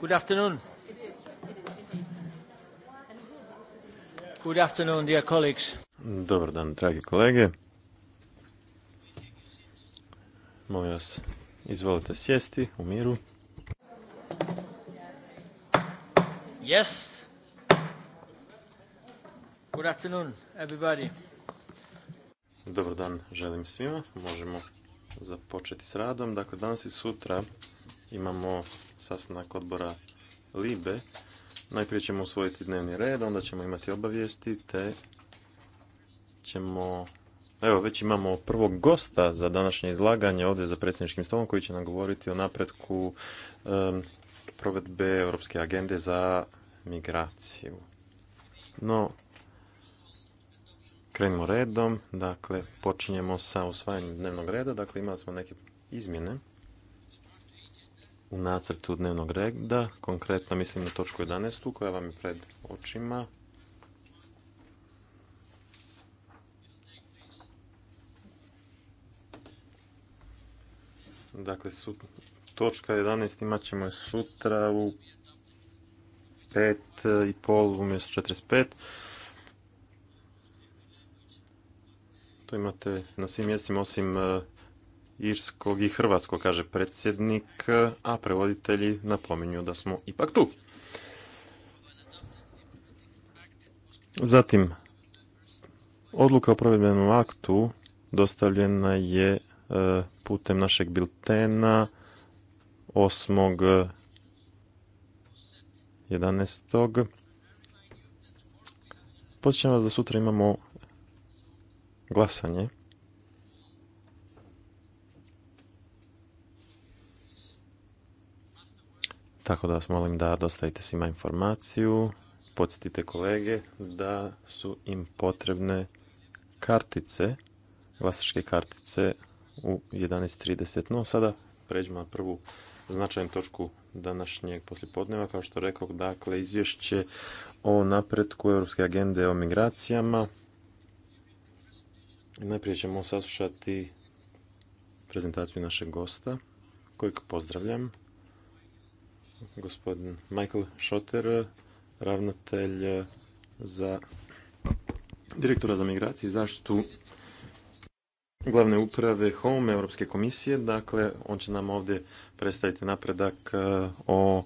Good afternoon. Good afternoon, dear colleagues. Dobar dan, dragi kolege. Molim vas, izvolite sjesti u miru. Yes. Good afternoon, everybody. Dobar dan, želim svima. Možemo započeti s radom. Dakle, danas i sutra imamo sastanak odbora Libe. Najprije ćemo usvojiti dnevni red, onda ćemo imati obavijesti, te ćemo... Evo, već imamo prvog gosta za današnje izlaganje ovdje za predsjedničkim stolom koji će nam govoriti o napretku um, provedbe Europske agende za migraciju. No, krenimo redom, dakle, počinjemo sa usvajanjem dnevnog reda, dakle, imali smo neke izmjene u nacrtu dnevnog reda, konkretno mislim na točku 11. koja vam je pred očima. Dakle, točka 11 imat ćemo je sutra u 5 i pol umjesto 45. To imate na svim mjestima osim e, irskog i hrvatskog, kaže predsjednik, a prevoditelji napominju da smo ipak tu. Zatim, odluka o provedbenom aktu dostavljena je e, putem našeg biltena 8.11. 11. Podsjećam vas da sutra imamo glasanje. Tako da vas molim da dostavite svima informaciju, podsjetite kolege da su im potrebne kartice, glasačke kartice u 11.30. No sada pređemo na prvu značajnu točku današnjeg poslijepodneva. Kao što rekao, dakle, izvješće o napretku Europske agende o migracijama. Najprije ćemo saslušati prezentaciju našeg gosta, kojeg pozdravljam gospodin Michael Schotter, ravnatelj e, za direktora za migraciju i zaštitu glavne uprave Home Europske komisije. Dakle, on će nam ovdje predstaviti napredak e, o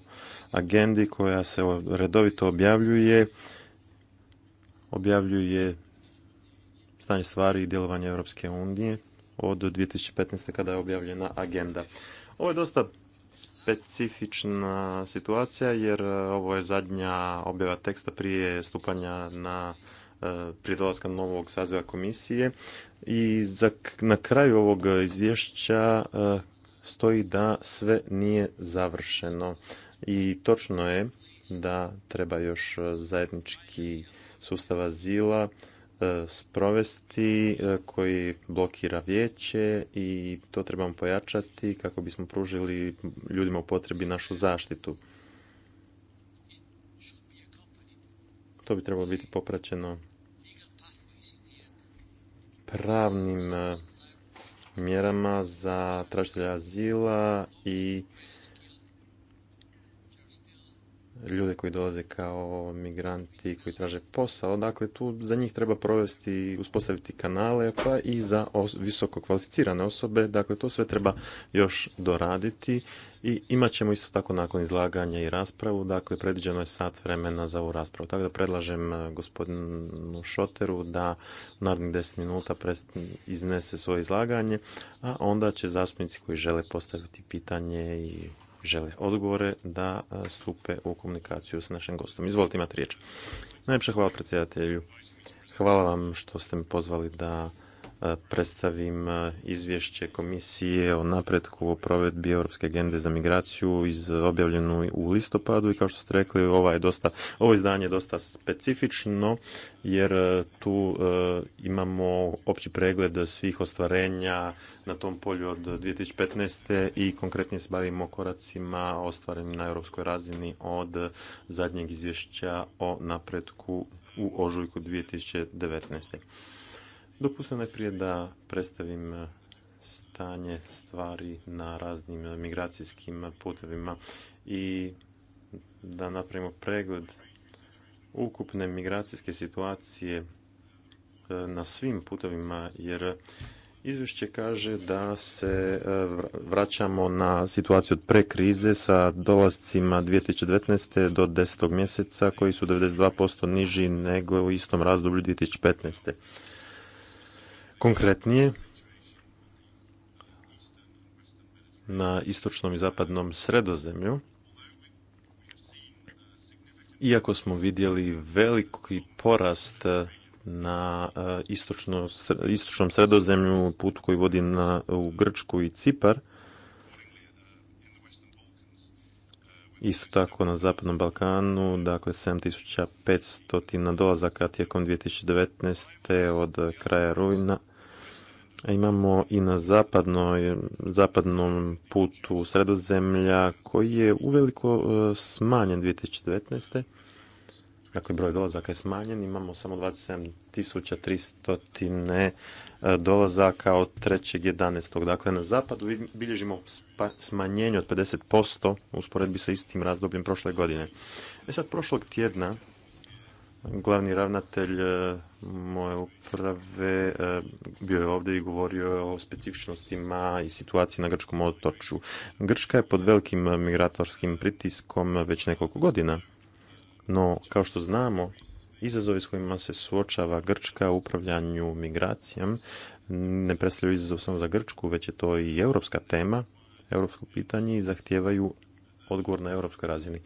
agendi koja se redovito objavljuje. Objavljuje stanje stvari i djelovanje Europske unije od 2015. kada je objavljena agenda. Ovo je dosta specifična situacija jer e, ovo je zadnja objava teksta prije stupanja na e, prije dolaska novog saziva komisije i na kraju ovog izvješća e, stoji da sve nije završeno i točno je da treba još zajednički sustav azila E, sprovesti, e, koji blokira vijeće i to trebamo pojačati kako bismo pružili ljudima u potrebi našu zaštitu. To bi trebalo biti popraćeno pravnim e, mjerama za tražitelja azila i ljude koji dolaze kao migranti koji traže posao. Dakle, tu za njih treba provesti, uspostaviti kanale, pa i za visoko kvalificirane osobe. Dakle, to sve treba još doraditi i imat ćemo isto tako nakon izlaganja i raspravu. Dakle, predviđeno je sat vremena za ovu raspravu. Tako da predlažem e, gospodinu Šoteru da u narednih 10 minuta iznese svoje izlaganje, a onda će zastupnici koji žele postaviti pitanje i žele odgovore da e, stupe u komunikaciju s našim gostom. Izvolite, imate riječ. Najljepša hvala predsjedatelju. Hvala vam što ste me pozvali da E, predstavim e, izvješće komisije o napretku o provedbi Europske agende za migraciju iz objavljenu u listopadu i kao što ste rekli ova je dosta, ovo izdanje je dosta specifično jer e, tu imamo opći pregled svih ostvarenja na tom polju od 2015. i konkretnije se bavimo koracima ostvarenim na europskoj razini od zadnjeg izvješća o napretku u ožujku 2019. Dopustite najprije da predstavim eh, stanje stvari na raznim eh, migracijskim eh, putevima i da napravimo pregled ukupne migracijske situacije na svim putovima jer izvješće kaže da se vraćamo na situaciju od pre krize sa dolazcima 2019. do 10. mjeseca koji su 92% niži nego u istom razdoblju 2015 konkretnije na istočnom i zapadnom sredozemlju. Iako smo vidjeli veliki porast na eh, istočno, istočnom sredozemlju, put koji vodi na, u Grčku i Cipar, Isto tako na Zapadnom Balkanu, dakle 7500 dolazaka tijekom 2019. od kraja rujna imamo i na zapadnoj, zapadnom putu sredozemlja koji je uveliko e, smanjen 2019. Dakle, broj dolazaka je smanjen, imamo samo 27.300 e, dolazaka od 3.11. Dakle, na zapadu bilježimo smanjenje od 50% u usporedbi sa istim razdobljem prošle godine. E sad, prošlog tjedna Glavni ravnatelj e, moje uprave e, bio je ovdje i govorio o specifičnostima i situaciji na grčkom otoču. Grčka je pod velikim migratorskim pritiskom već nekoliko godina, no kao što znamo, izazovi s kojima se suočava Grčka u upravljanju migracijom ne predstavljaju izazov samo za Grčku, već je to i europska tema, europsko pitanje i zahtijevaju odgovor na europskoj razini.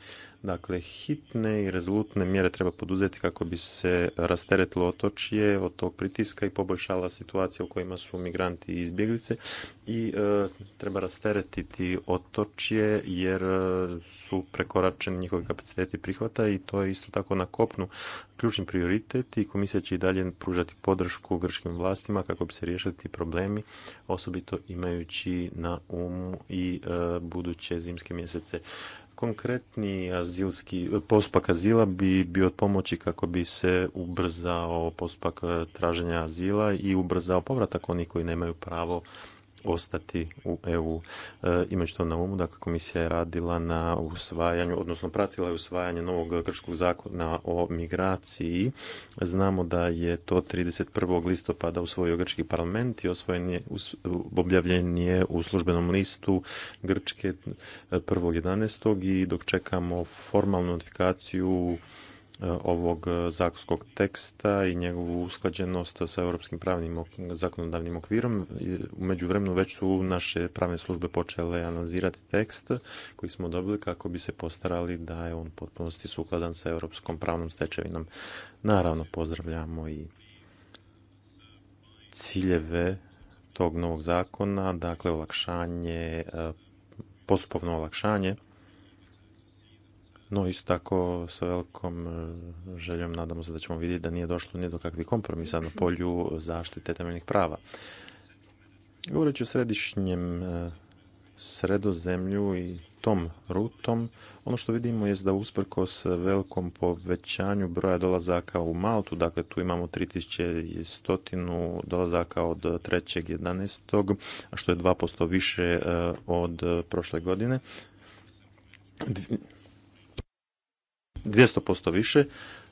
Dakle, hitne i rezolutne mjere treba poduzeti kako bi se rasteretilo otočje od tog pritiska i poboljšala situacija u kojima su migranti i izbjeglice i e, treba rasteretiti otočje jer e, su prekoračeni njihovi kapaciteti prihvata i to je isto tako na kopnu ključni prioritet i komisija će i dalje pružati podršku grčkim vlastima kako bi se riješili ti problemi, osobito imajući na umu i e, buduće zimske mjesece konkretni azilski, postupak azila bi bio od pomoći kako bi se ubrzao postupak traženja azila i ubrzao povratak onih koji nemaju pravo ostati u EU. E, e to na umu, dakle, komisija je radila na usvajanju, odnosno pratila je usvajanje novog grčkog zakona o migraciji. Znamo da je to 31. listopada usvojio grčki parlament i je, objavljen je u službenom listu Grčke 1.11. i dok čekamo formalnu notifikaciju E, ovog e, zakonskog teksta i njegovu usklađenost sa europskim pravnim zakonodavnim okvirom. U međuvremenu već su naše pravne službe počele analizirati tekst koji smo dobili kako bi se postarali da je on potpunosti sukladan sa europskom pravnom stečevinom. Naravno, pozdravljamo i ciljeve tog novog zakona, dakle olakšanje, e, postupovno olakšanje no, isto tako sa velikom e, željom nadamo se da ćemo vidjeti da nije došlo ni do kakvih kompromisa na polju zaštite temeljnih prava. Govoreći o središnjem e, sredozemlju i tom rutom, ono što vidimo je da usprkos velikom povećanju broja dolazaka u Maltu, dakle tu imamo 3100 dolazaka od 3.11., a što je 2% više e, od prošle godine, 200% više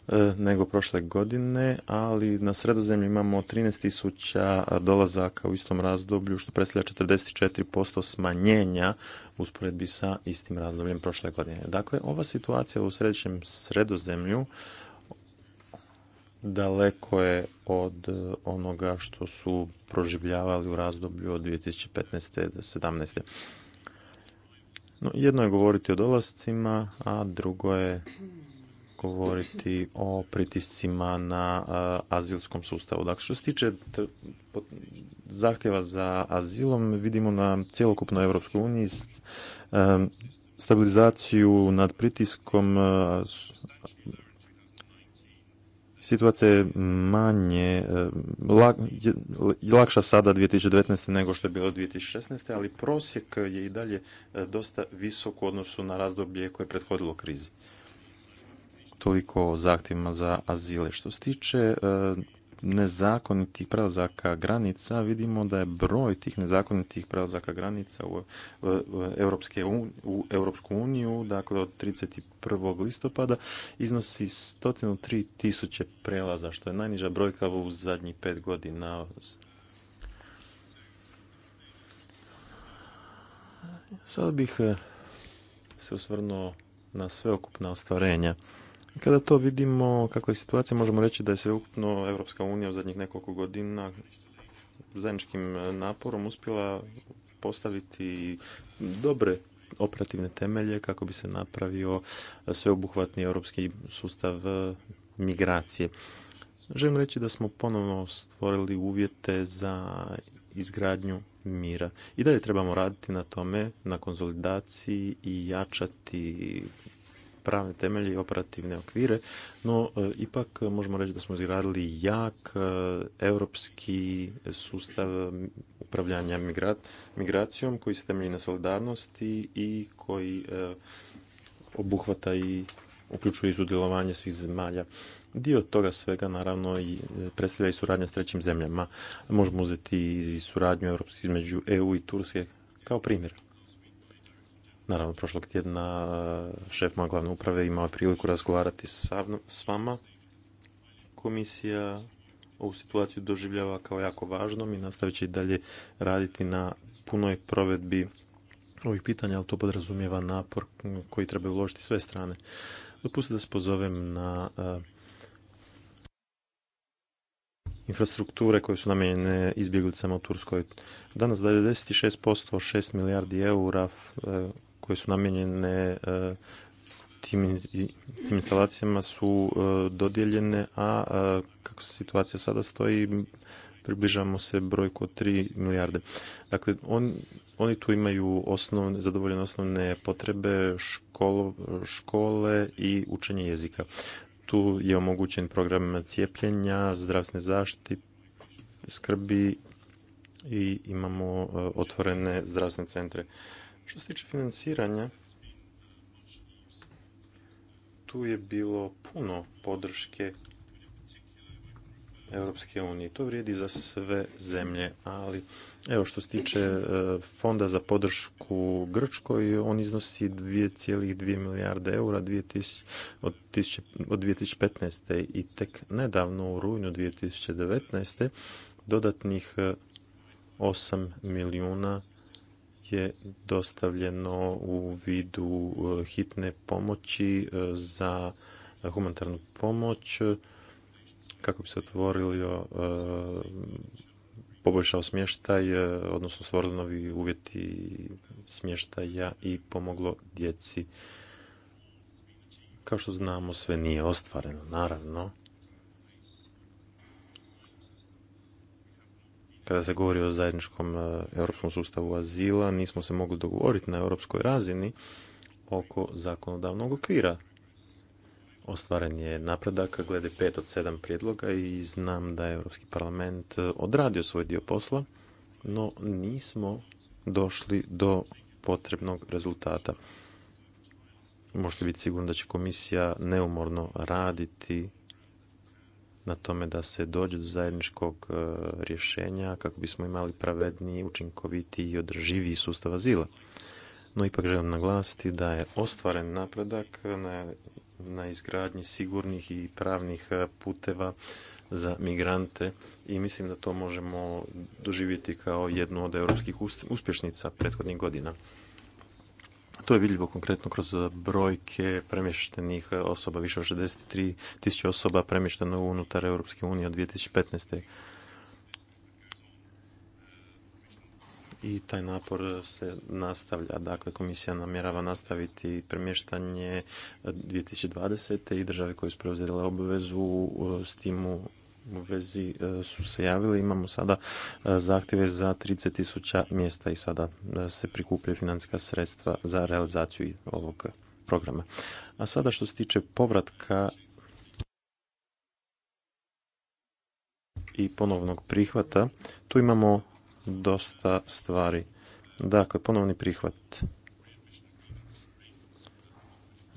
e, nego prošle godine, ali na sredozemlju imamo 13.000 dolazaka u istom razdoblju, što predstavlja 44% smanjenja u usporedbi sa istim razdobljem prošle godine. Dakle, ova situacija u središnjem sredozemlju daleko je od e, onoga što su proživljavali u razdoblju od 2015. do 2017. No, jedno je govoriti o dolascima, a drugo je govoriti o pritiscima na azilskom sustavu. Dakle, što se tiče zahtjeva za azilom, vidimo na cijelokupnoj Europskoj uniji stabilizaciju nad pritiskom situacija je manje, eh, lakša sada 2019. nego što je bilo 2016. ali prosjek je i dalje eh, dosta visok u odnosu na razdoblje koje je prethodilo krizi. Toliko o zahtjevima za azile. Što se tiče eh, nezakonitih prelazaka granica, vidimo da je broj tih nezakonitih prelazaka granica u, Europske u, Europsku uniju, dakle od 31. listopada, iznosi 103 tisuće prelaza, što je najniža brojka u zadnjih pet godina. Sada bih eh, se osvrnuo na sveokupna ostvarenja. Kada to vidimo, kako je situacija, možemo reći da je sveukupno Europska unija u zadnjih nekoliko godina zajedničkim e, naporom uspjela postaviti dobre operativne temelje kako bi se napravio e, sveobuhvatni europski sustav e, migracije. Želim reći da smo ponovno stvorili uvjete za izgradnju mira. I dalje trebamo raditi na tome, na konsolidaciji i jačati pravne temelje i operativne okvire, no e, ipak možemo reći da smo izgradili jak e, europski sustav upravljanja migracijom koji se temelji na solidarnosti i koji e, obuhvata i uključuje i sudjelovanje svih zemalja. Dio toga svega naravno i predstavlja i suradnja s trećim zemljama. Možemo uzeti i suradnju između EU i Turske kao primjer. Naravno, prošlog tjedna e, šef moja glavne uprave imao priliku razgovarati s vama. Komisija ovu situaciju doživljava kao jako važnom i nastavit će i dalje raditi na punoj provedbi ovih pitanja, ali to podrazumijeva napor koji treba uložiti sve strane. Dopustite da se pozovem na e, infrastrukture koje su namijenjene izbjeglicama u Turskoj. Danas 96%, 6 milijardi eura e, koje su namijenjene e, tim, instalacijama su e, dodijeljene, a e, kako se situacija sada stoji, približamo se brojku od 3 milijarde. Dakle, oni tu imaju osnovne, zadovoljene osnovne potrebe škole i učenje jezika. Tu je omogućen program cijepljenja, zdravstvene zaštite, skrbi i imamo otvorene zdravstvene centre. Što se tiče financiranja, tu je bilo puno podrške Europske unije. To vrijedi za sve zemlje, ali evo što se tiče e, fonda za podršku Grčkoj, on iznosi 2,2 milijarde eura od, 2015. i tek nedavno u rujnu 2019. dodatnih 8 e, milijuna je dostavljeno u vidu e, hitne pomoći e, za humanitarnu pomoć kako bi se otvorilo, e, poboljšao smještaj, odnosno stvorili novi uvjeti smještaja i pomoglo djeci. Kao što znamo, sve nije ostvareno, naravno. kada se govori o zajedničkom e, europskom sustavu azila, nismo se mogli dogovoriti na europskoj razini oko zakonodavnog okvira. Ostvaren je napredak glede pet od sedam prijedloga i znam da je Europski parlament e, odradio svoj dio posla, no nismo došli do potrebnog rezultata. Možete biti sigurni da će komisija neumorno raditi na tome da se dođe do zajedničkog e, rješenja kako bismo imali pravedniji, učinkovitiji i održiviji sustav azila. No ipak želim naglasiti da je ostvaren napredak na, na izgradnji sigurnih i pravnih e, puteva za migrante i mislim da to možemo doživjeti kao jednu od europskih uspješnica prethodnih godina. To je vidljivo konkretno kroz brojke premještenih osoba, više od 63 tisuće osoba premješteno unutar Europske unije od 2015. I taj napor se nastavlja. Dakle, komisija namjerava nastaviti premještanje 2020. i države koje su preuzele obvezu e, s tim u vezi e, su se javili. Imamo sada e, zahtjeve za 30.000 mjesta i sada e, se prikupljaju financijska sredstva za realizaciju ovog programa. A sada što se tiče povratka i ponovnog prihvata, tu imamo dosta stvari. Dakle, ponovni prihvat.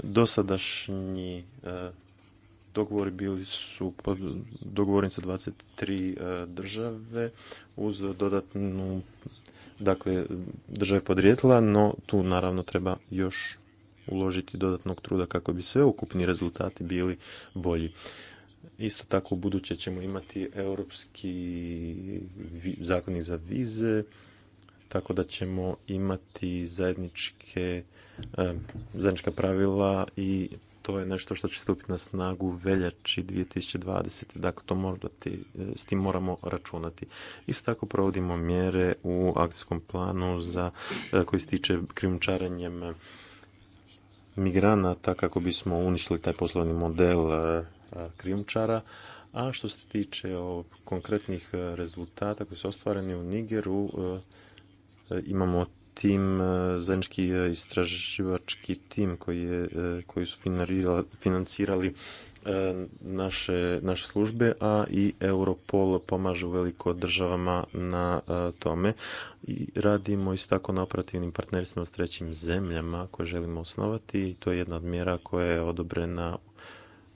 Dosadašnji dogovori bili su dogovoreni sa 23 e, države uz dodatnu dakle države podrijetla, no tu naravno treba još uložiti dodatnog truda kako bi sve ukupni rezultati bili bolji. Isto tako u buduće ćemo imati europski zakoni za vize, tako da ćemo imati zajedničke, e, zajednička pravila i to je nešto što će stupiti na snagu veljači 2020. Dakle, to možda s tim moramo računati. Isto tako provodimo mjere u akcijskom planu za, e, koji se tiče krijumčarenjem e, migranata kako bismo uništili taj poslovni model e, krijumčara. A što se tiče o konkretnih rezultata koji su ostvareni u Nigeru, imamo tim e, zajednički e, istraživački tim koji, je, e, koji su financirali naše, naše službe, a i Europol pomaže u veliko državama na tome. I radimo isto tako na operativnim partnerstvima s trećim zemljama koje želimo osnovati i to je jedna od mjera koja je odobrena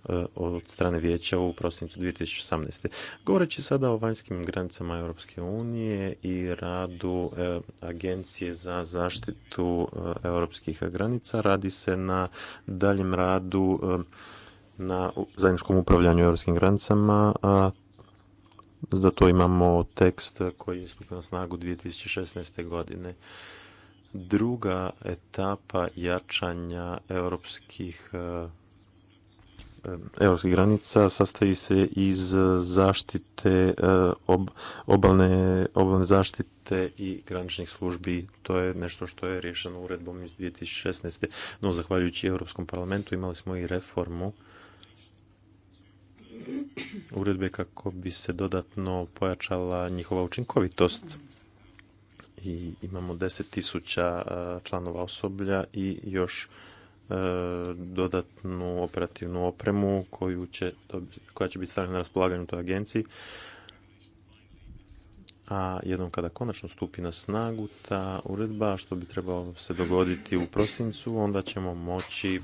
E, od strane vijeća u prosincu 2018. Govoreći sada o vanjskim granicama Europske unije i radu e, Agencije za zaštitu e, europskih granica, radi se na daljem radu na zajedničkom upravljanju europskim granicama, a za to imamo tekst koji je stupio na snagu 2016. godine. Druga etapa jačanja europskih Eh, europskih granica sastoji se iz eh, zaštite eh, obalne, zaštite i graničnih službi. To je nešto što je rješeno uredbom iz 2016. No, zahvaljujući Europskom parlamentu imali smo i reformu uredbe kako bi se dodatno pojačala njihova učinkovitost. I imamo 10.000 članova osoblja i još E, dodatnu operativnu opremu koju koja će biti stavljena na raspolaganju toj agenciji. A jednom kada konačno stupi na snagu ta uredba, što bi trebalo se dogoditi u prosincu, onda ćemo moći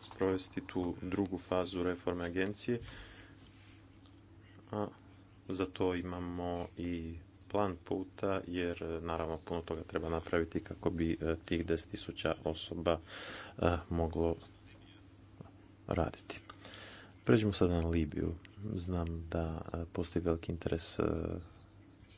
sprovesti tu drugu fazu reforme agencije. A za to imamo i plan puta jer e, naravno puno toga treba napraviti kako bi e, tih 10.000 osoba e, moglo raditi. Pređemo sada na Libiju. Znam da postoji veliki interes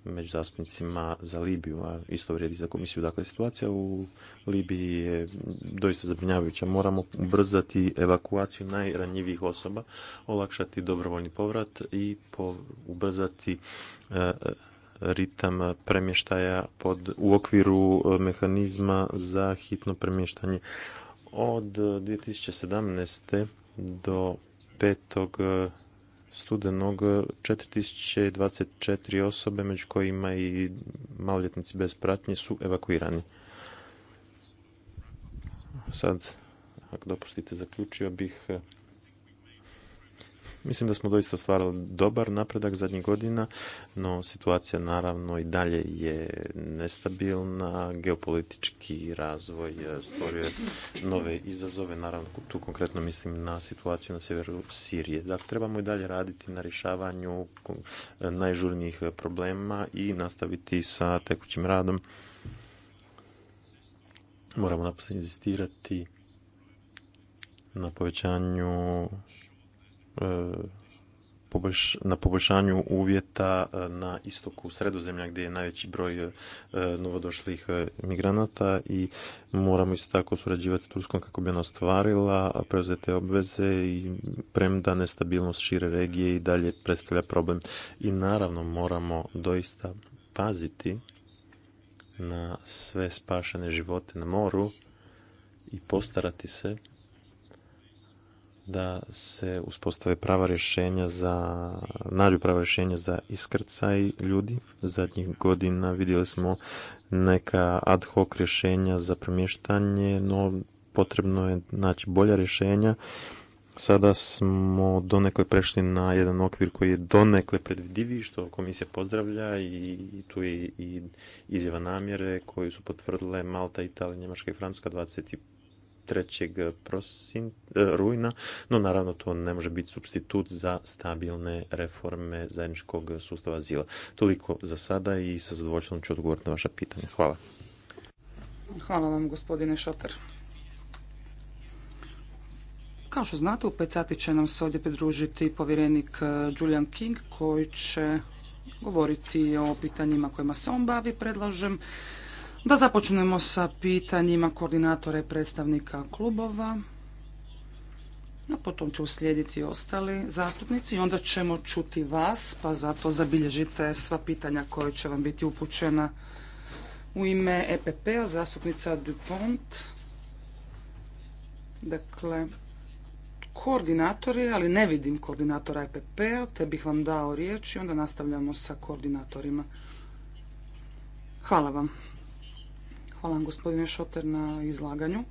među zastupnicima za Libiju, a isto vrijedi za komisiju. Dakle, situacija u Libiji je doista zabrinjavajuća. Moramo ubrzati evakuaciju najranjivijih osoba, olakšati dobrovoljni povrat i ubrzati ritam premještaja pod, u okviru e, mehanizma za hitno premještanje. Od 2017. E, do 5. E, studenog 4024 osobe, među kojima i maloljetnici bez pratnje, su evakuirani. Sad, ako dopustite, zaključio bih Mislim da smo doista stvarali dobar napredak zadnjih godina, no situacija naravno i dalje je nestabilna, geopolitički razvoj stvorio nove izazove, naravno tu konkretno mislim na situaciju na sjeveru Sirije. Dakle, trebamo i dalje raditi na rješavanju najžurnijih problema i nastaviti sa tekućim radom. Moramo naprosto inzistirati na povećanju E, na poboljšanju uvjeta e, na istoku sredozemlja gdje je najveći broj e, novodošlih migranata i moramo isto tako surađivati s Turskom kako bi ona ostvarila preuzete obveze i premda nestabilnost šire regije i dalje predstavlja problem. I naravno moramo doista paziti na sve spašene živote na moru i postarati se da se uspostave prava rješenja za, nađu prava rješenja za iskrcaj ljudi. Zadnjih godina vidjeli smo neka ad hoc rješenja za premještanje, no potrebno je naći bolja rješenja. Sada smo donekle prešli na jedan okvir koji je donekle predvidiviji, što komisija pozdravlja i tu je i izjava namjere koju su potvrdile Malta, Italija, Njemačka i Francuska 3. Eh, eh, rujna, no naravno to ne može biti substitut za stabilne reforme zajedničkog sustava zila. Toliko za sada i sa zadovoljstvom ću odgovoriti na vaša pitanja. Hvala. Hvala vam gospodine Šotar. Kao što znate, u 5 sati će nam se ovdje pridružiti povjerenik eh, Julian King koji će govoriti o pitanjima kojima se on bavi. Predlažem da započnemo sa pitanjima koordinatora i predstavnika klubova. A potom će uslijediti ostali zastupnici i onda ćemo čuti vas, pa zato zabilježite sva pitanja koja će vam biti upućena u ime EPP-a, zastupnica Dupont. Dakle, koordinatori, ali ne vidim koordinatora EPP-a, te bih vam dao riječ i onda nastavljamo sa koordinatorima. Hvala vam. Hvala vam gospodine Šoter na izlaganju.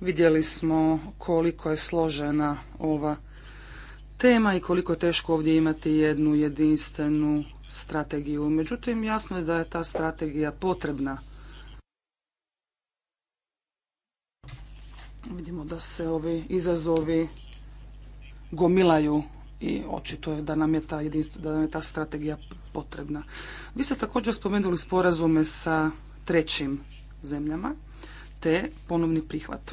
Vidjeli smo koliko je složena ova tema i koliko je teško ovdje imati jednu jedinstvenu strategiju. Međutim, jasno je da je ta strategija potrebna. Vidimo da se ovi izazovi gomilaju i očito je da nam je ta, jedinstvo, da nam je ta strategija potrebna. Vi ste također spomenuli sporazume sa trećim zemljama te ponovni prihvat.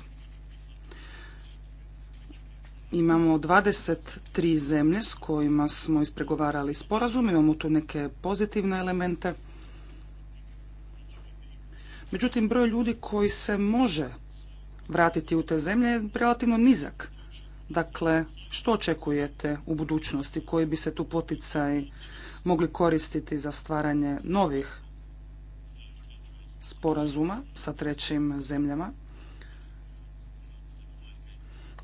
Imamo 23 zemlje s kojima smo ispregovarali sporazum, imamo tu neke pozitivne elemente. Međutim, broj ljudi koji se može vratiti u te zemlje je relativno nizak. Dakle, što očekujete u budućnosti? Koji bi se tu poticaj mogli koristiti za stvaranje novih sporazuma sa trećim zemljama?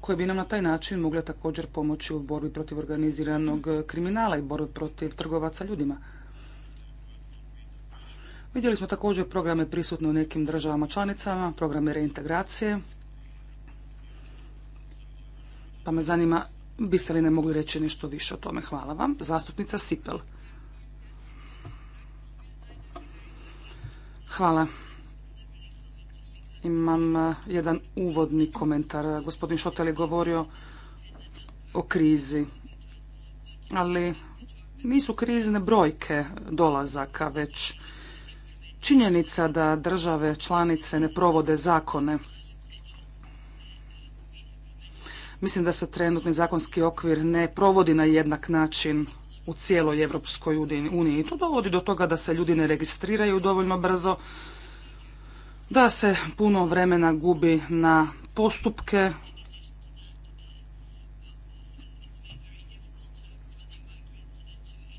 koje bi nam na taj način mogle također pomoći u borbi protiv organiziranog kriminala i borbi protiv trgovaca ljudima. Vidjeli smo također programe prisutne u nekim državama članicama, programe reintegracije. Pa me zanima, biste li ne mogli reći nešto više o tome? Hvala vam. Zastupnica Sipel. Hvala. Imam e, jedan uvodni komentar. Gospodin Šotel je govorio o krizi, ali nisu krizne brojke dolazaka, već činjenica da države članice ne provode zakone. Mislim da se trenutni zakonski okvir ne provodi na jednak način u cijeloj Evropskoj uniji. I to dovodi do toga da se ljudi ne registriraju dovoljno brzo, da se puno vremena gubi na postupke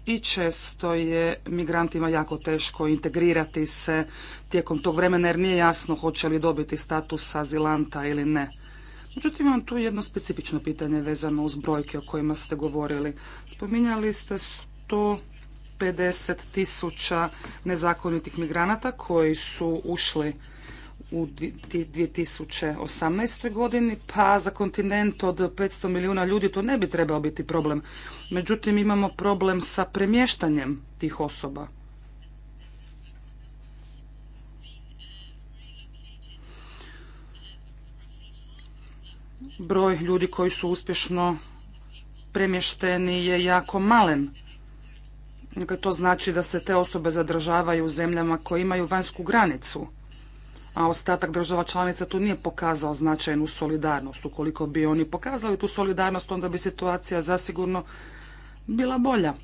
i često je migrantima jako teško integrirati se tijekom tog vremena jer nije jasno hoće li dobiti status azilanta ili ne. Međutim, imam tu jedno specifično pitanje vezano uz brojke o kojima ste govorili. Spominjali ste 150 tisuća nezakonitih migranata koji su ušli u 2018. godini, pa za kontinent od 500 milijuna ljudi to ne bi trebao biti problem. Međutim, imamo problem sa premještanjem tih osoba. broj ljudi koji su uspješno premješteni je jako malen. Dakle, to znači da se te osobe zadržavaju u zemljama koje imaju vanjsku granicu, a ostatak država članica tu nije pokazao značajnu solidarnost. Ukoliko bi oni pokazali tu solidarnost, onda bi situacija zasigurno bila bolja.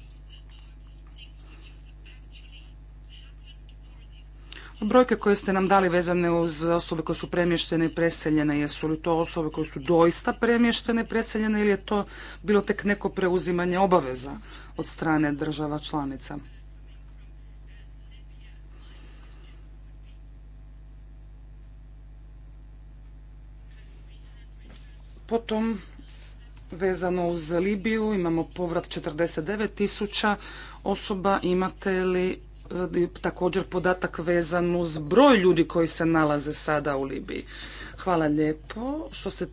Brojke koje ste nam dali vezane uz osobe koje su premještene i preseljene, jesu li to osobe koje su doista premještene i preseljene ili je to bilo tek neko preuzimanje obaveza od strane država članica? Potom, vezano uz Libiju, imamo povrat 49 tisuća osoba. Imate li E, također podatak vezan uz broj ljudi koji se nalaze sada u Libiji. Hvala lijepo. Što se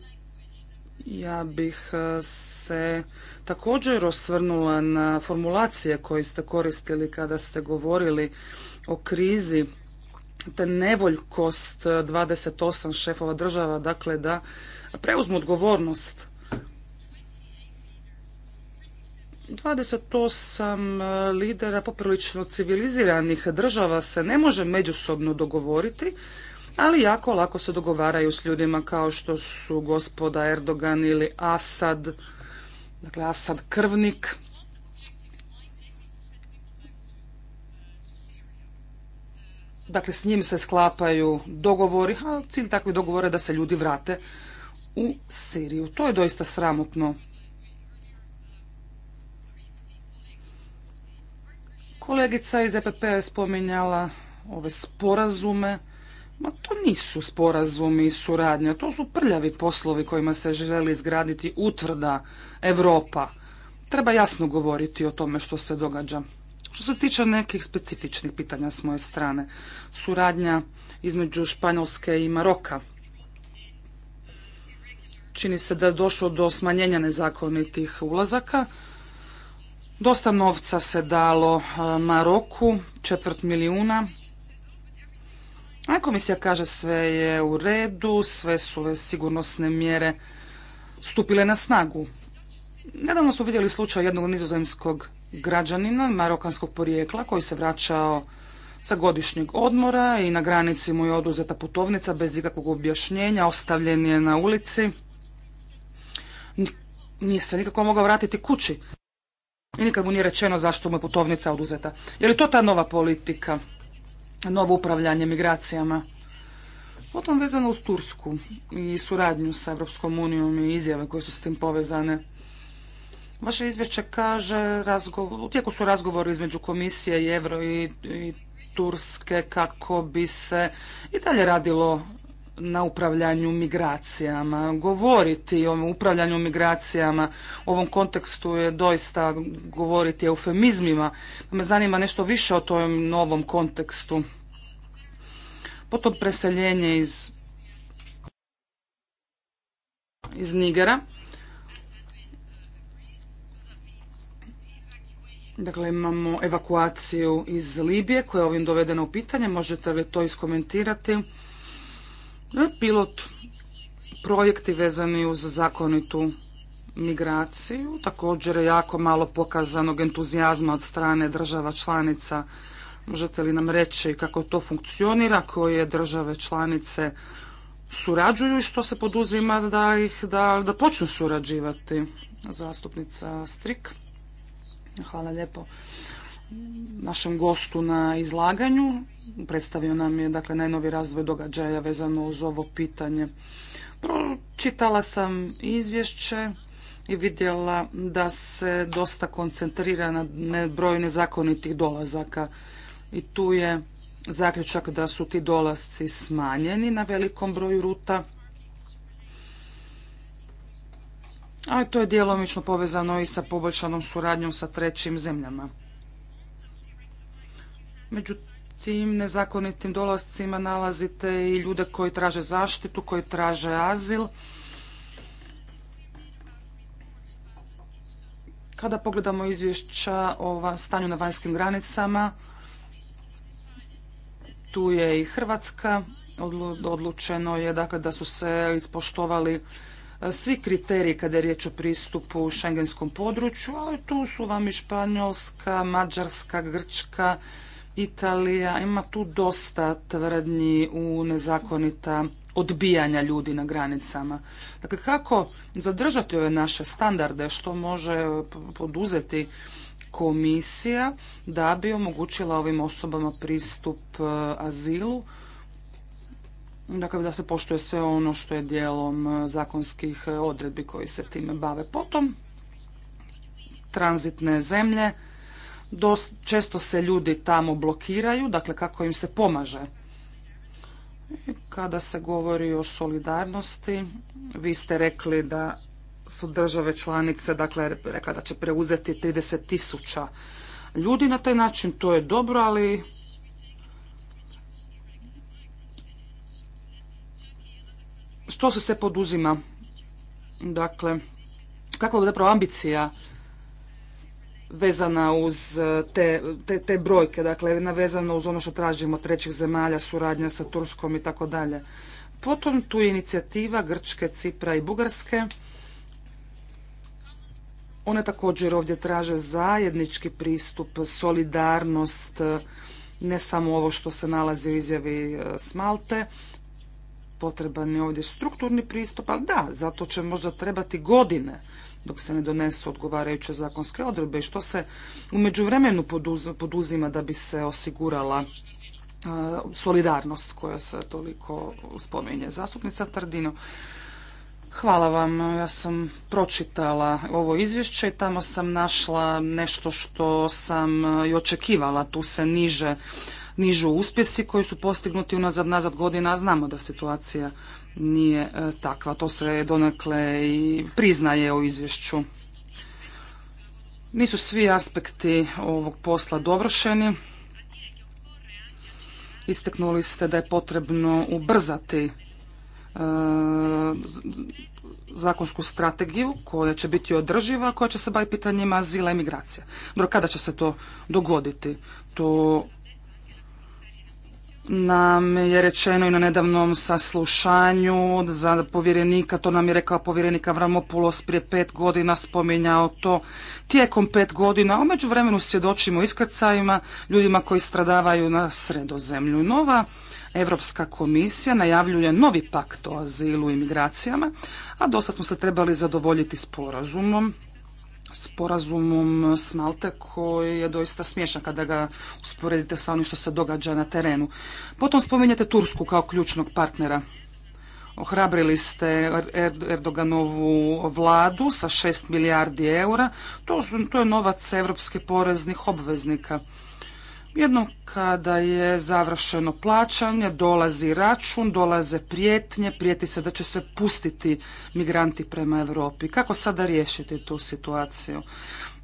ja bih e, se također osvrnula na formulacije koje ste koristili kada ste govorili o krizi te nevoljkost 28 e, šefova država, dakle da preuzmu odgovornost 28 eh, lidera poprilično civiliziranih država se ne može međusobno dogovoriti, ali jako lako se dogovaraju s ljudima kao što su gospoda Erdogan ili Asad, dakle Asad krvnik. Dakle, s njim se sklapaju dogovori, a cilj takvih dogovora je da se ljudi vrate u Siriju. To je doista sramotno. Kolegica iz EPP je spominjala ove sporazume. Ma to nisu sporazumi i suradnja, to su prljavi poslovi kojima se želi izgraditi utvrda Europa. Treba jasno govoriti o tome što se događa. Što se tiče nekih specifičnih pitanja s moje strane, suradnja između Španjolske i Maroka. Čini se da je došlo do smanjenja nezakonitih ulazaka, Dosta novca se dalo e, Maroku, četvrt milijuna. A komisija kaže sve je u redu, sve su sigurnosne mjere stupile na snagu. Nedavno smo vidjeli slučaj jednog nizozemskog građanina marokanskog porijekla koji se vraćao sa godišnjeg odmora i na granici mu je oduzeta putovnica bez ikakvog objašnjenja, ostavljen je na ulici. Nije se nikako mogao vratiti kući i nikad mu nije rečeno zašto mu je putovnica oduzeta. Je li to ta nova politika, novo upravljanje migracijama? Potom vezano uz Tursku i suradnju sa Evropskom unijom i izjave koje su s tim povezane. Vaše izvješće kaže, u tijeku su razgovori između komisije i Evro i Turske kako bi se i dalje radilo na upravljanju migracijama. Govoriti o upravljanju migracijama u ovom kontekstu je doista govoriti eufemizmima. Pa me zanima nešto više o tom novom kontekstu. Potom preseljenje iz, iz Nigera. Dakle, imamo evakuaciju iz Libije koja je ovim dovedena u pitanje. Možete li to iskomentirati? E, pilot projekti vezani uz zakonitu migraciju, također je jako malo pokazanog entuzijazma od strane država članica. Možete li nam reći kako to funkcionira, koje države članice surađuju i što se poduzima da ih da, da počnu surađivati? Zastupnica Strik. Hvala lijepo našem gostu na izlaganju. Predstavio nam je dakle najnovi razvoj događaja vezano uz ovo pitanje. Pročitala sam izvješće i vidjela da se dosta koncentrira na broj nezakonitih dolazaka i tu je zaključak da su ti dolasci smanjeni na velikom broju ruta. A to je djelomično povezano i sa poboljšanom suradnjom sa trećim zemljama. Međutim, nezakonitim dolazcima nalazite i ljude koji traže zaštitu, koji traže azil. Kada pogledamo izvješća o stanju na vanjskim granicama, tu je i Hrvatska. Odlučeno je dakle, da su se ispoštovali e, svi kriteriji kada je riječ o pristupu u šengenskom području, ali tu su vam i Španjolska, Mađarska, Grčka, Italija ima tu dosta tvrdnji u nezakonita odbijanja ljudi na granicama. Dakle, kako zadržati ove naše standarde, što može poduzeti komisija da bi omogućila ovim osobama pristup e, azilu, dakle da se poštuje sve ono što je dijelom e, zakonskih e, odredbi koji se time bave. Potom, tranzitne zemlje, Dost, često se ljudi tamo blokiraju, dakle kako im se pomaže. kada se govori o solidarnosti, vi ste rekli da su države članice, dakle rekla da će preuzeti 30 tisuća ljudi na taj način, to je dobro, ali što se sve poduzima? Dakle, kakva je zapravo ambicija vezana uz e, te, te, te brojke, dakle vezano uz ono što tražimo trećih zemalja, suradnja sa Turskom i tako dalje. Potom tu je inicijativa Grčke, Cipra i Bugarske. One također ovdje traže zajednički pristup, solidarnost, e, ne samo ovo što se nalazi u izjavi e, Smalte, potreban je ovdje strukturni pristup, ali da, zato će možda trebati godine dok se ne donesu odgovarajuće zakonske odredbe i što se u međuvremenu poduzima da bi se osigurala e, solidarnost koja se toliko spominje. Zastupnica Tardino, hvala vam. Ja sam pročitala ovo izvješće i tamo sam našla nešto što sam e, i očekivala. Tu se niže nižu uspjesi koji su postignuti unazad nazad godina, a znamo da situacija nije e, takva. To se donekle i priznaje u izvješću. Nisu svi aspekti ovog posla dovršeni. Isteknuli ste da je potrebno ubrzati e, zakonsku strategiju koja će biti održiva, koja će se baviti pitanjima azila i migracija. kada će se to dogoditi? To nam je rečeno i na nedavnom saslušanju za povjerenika, to nam je rekao povjerenik Avramopulos prije pet godina, spominjao to tijekom pet godina, a među vremenu svjedočimo iskrcajima, ljudima koji stradavaju na sredozemlju. Nova Europska komisija najavljuje novi pakt o azilu i migracijama, a dosad smo se trebali zadovoljiti sporazumom sporazumom Malte koji je doista smiješan kada ga usporedite sa onim što se događa na terenu. Potom spominjete Tursku kao ključnog partnera. Ohrabrili ste er-, Erdoganovu vladu sa 6 milijardi eura. To, to je novac evropske poreznih obveznika. Jednom kada je završeno plaćanje, dolazi račun, dolaze prijetnje, prijeti se da će se pustiti migranti prema Europi. Kako sada riješiti tu situaciju?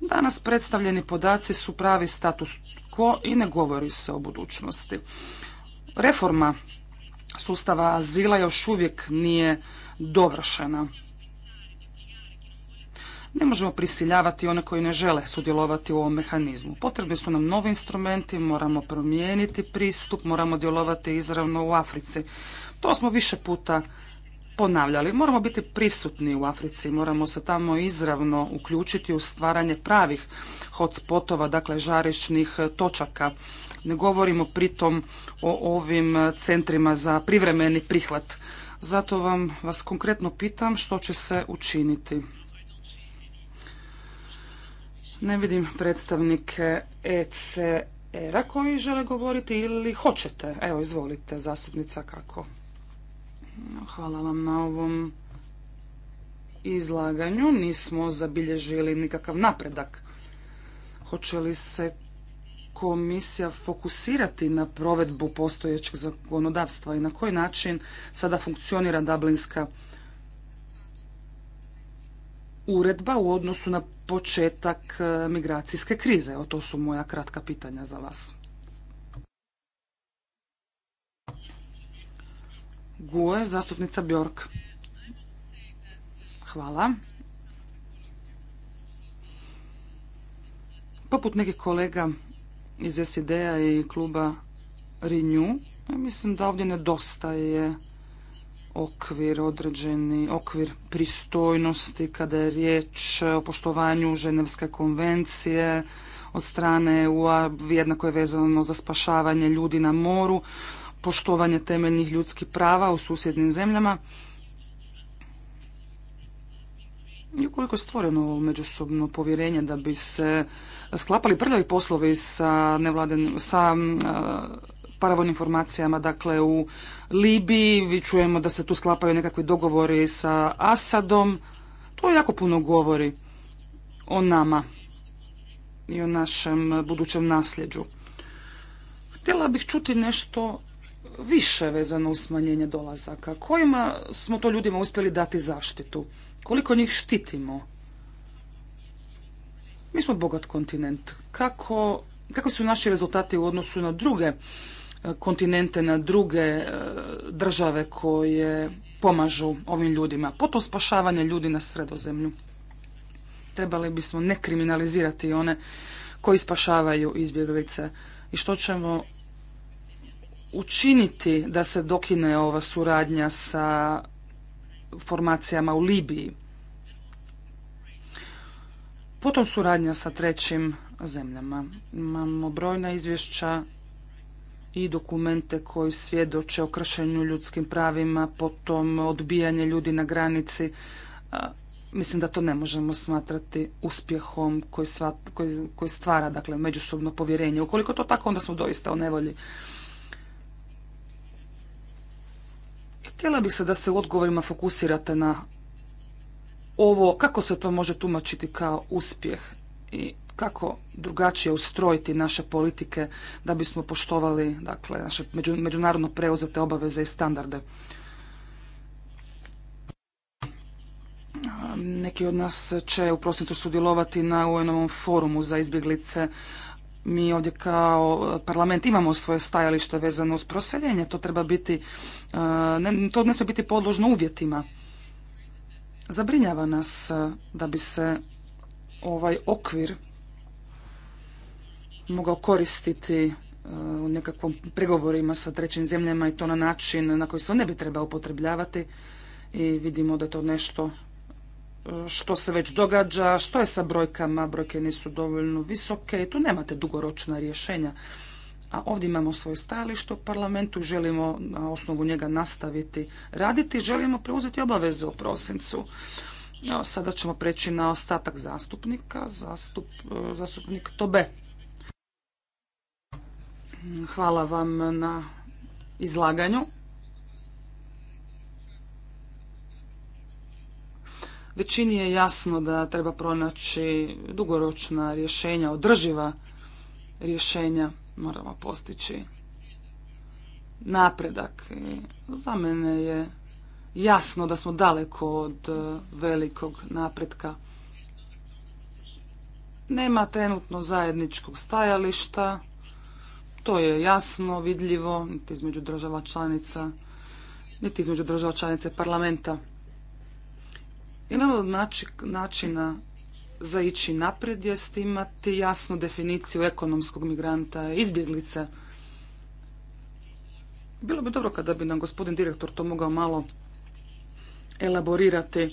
Danas predstavljeni podaci su pravi status quo i ne govori se o budućnosti. Reforma sustava azila još uvijek nije dovršena. Ne možemo prisiljavati one koji ne žele sudjelovati u ovom mehanizmu. Potrebni su nam novi instrumenti, moramo promijeniti pristup, moramo djelovati izravno u Africi. To smo više puta ponavljali. Moramo biti prisutni u Africi, moramo se tamo izravno uključiti u stvaranje pravih hotspotova, dakle žarišnih točaka. Ne govorimo pritom o ovim centrima za privremeni prihvat. Zato vam vas konkretno pitam što će se učiniti. Ne vidim predstavnike ECR-a koji žele govoriti ili hoćete. Evo, izvolite, zastupnica kako. Hvala vam na ovom izlaganju. Nismo zabilježili nikakav napredak. Hoće li se komisija fokusirati na provedbu postojećeg zakonodavstva i na koji način sada funkcionira Dublinska uredba u odnosu na početak e, migracijske krize? Evo, to su moja kratka pitanja za vas. Guje, zastupnica Bjork. Hvala. Poput nekih kolega iz SID-a i kluba Renew, mislim da ovdje nedostaje okvir, određeni okvir pristojnosti kada je riječ o poštovanju Ženevske konvencije od strane EU-a, jednako je vezano za spašavanje ljudi na moru, poštovanje temeljnih ljudskih prava u susjednim zemljama. I ukoliko je stvoreno međusobno povjerenje da bi se sklapali prljavi poslovi sa, nevladen, sa paravojnim informacijama, dakle u Libiji, vi čujemo da se tu sklapaju nekakvi dogovori sa Asadom, to jako puno govori o nama i o našem budućem nasljeđu. Htjela bih čuti nešto više vezano uz smanjenje dolazaka. Kojima smo to ljudima uspjeli dati zaštitu? Koliko njih štitimo? Mi smo bogat kontinent. Kako, kako su naši rezultati u odnosu na druge kontinente, na druge e, države koje pomažu ovim ljudima. Potom spašavanje ljudi na sredozemlju. Trebali bismo ne kriminalizirati one koji spašavaju izbjeglice. I što ćemo učiniti da se dokine ova suradnja sa formacijama u Libiji? Potom suradnja sa trećim zemljama. Imamo brojna izvješća i dokumente koji svjedoče o kršenju ljudskim pravima, potom odbijanje ljudi na granici. Mislim da to ne možemo smatrati uspjehom koji, stvara dakle, međusobno povjerenje. Ukoliko to tako, onda smo doista u nevolji. Htjela bih se da se u odgovorima fokusirate na ovo, kako se to može tumačiti kao uspjeh i kako drugačije ustrojiti naše politike da bismo poštovali dakle, naše međunarodno preuzete obaveze i standarde. Neki od nas će u prosincu sudjelovati na un forumu za izbjeglice. Mi ovdje kao parlament imamo svoje stajalište vezano uz proseljenje. To treba biti, eh, to ne smije biti podložno uvjetima. Zabrinjava nas eh, da bi se ovaj okvir mogao koristiti e, u nekakvom pregovorima sa trećim zemljama i to na način na koji se on ne bi trebao upotrebljavati i vidimo da je to nešto e, što se već događa, što je sa brojkama, brojke nisu dovoljno visoke i tu nemate dugoročna rješenja. A ovdje imamo svoje stajalište u parlamentu i želimo na osnovu njega nastaviti raditi, želimo preuzeti obaveze u prosincu. Sada ćemo preći na ostatak zastupnika, e, zastupnik Tobe. Hvala vam na izlaganju. Većini je jasno da treba pronaći dugoročna rješenja, održiva rješenja. Moramo postići napredak. za mene je jasno da smo daleko od e, velikog napretka. Nema trenutno zajedničkog stajališta, to je jasno, vidljivo, niti između država članica, niti između država članice parlamenta. Imamo načina za ići naprijed jest imati jasnu definiciju ekonomskog migranta, izbjeglice. Bilo bi dobro kada bi nam gospodin direktor to mogao malo elaborirati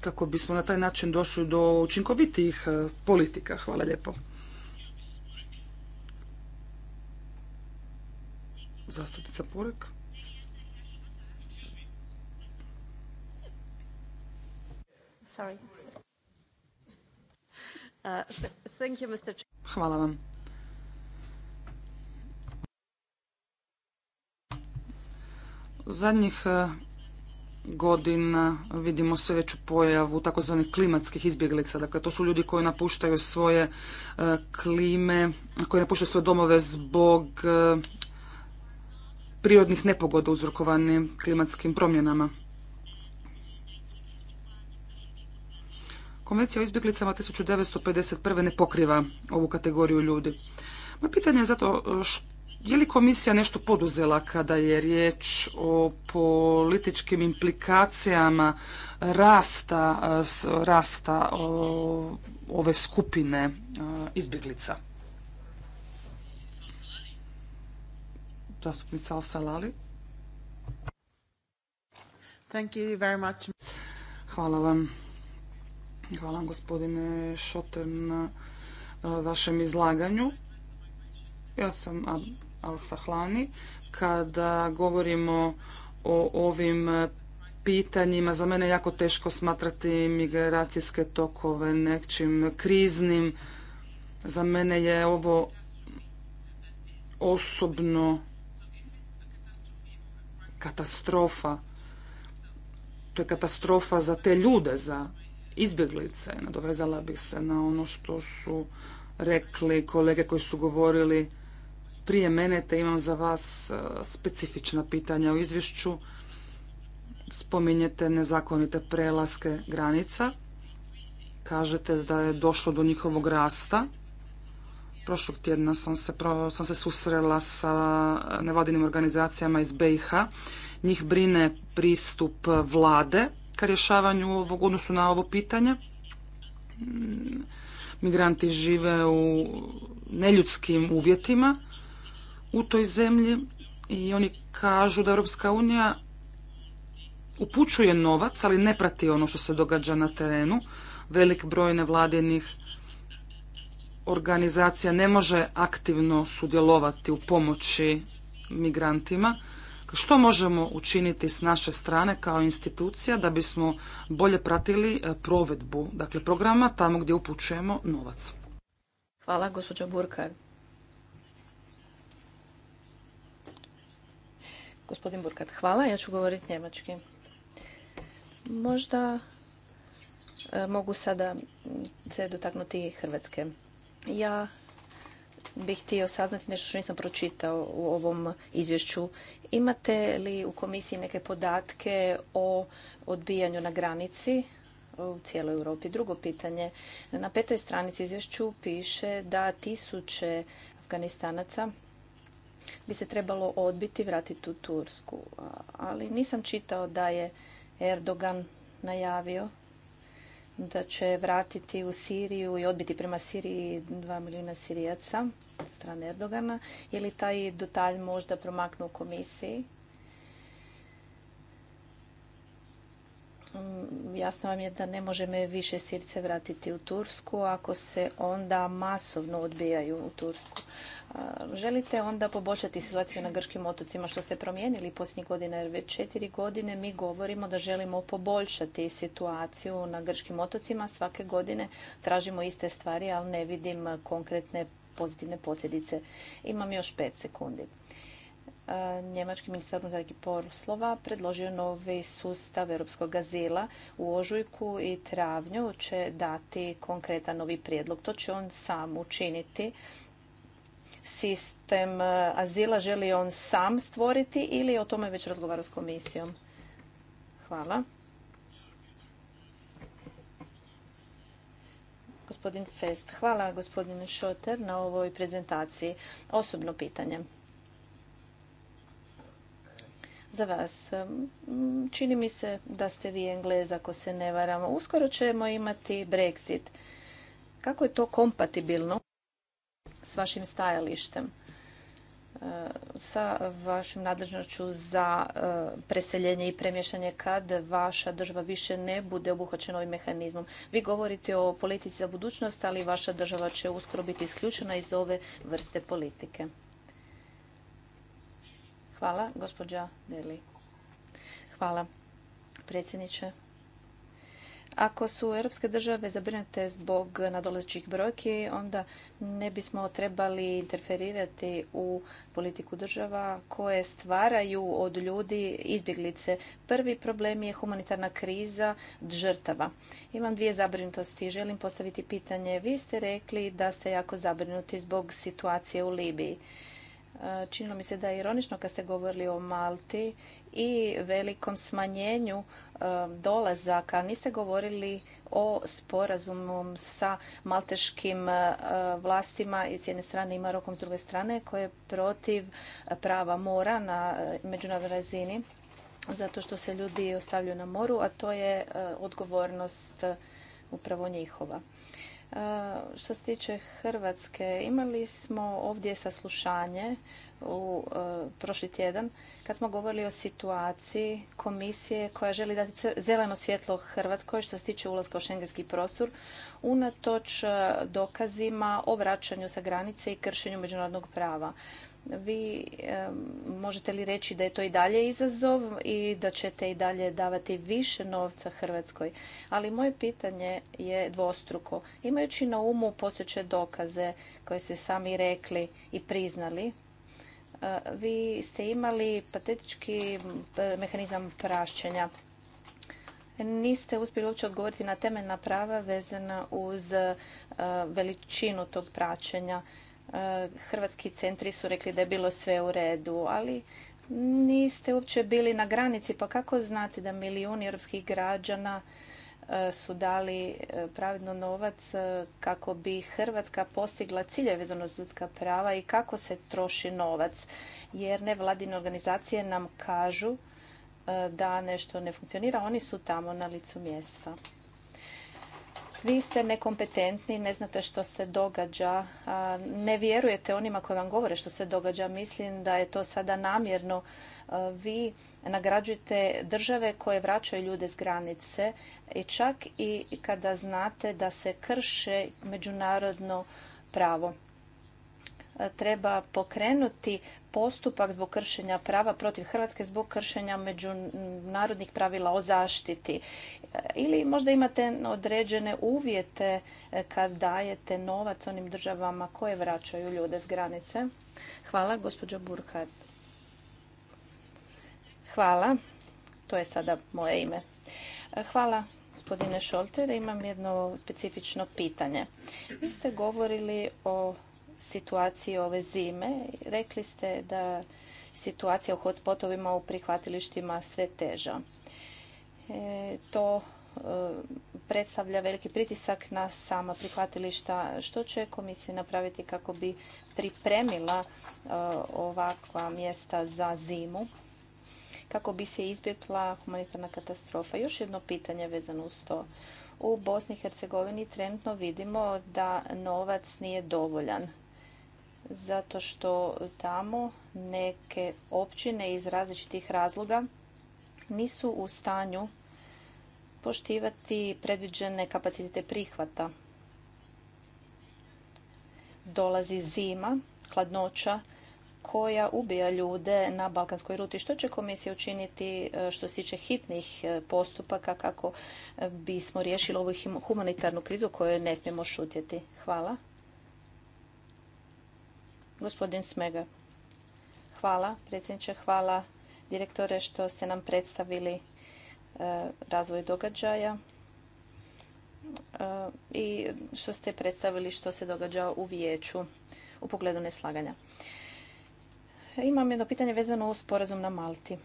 kako bismo na taj način došli do učinkovitijih eh, politika. Hvala lijepo. Zastupnica Porek. Uh, Hvala vam. Zadnjih e, godina vidimo sve veću pojavu takozvanih klimatskih izbjeglica. Dakle, to su ljudi koji napuštaju svoje e, klime, koji napuštaju svoje domove zbog e, prirodnih nepogoda uzrokovane klimatskim promjenama. Konvencija o izbjeglicama 1951. ne pokriva ovu kategoriju ljudi. Moje pitanje je zato eh, je li komisija nešto poduzela kada je riječ o političkim implikacijama rasta, eh, rasta eh, ove skupine izbjeglica? zastupnica Al-Salali. Hvala vam. Hvala vam gospodine Šoter na e, vašem izlaganju. Ja sam Al-Sahlani. Kada govorimo o ovim e, pitanjima, za mene je jako teško smatrati migracijske tokove nečim kriznim. Za mene je ovo osobno katastrofa. To je katastrofa za te ljude, za izbjeglice. Nadovezala bih se na ono što su rekli kolege koji su govorili prije mene, te imam za vas e, specifična pitanja u izvješću. Spominjete nezakonite prelaske granica. Kažete da je došlo do njihovog rasta. Prošlog tjedna sam se, sam se susrela sa nevladinim organizacijama iz BiH. Njih brine pristup vlade ka rješavanju ovog, odnosu na ovo pitanje. Mm, migranti žive u neljudskim uvjetima u toj zemlji i oni kažu da Europska unija upućuje novac, ali ne prati ono što se događa na terenu. Velik broj nevladinih organizacija ne može aktivno sudjelovati u pomoći migrantima. Što možemo učiniti s naše strane kao institucija da bismo bolje pratili e, provedbu dakle, programa tamo gdje upućujemo novac? Hvala, gospođa Burkar. Gospodin Burkat, hvala. Ja ću govoriti njemački. Možda e, mogu sada se dotaknuti Hrvatske. Ja bih htio saznati nešto što nisam pročitao u ovom izvješću. Imate li u komisiji neke podatke o odbijanju na granici u cijeloj Europi? Drugo pitanje. Na petoj stranici izvješću piše da tisuće Afganistanaca bi se trebalo odbiti vratiti u Tursku. Ali nisam čitao da je Erdogan najavio da će vratiti u Siriju i odbiti prema Siriji dva milijuna Sirijaca od strane Erdogana. Je li taj detalj možda promaknuo komisiji? Mm, jasno vam je da ne možemo više sirce vratiti u Tursku ako se onda masovno odbijaju u Tursku. Želite onda poboljšati situaciju na grškim otocima što ste promijenili posljednjih godina jer već četiri godine mi govorimo da želimo poboljšati situaciju na grškim otocima. Svake godine tražimo iste stvari, ali ne vidim konkretne pozitivne posljedice. Imam još pet sekundi. Njemački ministar unutarnjih poslova predložio novi sustav europskog azila u ožujku i travnju će dati konkretan novi prijedlog. To će on sam učiniti. Sistem e, azila želi on sam stvoriti ili o tome već razgovarao s komisijom? Hvala. Gospodin Fest, hvala gospodine Šoter na ovoj prezentaciji. Osobno pitanje za vas. Čini mi se da ste vi Englez, ako se ne varamo. Uskoro ćemo imati Brexit. Kako je to kompatibilno s vašim stajalištem? E, sa vašim nadležnošću za e, preseljenje i premješanje kad vaša država više ne bude obuhvaćena ovim mehanizmom. Vi govorite o politici za budućnost, ali vaša država će uskoro biti isključena iz ove vrste politike. Hvala, gospođa Deli. Hvala, predsjedniče. Ako su europske države zabrinute zbog nadolećih brojki, onda ne bismo trebali interferirati u politiku država koje stvaraju od ljudi izbjeglice. Prvi problem je humanitarna kriza žrtava. Imam dvije zabrinutosti. Želim postaviti pitanje. Vi ste rekli da ste jako zabrinuti zbog situacije u Libiji. E, činilo mi se da je ironično kad ste govorili o Malti i velikom smanjenju e, dolazaka. Niste govorili o sporazumu sa malteškim e, vlastima i s jedne strane i Marokom s druge strane koje je protiv prava mora na međunarodnoj razini zato što se ljudi ostavljaju na moru, a to je odgovornost upravo njihova. E, što se tiče Hrvatske, imali smo ovdje saslušanje u e, prošli tjedan kad smo govorili o situaciji komisije koja želi dati zeleno svjetlo Hrvatskoj što se tiče ulaska u šengenski prostor unatoč e, dokazima o vraćanju sa granice i kršenju međunarodnog prava vi možete li reći da je to i dalje izazov i da ćete i dalje davati više novca Hrvatskoj? Ali moje pitanje je dvostruko. Imajući na umu postojeće dokaze koje ste sami rekli i priznali, e, vi ste imali patetički mehanizam prašćenja. Niste uspjeli uopće odgovoriti na temeljna prava vezana uz e, veličinu tog praćenja hrvatski centri su rekli da je bilo sve u redu, ali niste uopće bili na granici, pa kako znate da milijuni europskih građana e, su dali e, pravedno novac e, kako bi Hrvatska postigla cilje vezano uz ljudska prava i kako se troši novac. Jer nevladine organizacije nam kažu da nešto ne funkcionira, oni su tamo na licu mjesta vi ste nekompetentni, ne znate što se događa, ne vjerujete onima koji vam govore što se događa. Mislim da je to sada namjerno. E, vi nagrađujete države koje vraćaju ljude s granice i čak i kada znate da se krše međunarodno pravo treba pokrenuti postupak zbog kršenja prava protiv Hrvatske zbog kršenja međunarodnih pravila o zaštiti. Ili možda imate određene uvjete e, kad dajete novac onim državama koje vraćaju ljude s granice. Hvala, gospođo Burkhardt. Hvala. To je sada moje ime. E, hvala gospodine Šolter, imam jedno specifično pitanje. Vi ste govorili o situaciji ove zime. Rekli ste da situacija u hotspotovima u prihvatilištima sve teža. E, to e, predstavlja veliki pritisak na sama prihvatilišta. Što će komisija napraviti kako bi pripremila e, ovakva mjesta za zimu? kako bi se izbjegla humanitarna katastrofa. Još jedno pitanje vezano uz to. U Bosni i Hercegovini trenutno vidimo da novac nije dovoljan zato što tamo neke općine iz različitih razloga nisu u stanju poštivati predviđene kapacitete prihvata. Dolazi zima, hladnoća koja ubija ljude na balkanskoj ruti. Što će komisija učiniti e, što se tiče hitnih e, postupaka kako e, bismo riješili ovu humanitarnu krizu koju ne smijemo šutjeti? Hvala. Gospodin Smega. Hvala, predsjedniče, hvala direktore što ste nam predstavili e, razvoj događaja e, i što ste predstavili što se događa u vijeću u pogledu neslaganja. Imam jedno pitanje vezano uz sporazum na Malti.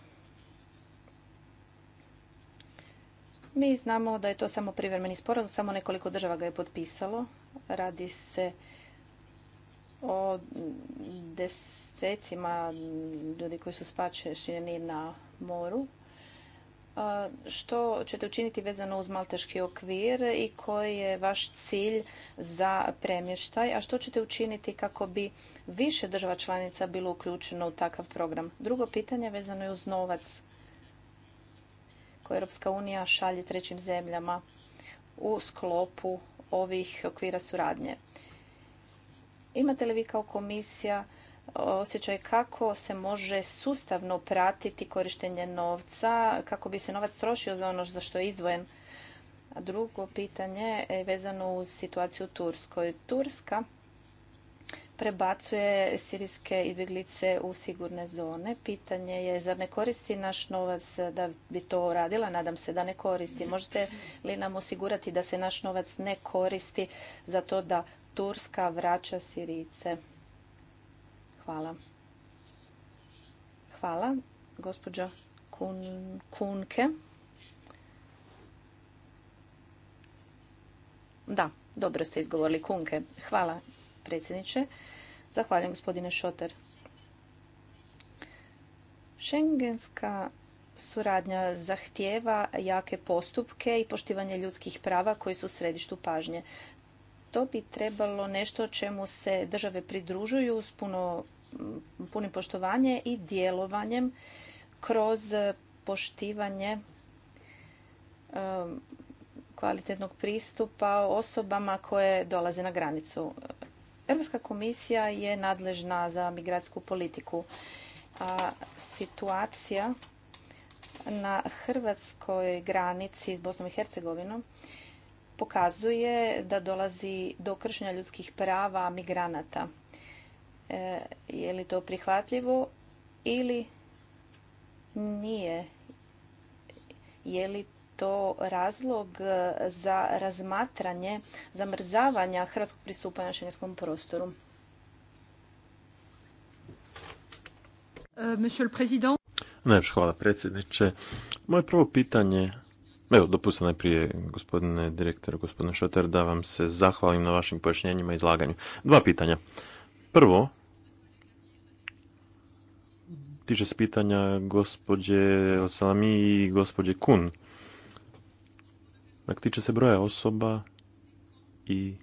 Mi znamo da je to samo privremeni sporazum, samo nekoliko država ga je potpisalo. Radi se o desecima ljudi koji su spačeni na moru. Što ćete učiniti vezano uz malteški okvir i koji je vaš cilj za premještaj, a što ćete učiniti kako bi više država članica bilo uključeno u takav program? Drugo pitanje vezano je uz novac koje Europska unija šalje trećim zemljama u sklopu ovih okvira suradnje. Imate li vi kao komisija e, osjećaj kako se može sustavno pratiti korištenje novca, kako bi se novac trošio za ono za što je izdvojen? drugo pitanje je vezano uz situaciju u Turskoj. Turska prebacuje sirijske izbjeglice u sigurne zone. Pitanje je, zar ne koristi naš novac da bi to radila? Nadam se da ne koristi. Možete li nam osigurati da se naš novac ne koristi za to da Turska vraća Sirice. Hvala. Hvala, gospođa Kunke. Da, dobro ste izgovorili Kunke. Hvala, predsjedniče. Zahvaljujem, gospodine Šoter. Šengenska suradnja zahtjeva jake postupke i poštivanje ljudskih prava koji su u središtu pažnje to bi trebalo nešto čemu se države pridružuju s puno, punim poštovanje i djelovanjem kroz poštivanje kvalitetnog pristupa osobama koje dolaze na granicu. Europska komisija je nadležna za migracijsku politiku. A situacija na hrvatskoj granici s Bosnom i Hercegovinom pokazuje da dolazi do kršenja ljudskih prava migranata. E, je li to prihvatljivo ili nije? Je li to razlog za razmatranje zamrzavanja hrvatskog pristupanja šengenskom prostoru? E, monsieur hvala predsjedniče. Moje prvo pitanje Evo, dopustite najprije, gospodine direktor, gospodine Šoter, da vam se zahvalim na vašim pojašnjenjima i izlaganju. Dva pitanja. Prvo, tiče se pitanja gospođe Salami i gospođe Kun. Dakle, tiče se broja osoba i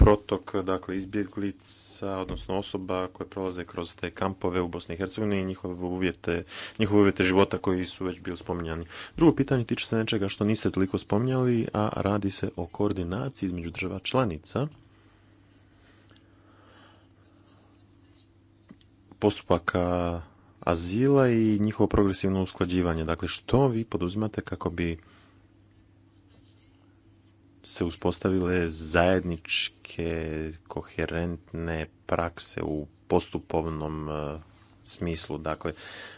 protok dakle izbjeglica odnosno osoba koje prolaze kroz te kampove u Bosni i Hercegovini i njihove uvjete, njihove uvjete života koji su već bili spominjani. Drugo pitanje tiče se nečega što niste toliko spominjali, a radi se o koordinaciji između država članica. postupaka azila i njihovo progresivno usklađivanje. Dakle, što vi poduzimate kako bi se uspostavile zajedničke koherentne prakse u postupovnom e, smislu. Dakle,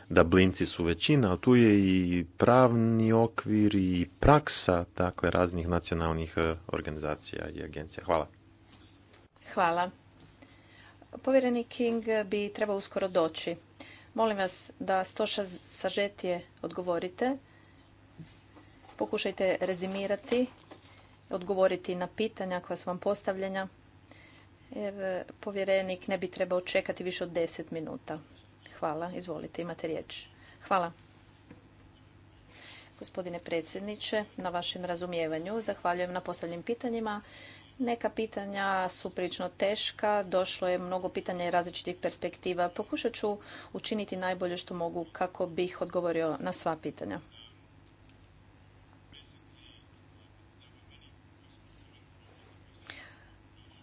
da blinci su većina, ali tu je i pravni okvir i praksa dakle, raznih nacionalnih e, organizacija i agencija. Hvala. Hvala. Povjereni King bi trebao uskoro doći. Molim vas da sto sažetije odgovorite. Pokušajte rezimirati odgovoriti na pitanja koja su vam postavljena jer e, povjerenik ne bi trebao čekati više od 10 minuta. Hvala, izvolite, imate riječ. Hvala. Gospodine predsjedniče, na vašem razumijevanju zahvaljujem na postavljenim pitanjima. Neka pitanja su prilično teška, došlo je mnogo pitanja i različitih perspektiva. Pokušat ću učiniti najbolje što mogu kako bih odgovorio na sva pitanja.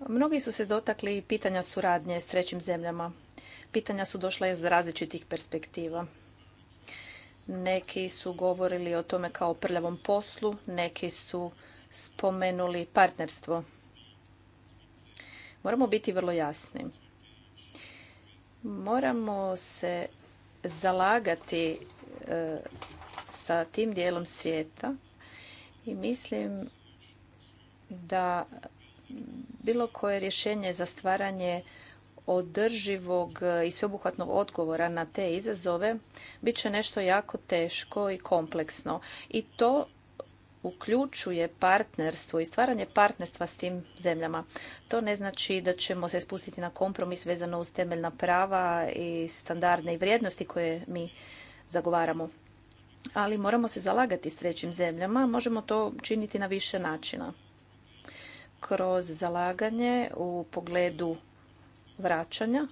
Mnogi su se dotakli pitanja suradnje s trećim zemljama. Pitanja su došla iz različitih perspektiva. Neki su govorili o tome kao prljavom poslu, neki su spomenuli partnerstvo. Moramo biti vrlo jasni. Moramo se zalagati e, sa tim dijelom svijeta i mislim da bilo koje rješenje za stvaranje održivog i sveobuhvatnog odgovora na te izazove bit će nešto jako teško i kompleksno. I to uključuje partnerstvo i stvaranje partnerstva s tim zemljama. To ne znači da ćemo se spustiti na kompromis vezano uz temeljna prava i standardne i vrijednosti koje mi zagovaramo. Ali moramo se zalagati s trećim zemljama, možemo to činiti na više načina kroz zalaganje u pogledu vraćanja,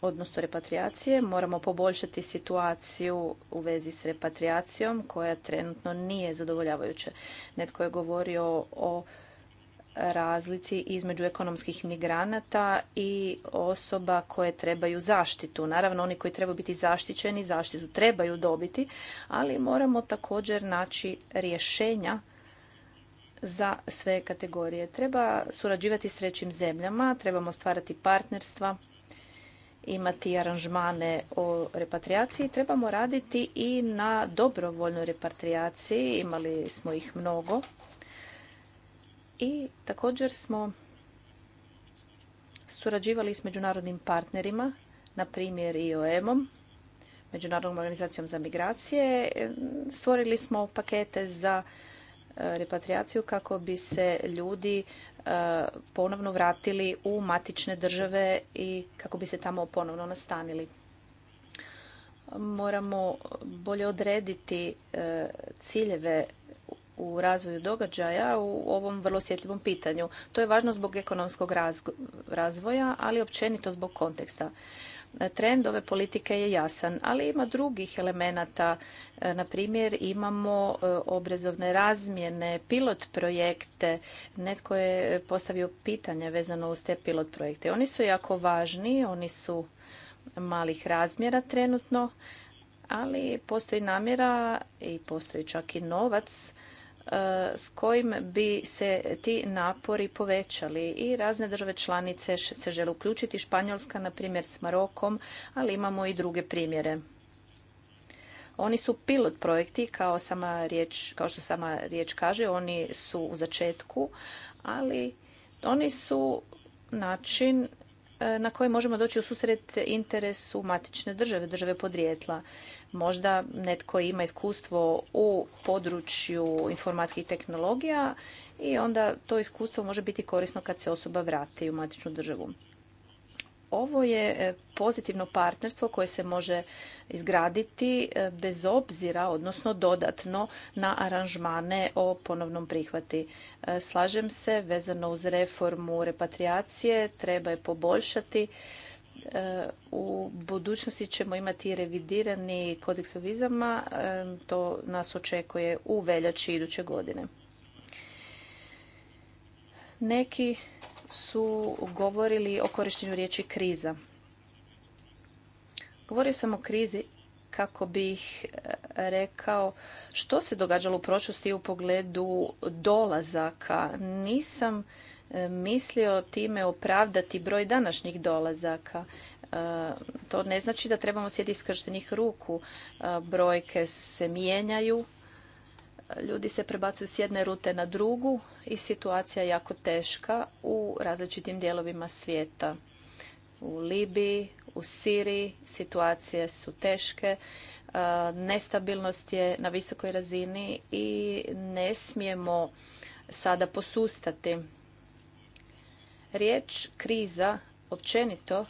odnosno repatriacije. Moramo poboljšati situaciju u vezi s repatriacijom koja trenutno nije zadovoljavajuća. Netko je govorio o razlici između ekonomskih migranata i osoba koje trebaju zaštitu. Naravno, oni koji trebaju biti zaštićeni, zaštitu trebaju dobiti, ali moramo također naći rješenja za sve kategorije. Treba surađivati s trećim zemljama, trebamo stvarati partnerstva, imati aranžmane o repatriaciji, trebamo raditi i na dobrovoljnoj repatriaciji, imali smo ih mnogo. I također smo surađivali s međunarodnim partnerima, na primjer IOM-om, Međunarodnom organizacijom za migracije. Stvorili smo pakete za repatriaciju kako bi se ljudi e, ponovno vratili u matične države i kako bi se tamo ponovno nastanili. Moramo bolje odrediti e, ciljeve u razvoju događaja u ovom vrlo osjetljivom pitanju. To je važno zbog ekonomskog razvoja, ali općenito zbog konteksta. Trend ove politike je jasan, ali ima drugih elemenata. E, na primjer, imamo e, obrazovne razmjene, pilot projekte. Netko je postavio pitanje vezano uz te pilot projekte. Oni su jako važni, oni su malih razmjera trenutno, ali postoji namjera i postoji čak i novac E, s kojim bi se ti napori povećali i razne države članice se žele uključiti, Španjolska na primjer s Marokom, ali imamo i druge primjere. Oni su pilot projekti, kao, sama riječ, kao što sama riječ kaže, oni su u začetku, ali oni su način na koje možemo doći u susret interesu matične države, države podrijetla. Možda netko ima iskustvo u području informacijskih tehnologija i onda to iskustvo može biti korisno kad se osoba vrati u matičnu državu. Ovo je e, pozitivno partnerstvo koje se može izgraditi e, bez obzira, odnosno dodatno na aranžmane o ponovnom prihvati. E, slažem se, vezano uz reformu repatriacije, treba je poboljšati. U budućnosti ćemo imati revidirani kodeks o vizama, to nas očekuje u veljači iduće godine. Neki su govorili o korištenju riječi kriza. Govorio sam o krizi kako bih e, rekao što se događalo u prošlosti u pogledu dolazaka. Nisam e, mislio time opravdati broj današnjih dolazaka. E, to ne znači da trebamo sjediti skrštenih ruku. Brojke se mijenjaju ljudi se prebacuju s jedne rute na drugu i situacija je jako teška u različitim dijelovima svijeta. U Libiji, u Siriji situacije su teške, e, nestabilnost je na visokoj razini i ne smijemo sada posustati. Riječ kriza općenito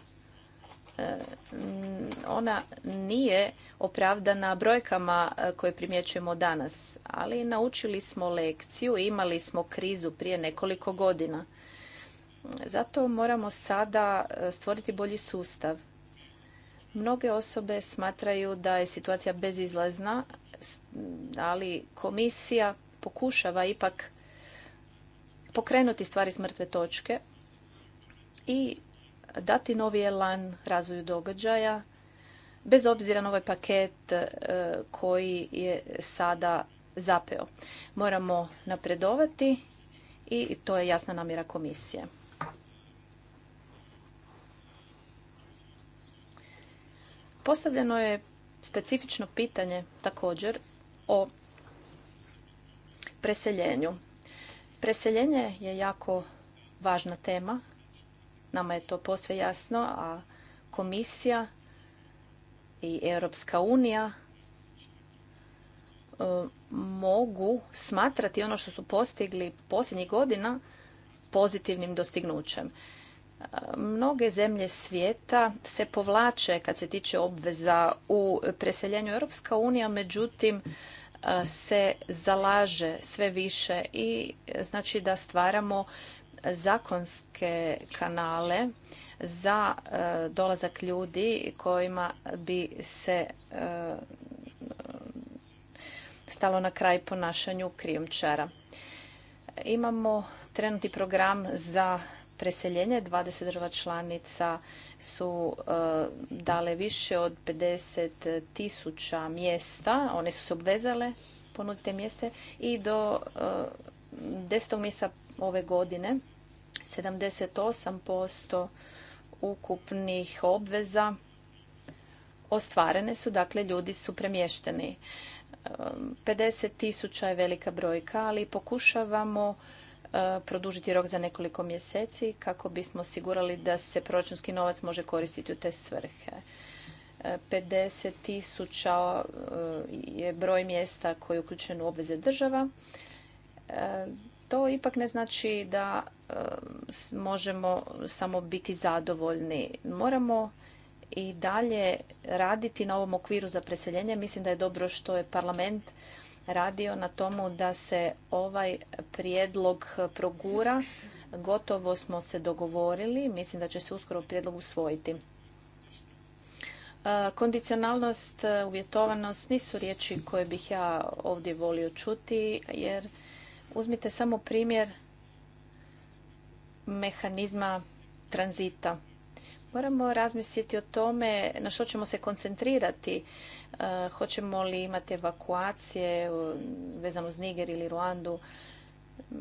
ona nije opravdana brojkama e, koje primjećujemo danas, ali naučili smo lekciju, imali smo krizu prije nekoliko godina. Zato moramo sada e, stvoriti bolji sustav. Mnoge osobe smatraju da je situacija bezizlazna, ali komisija pokušava ipak pokrenuti stvari s mrtve točke i dati novi elan razvoju događaja, bez obzira na ovaj paket e, koji je sada zapeo. Moramo napredovati i to je jasna namjera komisije. Postavljeno je specifično pitanje također o preseljenju. Preseljenje je jako važna tema Nama je to posve jasno, a komisija i Europska unija e, mogu smatrati ono što su postigli posljednjih godina pozitivnim dostignućem. E, mnoge zemlje svijeta se povlače kad se tiče obveza u preseljenju Europska unija, međutim e, se zalaže sve više i znači da stvaramo zakonske kanale za e, dolazak ljudi kojima bi se e, stalo na kraj ponašanju krijumčara. Imamo trenutni program za preseljenje. 20 država članica su e, dale više od 50 tisuća mjesta. One su se obvezale ponudite mjeste i do 10. mjesa ove godine 78% ukupnih obveza ostvarene su, dakle ljudi su premješteni. 50 tisuća je velika brojka, ali pokušavamo e, produžiti rok za nekoliko mjeseci kako bismo osigurali da se proračunski novac može koristiti u te svrhe. 50 e, tisuća e, je broj mjesta koji je uključen u obveze država, to ipak ne znači da e, možemo samo biti zadovoljni. Moramo i dalje raditi na ovom okviru za preseljenje. Mislim da je dobro što je parlament radio na tomu da se ovaj prijedlog progura. Gotovo smo se dogovorili. Mislim da će se uskoro prijedlog usvojiti. E, kondicionalnost, e, uvjetovanost nisu riječi koje bih ja ovdje volio čuti jer Uzmite samo primjer mehanizma tranzita. Moramo razmisliti o tome na što ćemo se koncentrirati. E, hoćemo li imati evakuacije vezano uz Niger ili Ruandu.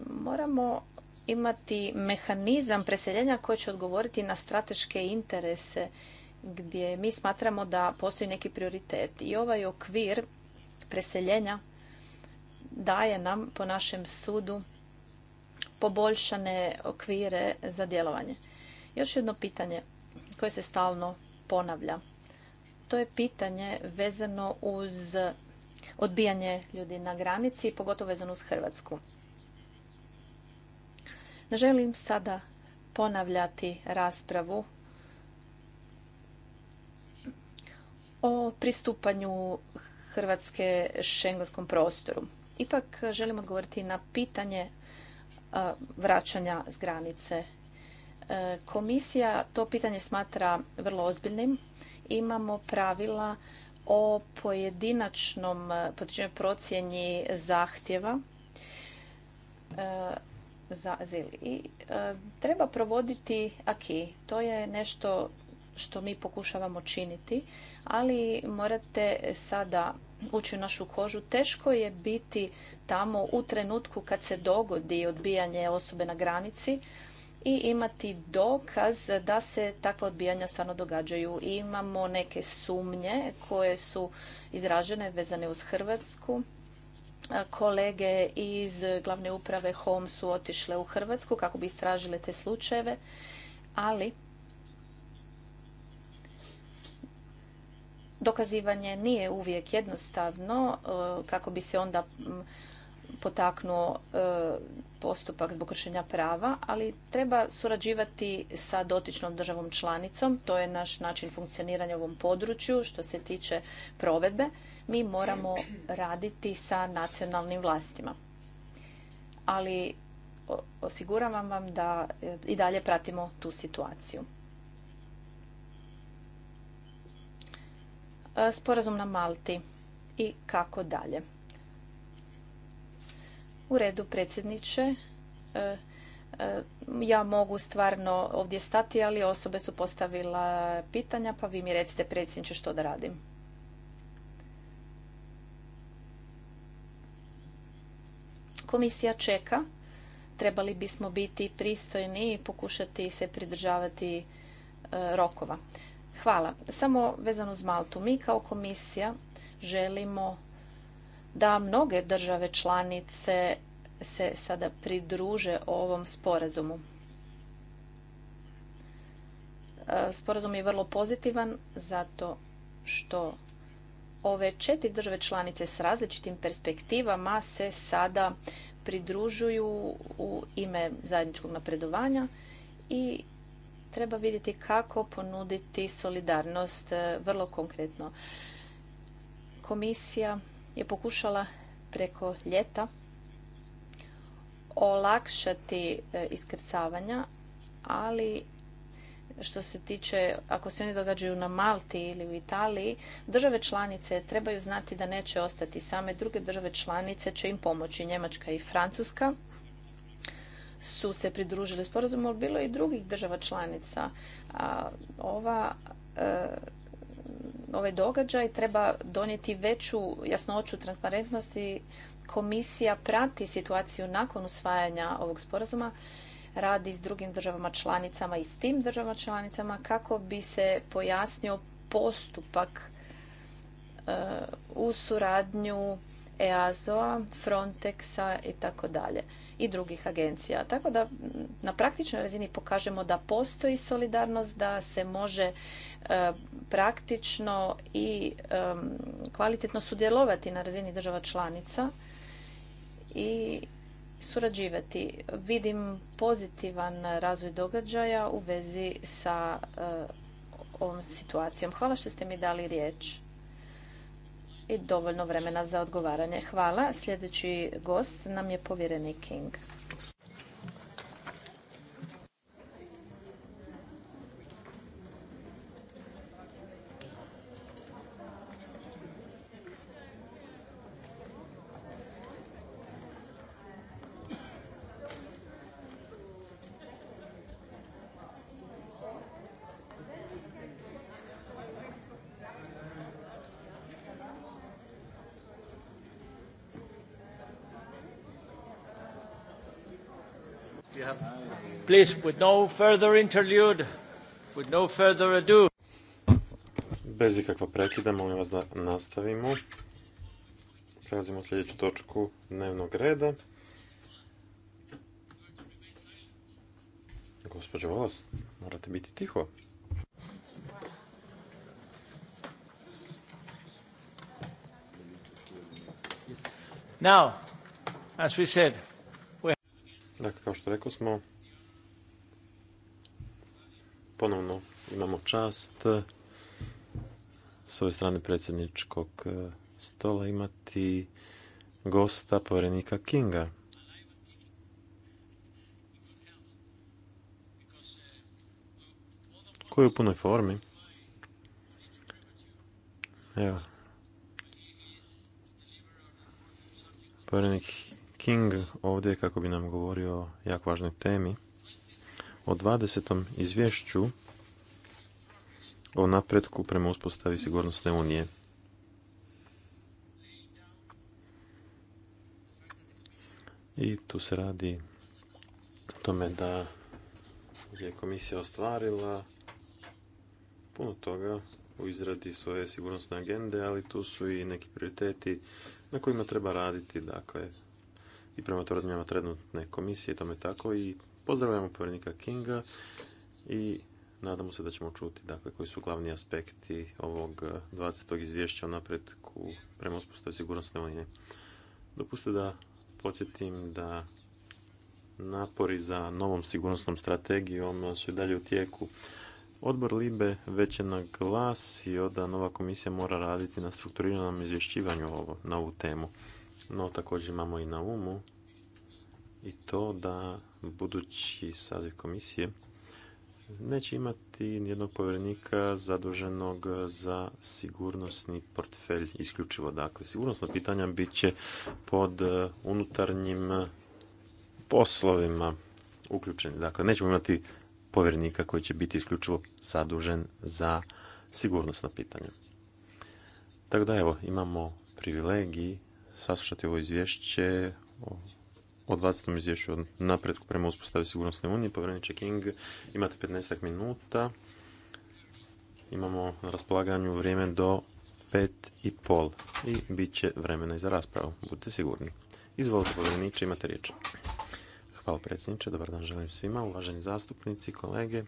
Moramo imati mehanizam preseljenja koji će odgovoriti na strateške interese gdje mi smatramo da postoji neki prioritet. I ovaj okvir preseljenja daje nam po našem sudu poboljšane okvire za djelovanje. Još jedno pitanje koje se stalno ponavlja. To je pitanje vezano uz odbijanje ljudi na granici, pogotovo vezano uz Hrvatsku. Ne želim sada ponavljati raspravu o pristupanju Hrvatske šengenskom prostoru. Ipak e, želim odgovoriti na pitanje e, vraćanja s granice. E, komisija to pitanje smatra vrlo ozbiljnim. Imamo pravila o pojedinačnom procjeni zahtjeva za azil. treba provoditi aki. To je nešto što mi pokušavamo činiti, ali morate sada ući u našu kožu. Teško je biti tamo u trenutku kad se dogodi odbijanje osobe na granici i imati dokaz da se takva odbijanja stvarno događaju. imamo neke sumnje koje su izražene vezane uz Hrvatsku. Kolege iz glavne uprave HOM su otišle u Hrvatsku kako bi istražile te slučajeve, ali Dokazivanje nije uvijek jednostavno e, kako bi se onda potaknuo e, postupak zbog kršenja prava, ali treba surađivati sa dotičnom državom članicom. To je naš način funkcioniranja u ovom području što se tiče provedbe. Mi moramo raditi sa nacionalnim vlastima. Ali osiguravam vam da e, i dalje pratimo tu situaciju. E, sporazum na Malti i kako dalje. U redu, predsjedniče. E, e, ja mogu stvarno ovdje stati, ali osobe su postavila pitanja, pa vi mi recite predsjedniče što da radim. Komisija čeka. Trebali bismo biti pristojni i pokušati se pridržavati rokova. Hvala. Samo vezano uz Maltu. Mi kao komisija želimo da mnoge države članice se sada pridruže ovom sporazumu. E, sporazum je vrlo pozitivan zato što ove četiri države članice s različitim perspektivama se sada pridružuju u ime zajedničkog napredovanja i treba vidjeti kako ponuditi solidarnost e, vrlo konkretno. Komisija je pokušala preko ljeta olakšati e, iskrcavanja, ali što se tiče, ako se oni događaju na Malti ili u Italiji, države članice trebaju znati da neće ostati same. Druge države članice će im pomoći, Njemačka i Francuska su se pridružile sporazumu, ali bilo je i drugih država članica. A ova e, ovaj događaj treba donijeti veću jasnoću transparentnosti. Komisija prati situaciju nakon usvajanja ovog sporazuma, radi s drugim državama članicama i s tim državama članicama kako bi se pojasnio postupak e, u suradnju EASO-a, Frontexa i tako dalje i drugih agencija. Tako da mm, na praktičnoj razini pokažemo da postoji solidarnost, da se može e, praktično i e, kvalitetno sudjelovati na razini država članica i surađivati. Vidim pozitivan razvoj događaja u vezi sa e, ovom situacijom. Hvala što ste mi dali riječ i dovoljno vremena za odgovaranje. Hvala. Sljedeći gost nam je povjereni King. please, with no further interlude, with no further ado. Bez ikakva prekida, molim vas da nastavimo. Prelazimo sljedeću točku dnevnog reda. Gospođo Volos, morate biti tiho. Now, as we said, Dakle, kao što rekao smo, ponovno imamo čast e, s ove strane predsjedničkog e, stola imati gosta povjerenika Kinga. Koji je u punoj formi? Evo. Povjerenik King ovdje kako bi nam govorio o jako važnoj temi o 20. izvješću o napretku prema uspostavi sigurnosne unije. I tu se radi o tome da je komisija ostvarila puno toga u izradi svoje sigurnosne agende, ali tu su i neki prioriteti na kojima treba raditi, dakle, i prema tvrdnjama trenutne komisije, tome tako i Pozdravljamo povjerenika Kinga i nadamo se da ćemo čuti dakle, koji su glavni aspekti ovog 20. Eh, izvješća o napretku prema uspostavi sigurnosne unije. Dopustite da podsjetim da napori za novom sigurnosnom strategijom su i dalje u tijeku. Odbor Libe već je naglasio da nova komisija mora raditi na strukturiranom izvješćivanju na ovu temu. No također imamo i na umu i to da budući saziv komisije neće imati nijednog povjerenika zaduženog za sigurnosni portfelj isključivo. Dakle, sigurnosna pitanja bit će pod e, unutarnjim poslovima uključeni. Dakle, nećemo imati povjerenika koji će biti isključivo zadužen za sigurnosna pitanja. Tako da evo, imamo privilegiji saslušati ovo izvješće o 20. izvješću o napretku prema uspostavi sigurnosne unije. Povjereniče King, imate 15 minuta. Imamo na raspolaganju vrijeme do 5 i pol i bit će vremena i za raspravu. Budite sigurni. Izvolite povjereniče, imate riječ. Hvala predsjedniče, dobar dan želim svima, uvaženi zastupnici, kolege.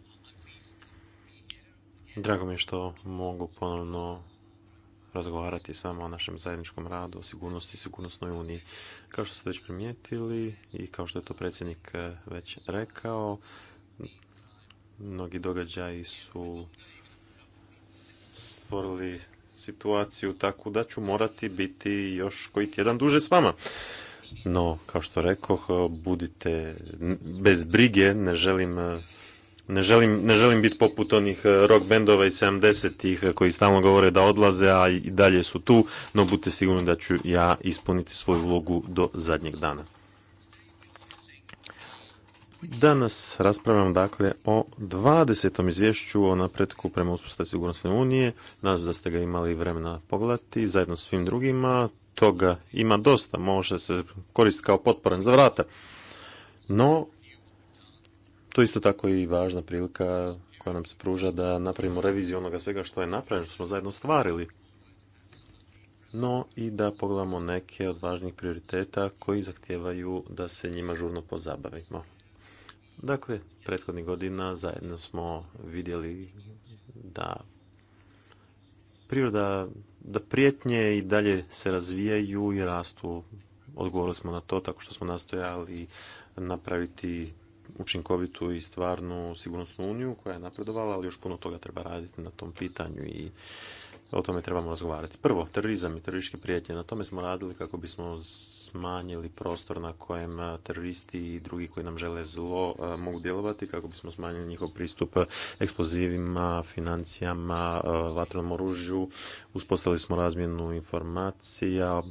Drago mi je što mogu ponovno razgovarati s vama o našem zajedničkom radu, o sigurnosti i sigurnosnoj uniji. Kao što ste već primijetili i kao što je to predsjednik eh, već rekao, mnogi događaji su stvorili situaciju takvu da ću morati biti još koji tjedan duže s vama. No, kao što rekoh, budite bez brige, ne želim eh, ne želim, ne želim biti poput onih e, rock bendova iz 70-ih e, koji stalno govore da odlaze, a i dalje su tu, no budite sigurni da ću ja ispuniti svoju vlogu do zadnjeg dana. Danas raspravljam dakle o 20. izvješću o napretku prema uspostavi sigurnosne unije. Nadam se da ste ga imali vremena pogledati zajedno s svim drugima. Toga ima dosta, može se koristiti kao potporan za vrata. No, to isto tako i važna prilika koja nam se pruža da napravimo reviziju onoga svega što je napravljeno, što smo zajedno stvarili. No i da pogledamo neke od važnijih prioriteta koji zahtijevaju da se njima žurno pozabavimo. Dakle, prethodnih godina zajedno smo vidjeli da priroda, da prijetnje i dalje se razvijaju i rastu. Odgovorili smo na to tako što smo nastojali napraviti učinkovitu i stvarnu sigurnosnu uniju koja je napredovala, ali još puno toga treba raditi na tom pitanju i o tome trebamo razgovarati. Prvo, terorizam i terorističke prijetnje. Na tome smo radili kako bismo smanjili prostor na kojem teroristi i drugi koji nam žele zlo eh, mogu djelovati, kako bismo smanjili njihov pristup eksplozivima, financijama, eh, vatrenom oružju. Uspostavili smo razmjenu informacija,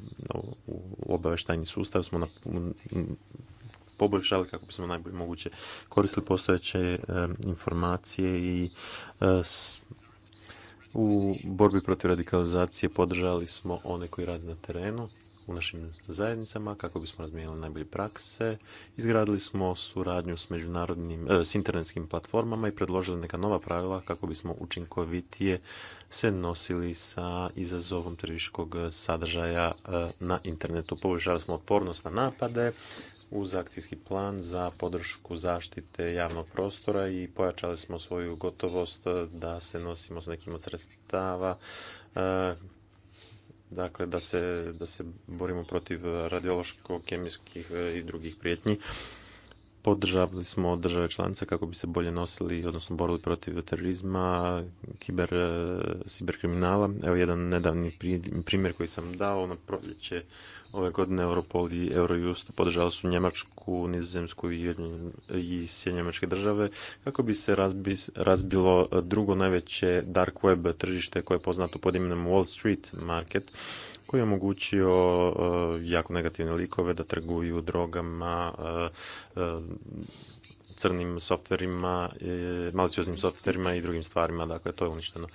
u obaveštajni sustav smo poboljšali kako bismo najbolje moguće koristili postojeće informacije i e, u borbi protiv radikalizacije podržali smo one koji rade na terenu u našim zajednicama kako bismo razmijenili najbolje prakse. Izgradili smo suradnju s međunarodnim, e, s internetskim platformama i predložili neka nova pravila kako bismo učinkovitije se nosili sa izazovom terorističkog sadržaja e, na internetu. Poboljšali smo otpornost na napade, uz akcijski plan za podršku zaštite javnog prostora i pojačali smo svoju gotovost da se nosimo s nekim od sredstava e, dakle da se, da se borimo protiv radiološko, kemijskih e, i drugih prijetnji podržavali smo države članice kako bi se bolje nosili, odnosno borili protiv terorizma, kiber, e, ciberkriminala. Evo jedan nedavni primjer koji sam dao, na ono proljeće ove godine Europol i Eurojust podržali su Njemačku, Nizozemsku i Njemačke države kako bi se razbilo drugo najveće dark web tržište koje je poznato pod imenom Wall Street Market koji je omogućio eh, jako negativne likove da trguju drogama, eh, eh, crnim softverima, malicioznim softverima i drugim stvarima, dakle to je uništeno.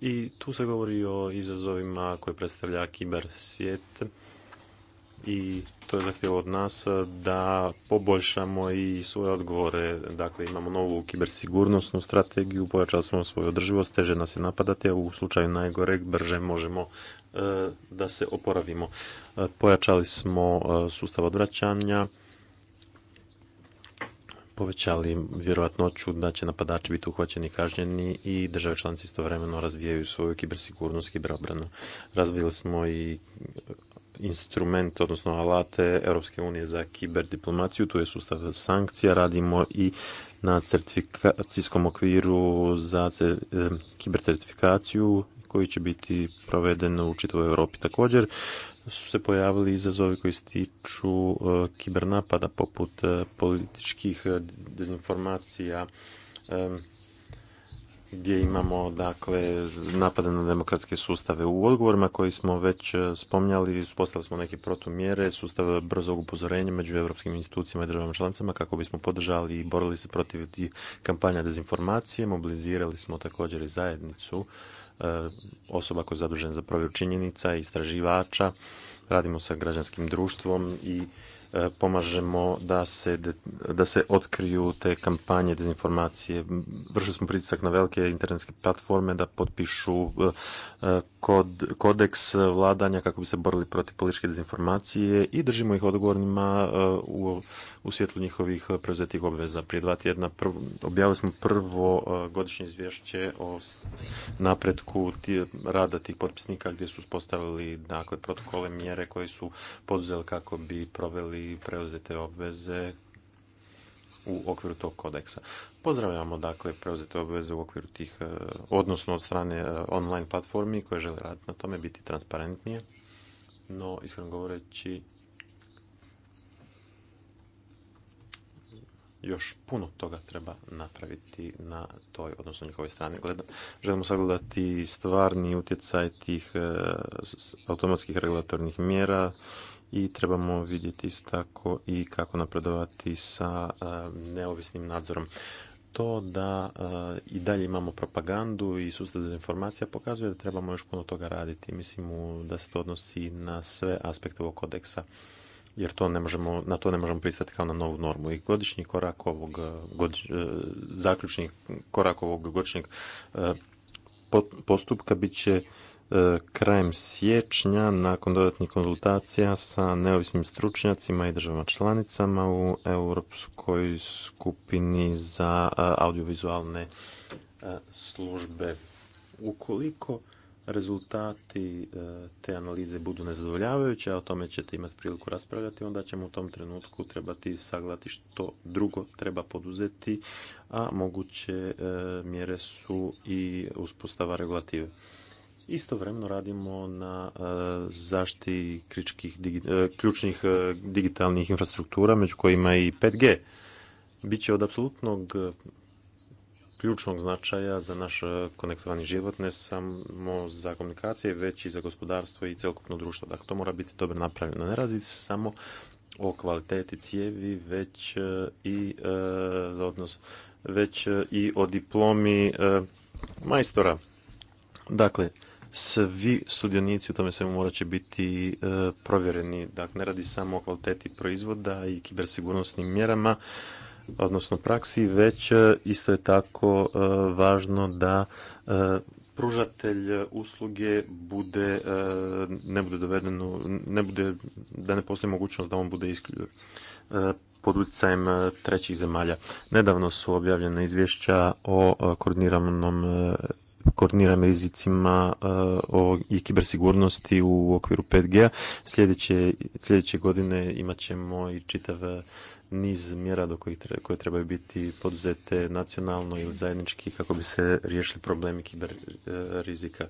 I tu se govori o izazovima koje predstavlja kiber svijet i to je zahtjevo od nas da poboljšamo i svoje odgovore. Dakle, imamo novu kibersigurnosnu strategiju, pojačali smo svoju održivost, teže nas je napadati, a u slučaju najgoreg brže možemo E, da se oporavimo. E, pojačali smo e, sustav odvraćanja, povećali vjerojatnoću da će napadači biti uhvaćeni i kažnjeni i države članice istovremeno razvijaju svoju kibersigurnost, kiberobranu. Razvili smo i instrument, odnosno alate Europske unije za kiberdiplomaciju, tu je sustav sankcija, radimo i na certifikacijskom okviru za kibercertifikaciju koji će biti proveden u čitavoj Europi. Također su se pojavili izazovi koji se tiču e, kibernapada poput e, političkih e, dezinformacija gdje imamo dakle napade na demokratske sustave. U odgovorima koji smo već spominjali, uspostavili smo neke protumjere, sustav brzog upozorenja među europskim institucijama i državama članicama kako bismo podržali i borili se protiv kampanja dezinformacije. Mobilizirali smo također i zajednicu E, osoba koja je zadužena za provjeru činjenica, istraživača, radimo sa građanskim društvom i e, pomažemo da se, da se otkriju te kampanje dezinformacije. Vršili smo pritisak na velike internetske platforme da potpišu e, kod, kodeks vladanja kako bi se borili protiv političke dezinformacije i držimo ih odgovornima uh, u, u svjetlu njihovih preuzetih obveza. Prije dva tjedna objavili smo prvo uh, godišnje izvješće o napretku rada tih potpisnika gdje su uspostavili dakle, protokole mjere koje su poduzeli kako bi proveli preuzete obveze u okviru tog kodeksa. Pozdravljamo dakle preuzete obveze u okviru tih, e, odnosno od strane e, online platformi koje žele raditi na tome, biti transparentnije. No, iskreno govoreći, još puno toga treba napraviti na toj, odnosno njihovoj strani. želimo sagledati stvarni utjecaj tih e, automatskih regulatornih mjera i trebamo vidjeti isto tako i kako napredovati sa neovisnim nadzorom to da e, i dalje imamo propagandu i sustav informacija pokazuje da trebamo još puno toga raditi. Mislimo da se to odnosi na sve aspekte ovog kodeksa jer to ne možemo, na to ne možemo pristati kao na novu normu. I godišnji korak ovog, e, godiš, e, zaključni korak ovog godišnjeg postupka bit će krajem siječnja nakon dodatnih konzultacija sa neovisnim stručnjacima i državama članicama u Europskoj skupini za audiovizualne službe. Ukoliko rezultati e, te analize budu nezadovoljavajući, a o tome ćete imati priliku raspravljati, onda ćemo u tom trenutku trebati sagledati što drugo treba poduzeti, a moguće e, mjere su i uspostava regulative. Istovremeno radimo na e, zaštiti digi, e, ključnih e, digitalnih infrastruktura, među kojima i 5G. Biće od apsolutnog ključnog značaja za naš konektovani život, ne samo za komunikacije, već i za gospodarstvo i cjelokupno društvo. Dakle, to mora biti dobro napravljeno. Ne radi se samo o kvaliteti cijevi, već i za odnos, već i o diplomi majstora. Dakle, svi sudionici u tome svemu morat će biti e, provjereni. Dakle, ne radi samo o kvaliteti proizvoda i kibersigurnosnim mjerama, odnosno praksi, već e, isto je tako e, važno da pružatelj usluge bude, ne bude doveden, ne bude, da ne postoji mogućnost da on bude isključen pod utjecajem trećih zemalja. Nedavno su objavljena izvješća o koordiniranom koordiniranim rizicima eh, i kibersigurnosti u okviru 5G-a. Sljedeće, sljedeće godine imat ćemo i čitav eh, niz mjera do kojih koje trebaju biti poduzete nacionalno ili zajednički kako bi se riješili problemi kiber eh, rizika.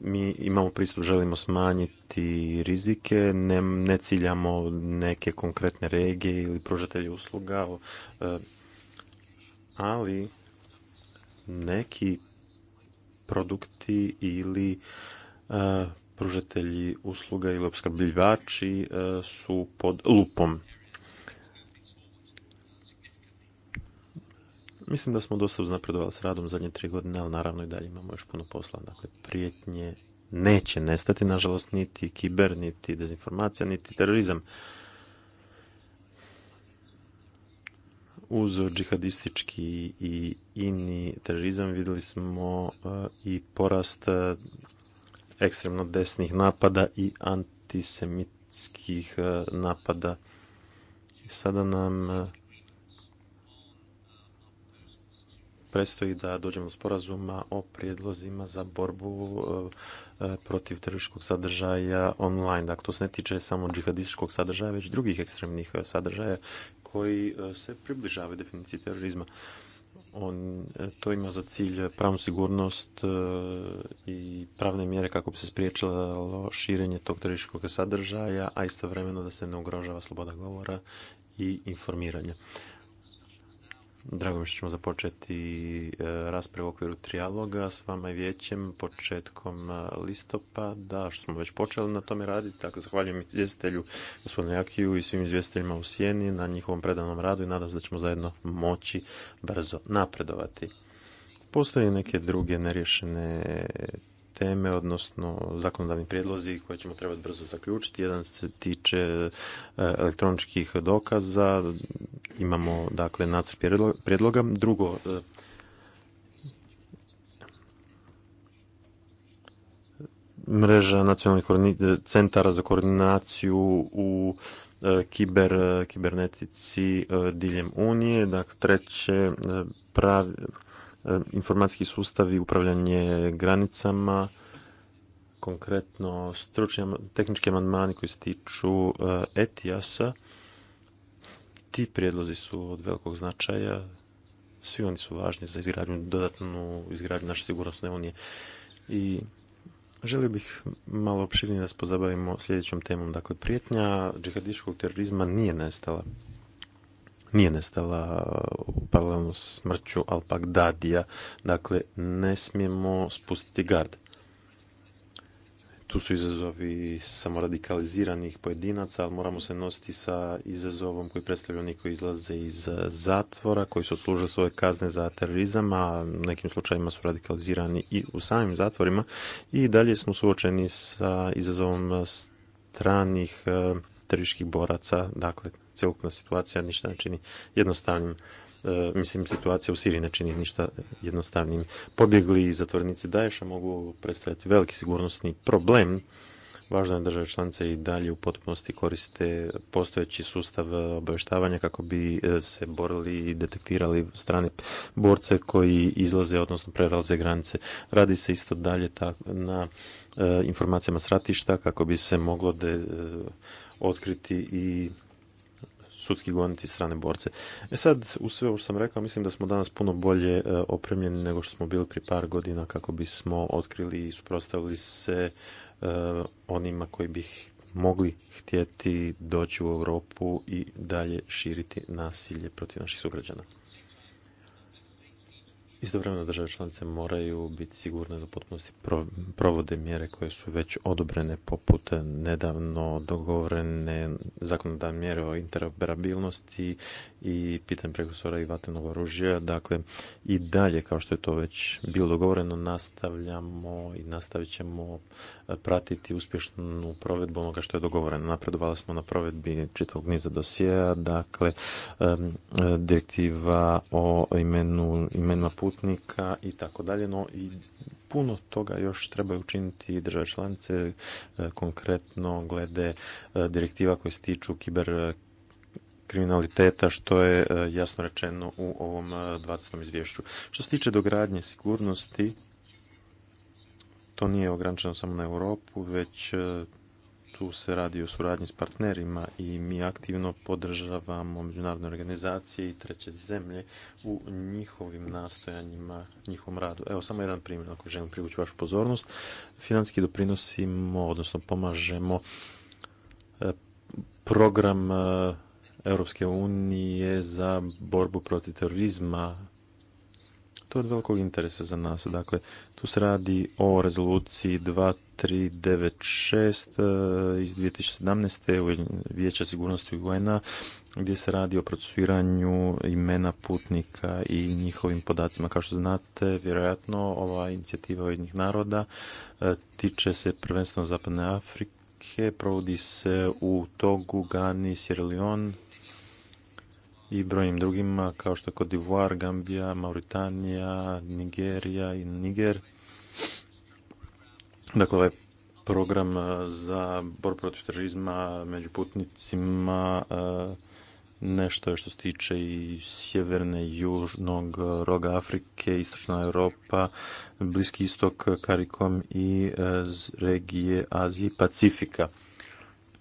Mi imamo pristup, želimo smanjiti rizike, ne, ne ciljamo neke konkretne regije ili pružatelje usluga, ali neki produkti ili e, pružatelji usluga ili opskrbljivači e, su pod lupom. Mislim da smo dosta uznapredovali s radom zadnje tri godine, ali naravno i dalje imamo još puno posla. Dakle, prijetnje neće nestati, nažalost, niti kiber, niti dezinformacija, niti terorizam. uz džihadistički i ini terorizam vidjeli smo e, i porast e, ekstremno desnih napada i antisemitskih e, napada. Sada nam prestoji da dođemo do sporazuma o prijedlozima za borbu protiv terorističkog sadržaja online. Dakle, to se ne tiče samo džihadističkog sadržaja, već drugih ekstremnih sadržaja koji e, se približavaju definiciji terorizma. On, e, to ima za cilj pravnu sigurnost e, i pravne mjere kako bi se spriječilo širenje tog terorističkog sadržaja, a istovremeno da se ne ugrožava sloboda govora i informiranja. Drago mi što ćemo započeti e, raspravu u okviru trijaloga s vama i vijećem početkom e, listopada, što smo već počeli na tome raditi. Tako, zahvaljujem izvjestitelju gospodinu Jakiju i svim izvjestiteljima u Sjeni na njihovom predanom radu i nadam se da ćemo zajedno moći brzo napredovati. Postoje neke druge nerješene teme, odnosno zakonodavni prijedlozi koje ćemo trebati brzo zaključiti. Jedan se tiče e, elektroničkih dokaza, imamo dakle nacrt prijedloga. Drugo, e, mreža nacionalnih centara za koordinaciju u e, kiber, kibernetici diljem Unije. Dakle, treće, pravi, E, informacijski sustav i upravljanje granicama, konkretno stručni tehnički amandmani koji se tiču e, Etijasa. Ti prijedlozi su od velikog značaja. Svi oni su važni za izgradnju, dodatnu izgradnju naše sigurnosne unije. I Želio bih malo opširnije da se pozabavimo sljedećom temom. Dakle, prijetnja džihadiškog terorizma nije nestala nije nestala paralelno sa smrću Alpak Dadija. Dakle, ne smijemo spustiti gard. Tu su izazovi samoradikaliziranih pojedinaca, ali moramo se nositi sa izazovom koji predstavlja oni koji izlaze iz zatvora, koji su odslužili svoje kazne za terorizam, a u nekim slučajima su radikalizirani i u samim zatvorima. I dalje smo suočeni sa izazovom stranih eh, terorističkih boraca, dakle cjelokupna situacija ništa ne čini jednostavnim. E, mislim, situacija u Siriji ne čini ništa jednostavnim. Pobjegli i zatvornici Daješa mogu predstavljati veliki sigurnosni problem. Važno je države članice i dalje u potpunosti koriste postojeći sustav obavještavanja kako bi e, se borili i detektirali strane borce koji izlaze, odnosno prelaze granice. Radi se isto dalje na e, informacijama sratišta kako bi se moglo de, otkriti i sudski goniti strane borce. E sad, u sve ovo što sam rekao, mislim da smo danas puno bolje e, opremljeni nego što smo bili prije par godina kako bismo otkrili i suprotstavili se e, onima koji bi mogli htjeti doći u Europu i dalje širiti nasilje protiv naših sugrađana. Istovremeno države članice moraju biti sigurne da u potpunosti provode mjere koje su već odobrene poput nedavno dogovorene zakonodavne mjere o interoperabilnosti i pitanje prekosora i vatrenog oružja. Dakle, i dalje kao što je to već bilo dogovoreno nastavljamo i nastavit ćemo pratiti uspješnu provedbu onoga što je dogovoreno. Napredovali smo na provedbi čitavog niza dosijeja, dakle direktiva o imenu, imenima putnika i tako dalje, no i puno toga još treba učiniti države članice, e, konkretno glede e, direktiva koje se tiču kiber e, kriminaliteta, što je jasno rečeno u ovom 20. izvješću. Što se tiče dogradnje sigurnosti, to nije ograničeno samo na Europu, već e, tu se radi o suradnji s partnerima i mi aktivno podržavamo međunarodne organizacije i treće zemlje u njihovim nastojanjima, njihovom radu. Evo samo jedan primjer ako želim privući vašu pozornost. Finanski doprinosimo, odnosno pomažemo e, program e, Europske unije za borbu protiv terorizma to je od velikog interesa za nas. Dakle, tu se radi o rezoluciji 2396 eh, iz 2017. Vijeća sigurnosti UN-a gdje se radi o procesuiranju imena putnika i njihovim podacima. Kao što znate, vjerojatno ova inicijativa ujednih naroda eh, tiče se prvenstveno Zapadne Afrike, provodi se u Togu, Gani, Sierra Leone, i brojnim drugima kao što je kod Divoire, Gambija, Mauritanija, Nigerija i Niger. Dakle, ovaj program eh, za bor protiv terorizma među putnicima eh, nešto je što se tiče i sjeverne i južnog roga Afrike, istočna Europa, Bliski istok, Karikom i eh, regije Azije i Pacifika.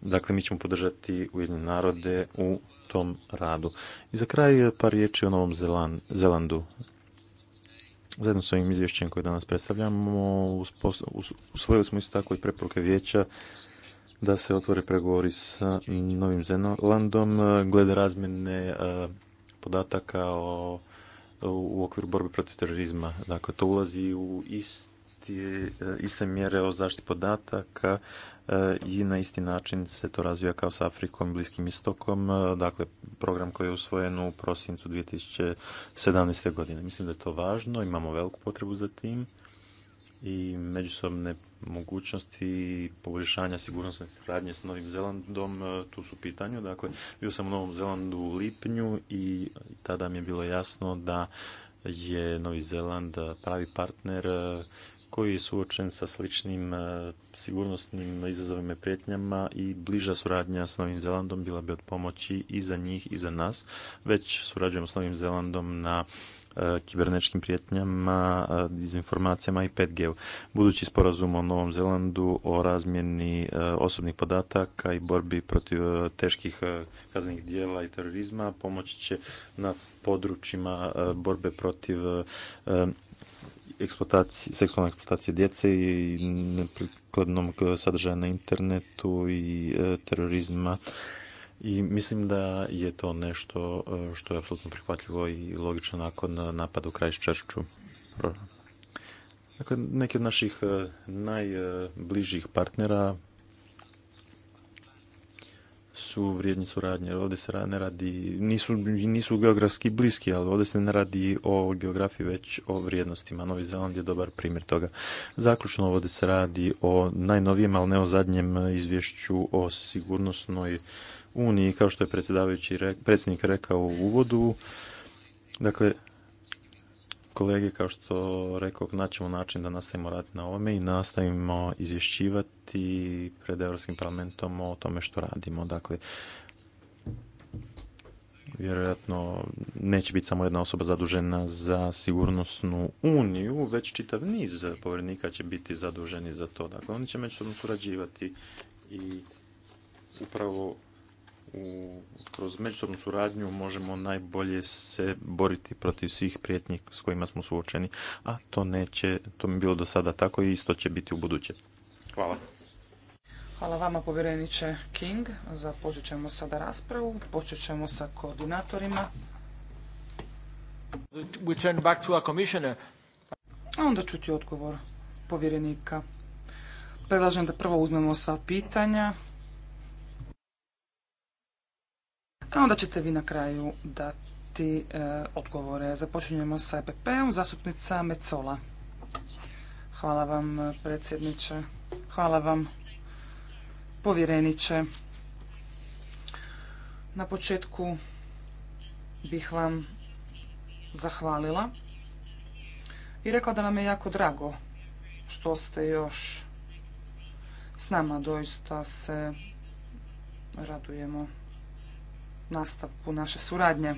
Dakle, mi ćemo podržati Ujedinjene narode u tom radu. I za kraj eh, par riječi o Novom Zelandu. Zajedno s ovim izvješćem koje danas predstavljamo, usvojili smo isto tako i preporuke vijeća da se otvore pregovori sa Novim Zelandom eh, glede razmjene eh, podataka u okviru borbe protiv terorizma. Dakle, to ulazi u isti iste mjere o zaštiti podataka E, i na isti način se to razvija kao s Afrikom i Bliskim istokom, e, dakle program koji je usvojen u prosincu 2017. godine. Mislim da je to važno, imamo veliku potrebu za tim i međusobne mogućnosti poboljšanja sigurnosne suradnje s Novim Zelandom e, tu su u pitanju. Dakle, bio sam u Novom Zelandu u lipnju i tada mi je bilo jasno da je Novi Zeland pravi partner koji je suočen sa sličnim e, sigurnosnim izazovima i prijetnjama i bliža suradnja s Novim Zelandom bila bi od pomoći i za njih i za nas. Već surađujemo s Novim Zelandom na e, kibernetičkim prijetnjama, e, dezinformacijama i 5G. Budući sporazum o Novom Zelandu o razmjeni osobnih podataka i borbi protiv teških kaznenih dijela i terorizma pomoći će na područjima borbe protiv eksploatacije, seksualne eksploatacije djece i neprikladnog sadržaja na internetu i e, terorizma. I mislim da je to nešto e, što je apsolutno prihvatljivo i logično nakon e, napada u Krajščerču. Dakle, neki od naših najbližih partnera su vrijedni suradnje. Ovdje se ne radi, nisu, nisu geografski bliski, ali ovdje se ne radi o geografiji, već o vrijednostima. Novi Zeland je dobar primjer toga. Zaključno ovdje se radi o najnovijem, ali ne o zadnjem izvješću o sigurnosnoj uniji, kao što je predsjedavajući predsjednik rekao u uvodu. Dakle, Kolege, kao što rekao, naćemo način da nastavimo raditi na ovome i nastavimo izvješćivati pred Europskim parlamentom o tome što radimo. Dakle, vjerojatno neće biti samo jedna osoba zadužena za sigurnosnu uniju, već čitav niz povjerenika će biti zaduženi za to. Dakle, oni će međusobno surađivati i upravo u, kroz međusobnu suradnju možemo najbolje se boriti protiv svih prijetnji s kojima smo suočeni, a to neće, to mi bilo do sada tako i isto će biti u buduće. Hvala. Hvala vama povjereniče King. Započet ćemo sada raspravu. Počet ćemo sa koordinatorima. We turn back to our commissioner. A onda ću odgovor povjerenika. Predlažem da prvo uzmemo sva pitanja. A onda ćete vi na kraju dati e, odgovore. Započinjemo sa EPP-om, zastupnica Mecola. Hvala vam, predsjedniče. Hvala vam, povjereniče. Na početku bih vam zahvalila i rekla da nam je jako drago što ste još s nama. Doista se radujemo nastavku naše suradnje.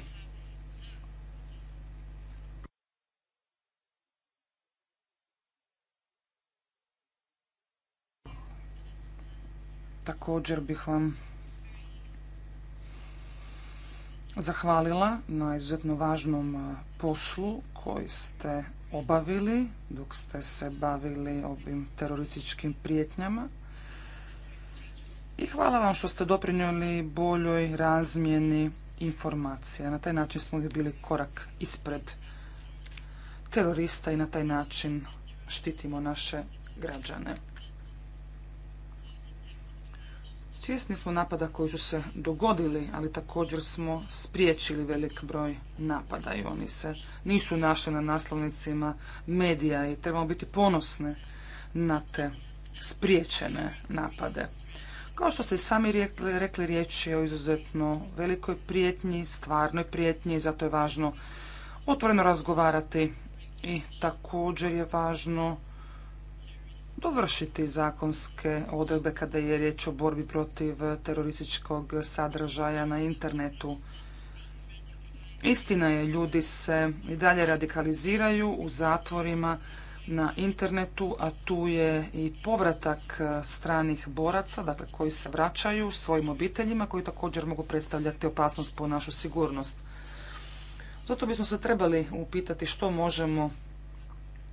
Također bih vam zahvalila na izuzetno važnom poslu koji ste obavili dok ste se bavili ovim terorističkim prijetnjama i hvala vam što ste doprinijeli boljoj razmjeni informacija. Na taj način smo bili korak ispred terorista i na taj način štitimo naše građane. Svjesni smo napada koji su se dogodili, ali također smo spriječili velik broj napada i oni se nisu našli na naslovnicima medija i trebamo biti ponosne na te spriječene napade. Kao što ste sami rekli, rekli riječ je o izuzetno velikoj prijetnji, stvarnoj prijetnji i zato je važno otvoreno razgovarati i također je važno dovršiti zakonske odredbe kada je riječ o borbi protiv terorističkog sadržaja na internetu. Istina je, ljudi se i dalje radikaliziraju u zatvorima, na internetu, a tu je i povratak e, stranih boraca, dakle koji se vraćaju svojim obiteljima, koji također mogu predstavljati opasnost po našu sigurnost. Zato bismo se trebali upitati što možemo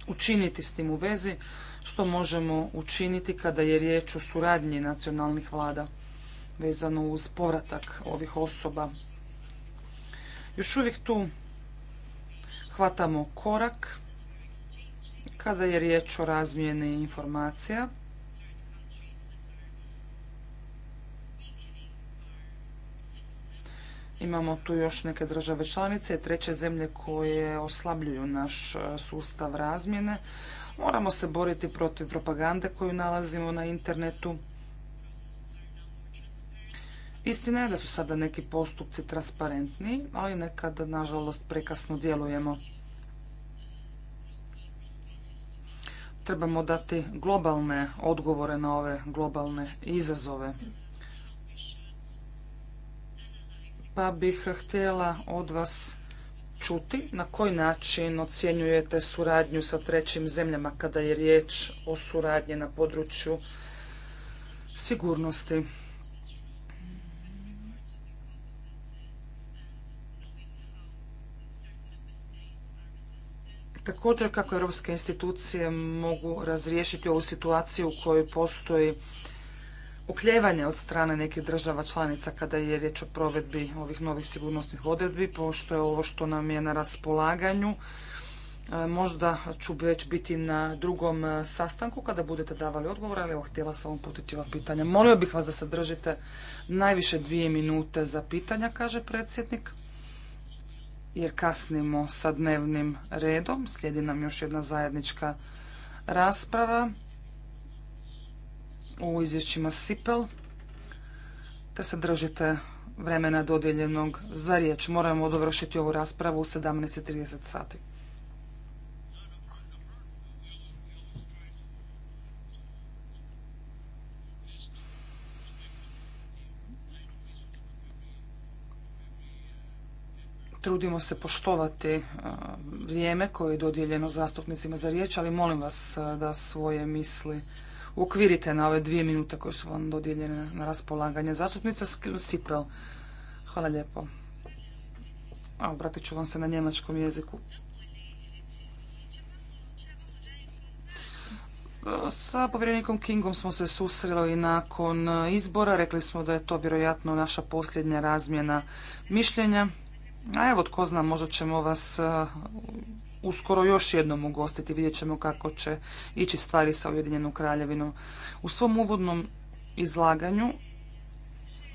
učiniti s tim u vezi, što možemo učiniti kada je riječ o suradnji nacionalnih vlada vezano uz povratak ovih osoba. Još uvijek tu hvatamo korak, kada je riječ o razmjeni informacija. Imamo tu još neke države članice i treće zemlje koje oslabljuju naš e, sustav razmjene. Moramo se boriti protiv propagande koju nalazimo na internetu. Istina je da su sada neki postupci transparentni, ali nekad, nažalost, prekasno djelujemo. trebamo dati globalne odgovore na ove globalne izazove. Pa bih htjela od vas čuti na koji način ocjenjujete suradnju sa trećim zemljama kada je riječ o suradnji na području sigurnosti. Također kako europske institucije mogu razriješiti ovu situaciju u kojoj postoji okljevanje od strane nekih država članica kada je riječ o provedbi ovih novih sigurnosnih odredbi, pošto je ovo što nam je na raspolaganju. E, možda ću već biti na drugom e, sastanku kada budete davali odgovor, ali evo htjela sam vam ova pitanja. Molio bih vas da se držite najviše dvije minute za pitanja, kaže predsjednik jer kasnimo sa dnevnim redom. Slijedi nam još jedna zajednička rasprava u izvješćima Sipel, te se držite vremena dodijeljenog za riječ. Moramo dovršiti ovu raspravu u 17.30 sati. Trudimo se poštovati e, vrijeme koje je dodijeljeno zastupnicima za riječ, ali molim vas e, da svoje misli ukvirite na ove dvije minute koje su vam dodijeljene na raspolaganje. Zastupnica Sipel, hvala lijepo. A obratit ću vam se na njemačkom jeziku. E, sa povjerenikom Kingom smo se susreli nakon izbora. Rekli smo da je to vjerojatno naša posljednja razmjena mišljenja. A evo tko zna, možda ćemo vas e, uskoro još jednom ugostiti, vidjet ćemo kako će ići stvari sa Ujedinjenom kraljevinom. U svom uvodnom izlaganju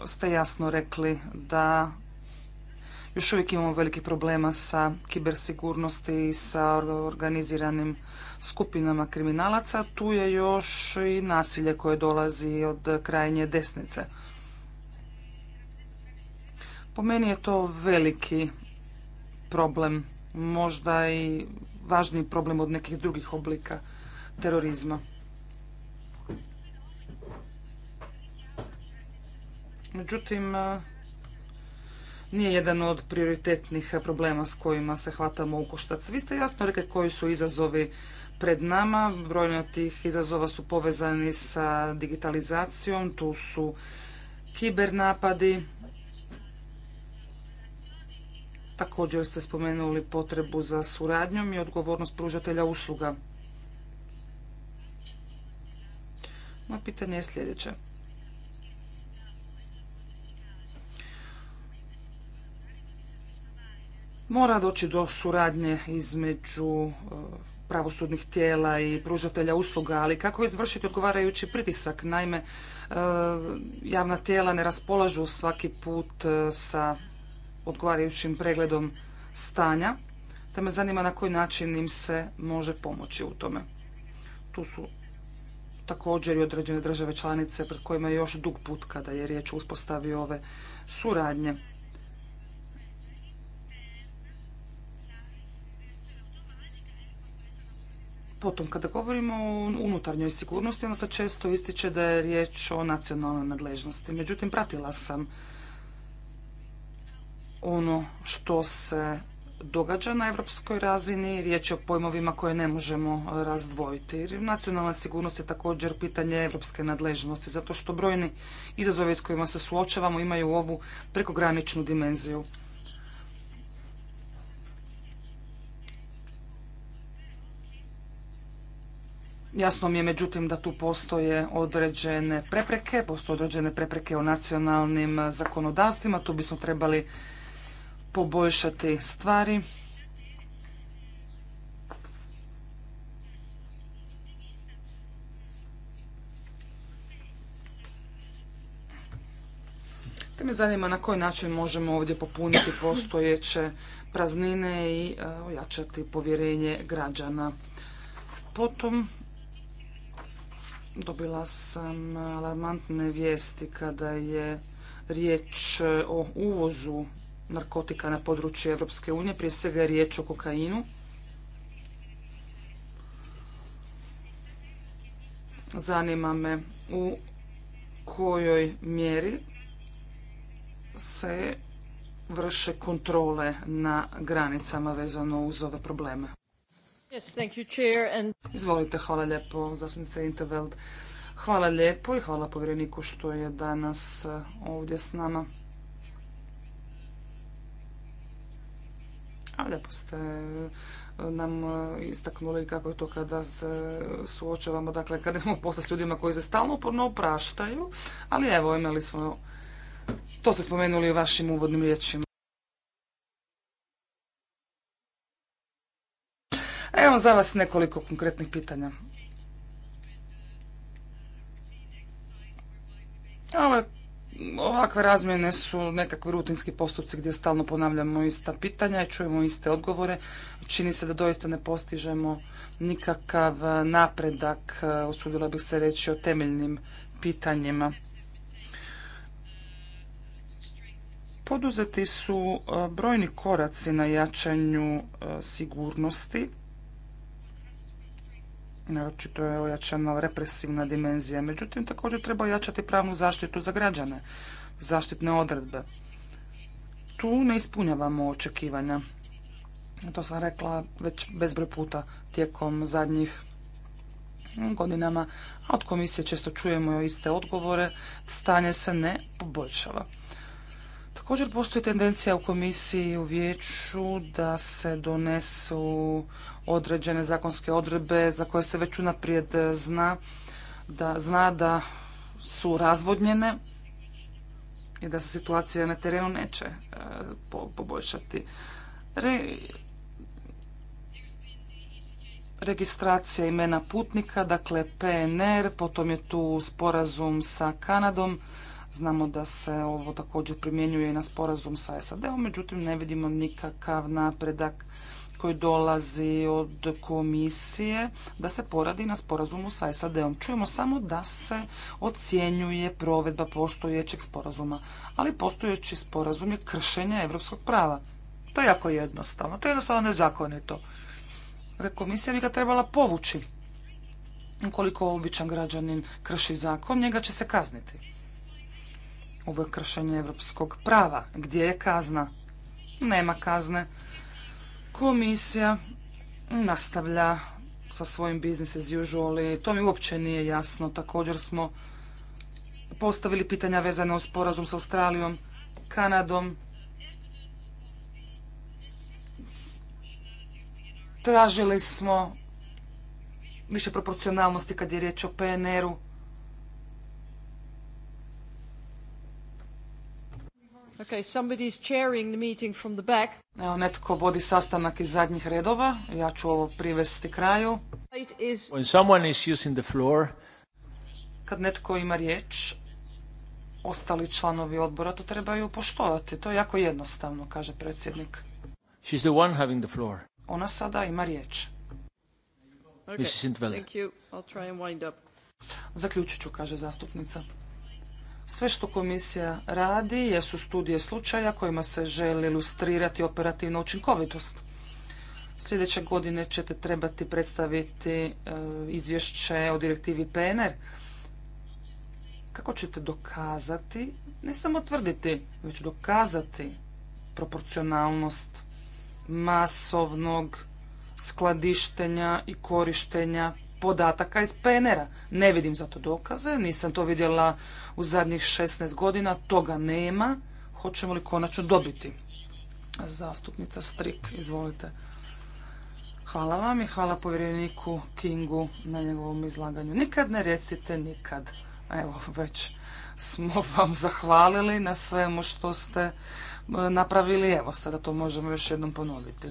ste jasno rekli da još uvijek imamo veliki problema sa kibersigurnosti i sa organiziranim skupinama kriminalaca. Tu je još i nasilje koje dolazi od krajnje desnice. Po meni je to veliki problem, možda i važniji problem od nekih drugih oblika terorizma. Međutim, nije jedan od prioritetnih problema s kojima se hvatamo u koštac. Vi ste jasno rekli koji su izazovi pred nama. Brojna tih izazova su povezani sa digitalizacijom, tu su kibernapadi, Također ste spomenuli potrebu za suradnjom i odgovornost pružatelja usluga. Moje pitanje je sljedeće. Mora doći do suradnje između e, pravosudnih tijela i pružatelja usluga, ali kako izvršiti odgovarajući pritisak? Naime, e, javna tijela ne raspolažu svaki put e, sa odgovarajućim pregledom stanja, te me zanima na koji način im se može pomoći u tome. Tu su također i određene države članice pred kojima je još dug put kada je riječ o uspostavi ove suradnje. Potom, kada govorimo o unutarnjoj sigurnosti, onda se često ističe da je riječ o nacionalnoj nadležnosti. Međutim, pratila sam ono što se događa na europskoj razini, riječ je o pojmovima koje ne možemo e, razdvojiti. Nacionalna sigurnost je također pitanje europske nadležnosti, zato što brojni izazovi s kojima se suočavamo imaju ovu prekograničnu dimenziju. Jasno mi je međutim da tu postoje određene prepreke, postoje određene prepreke o nacionalnim zakonodavstvima, tu bismo trebali poboljšati stvari. Te me zanima na koji način možemo ovdje popuniti postojeće praznine i e, ojačati povjerenje građana. Potom dobila sam alarmantne vijesti kada je riječ o uvozu narkotika na području Europske unije, prije svega je riječ o kokainu. Zanima me u kojoj mjeri se vrše kontrole na granicama vezano uz ove probleme. Izvolite, hvala lijepo, zastupnice Interveld. Hvala lijepo i hvala povjereniku što je danas eh, ovdje s nama. lijepo ste e, nam e, istaknuli kako je to kada se suočavamo, dakle kada imamo posla s ljudima koji se stalno uporno opraštaju, ali evo imali smo, to ste spomenuli u vašim uvodnim riječima. Evo za vas nekoliko konkretnih pitanja. Ovo je ovakve razmjene su nekakvi rutinski postupci gdje stalno ponavljamo ista pitanja i čujemo iste odgovore. Čini se da doista ne postižemo nikakav e, napredak, osudila e, bih se reći o temeljnim pitanjima. Poduzeti su e, brojni koraci na jačanju sigurnosti naročito je ojačana represivna dimenzija. Međutim, također treba ojačati pravnu zaštitu za građane, zaštitne odredbe. Tu ne ispunjavamo očekivanja. To sam rekla već bezbroj puta tijekom zadnjih godinama, a od komisije često čujemo iste odgovore, stanje se ne poboljšava. Također postoji tendencija u komisiji i u vijeću da se donesu određene zakonske odredbe za koje se već unaprijed zna da, zna da su razvodnjene i da se situacija na terenu neće e, poboljšati. registracija imena putnika, dakle PNR, potom je tu sporazum sa Kanadom, Znamo da se ovo također primjenjuje i na sporazum sa SAD-om, međutim ne vidimo nikakav napredak koji dolazi od komisije da se poradi na sporazumu sa SAD-om. Čujemo samo da se ocjenjuje provedba postojećeg sporazuma, ali postojeći sporazum je kršenje evropskog prava. To je jako jednostavno, to je jednostavno nezakonito. Dakle, komisija bi ga trebala povući. Ukoliko običan građanin krši zakon, njega će se kazniti. Ovo je kršenje evropskog prava. Gdje je kazna? Nema kazne. Komisija nastavlja sa svojim business as usual to mi uopće nije jasno. Također smo postavili pitanja vezane o sporazum s Australijom, Kanadom. Tražili smo više proporcionalnosti kad je riječ o PNR-u. Okay, somebody's chairing the meeting from the back. Evo, netko vodi sastanak iz zadnjih redova. Ja ću ovo privesti kraju. Kad netko ima riječ, ostali članovi odbora to trebaju poštovati. To je jako jednostavno, kaže predsjednik. She's the one having the floor. Ona sada ima riječ. thank you. Zaključit ću, kaže zastupnica. Sve što komisija radi jesu studije slučaja kojima se želi ilustrirati operativna učinkovitost. Sljedeće godine ćete trebati predstaviti e, izvješće o direktivi PNR. Kako ćete dokazati, ne samo tvrditi, već dokazati proporcionalnost masovnog skladištenja i korištenja podataka iz PNR-a. Ne vidim za to dokaze, nisam to vidjela u zadnjih 16 godina, toga nema. Hoćemo li konačno dobiti? Zastupnica Strik, izvolite. Hvala vam i hvala povjereniku Kingu na njegovom izlaganju. Nikad ne recite nikad. Evo, već smo vam zahvalili na svemu što ste e, napravili. Evo, sada to možemo još jednom ponoviti.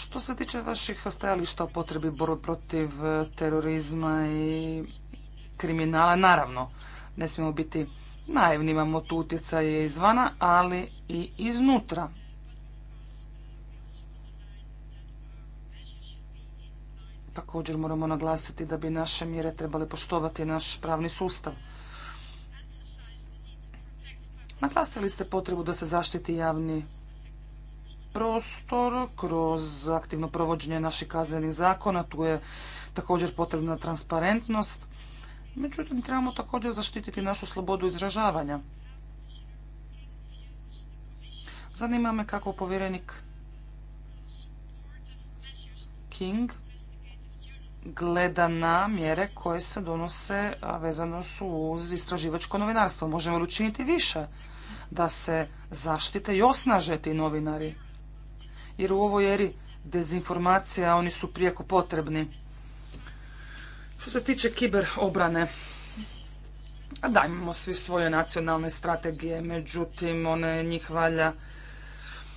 Što se tiče vaših stajališta o potrebi borbe protiv e, terorizma i kriminala, naravno, ne smijemo biti naivni, imamo tu utjecaje izvana, ali i iznutra. Također moramo naglasiti da bi naše mjere trebale poštovati naš pravni sustav. Naglasili ste potrebu da se zaštiti javni prostor kroz aktivno provođenje naših kaznenih zakona. Tu je također potrebna transparentnost. Međutim, trebamo također zaštititi našu slobodu izražavanja. Zanima me kako povjerenik King gleda na mjere koje se donose, vezano su uz istraživačko novinarstvo. Možemo li učiniti više da se zaštite i osnaže ti novinari? jer u ovoj eri dezinformacija oni su prijeko potrebni. Što se tiče kiber obrane, a da, imamo svi svoje nacionalne strategije, međutim, one njih valja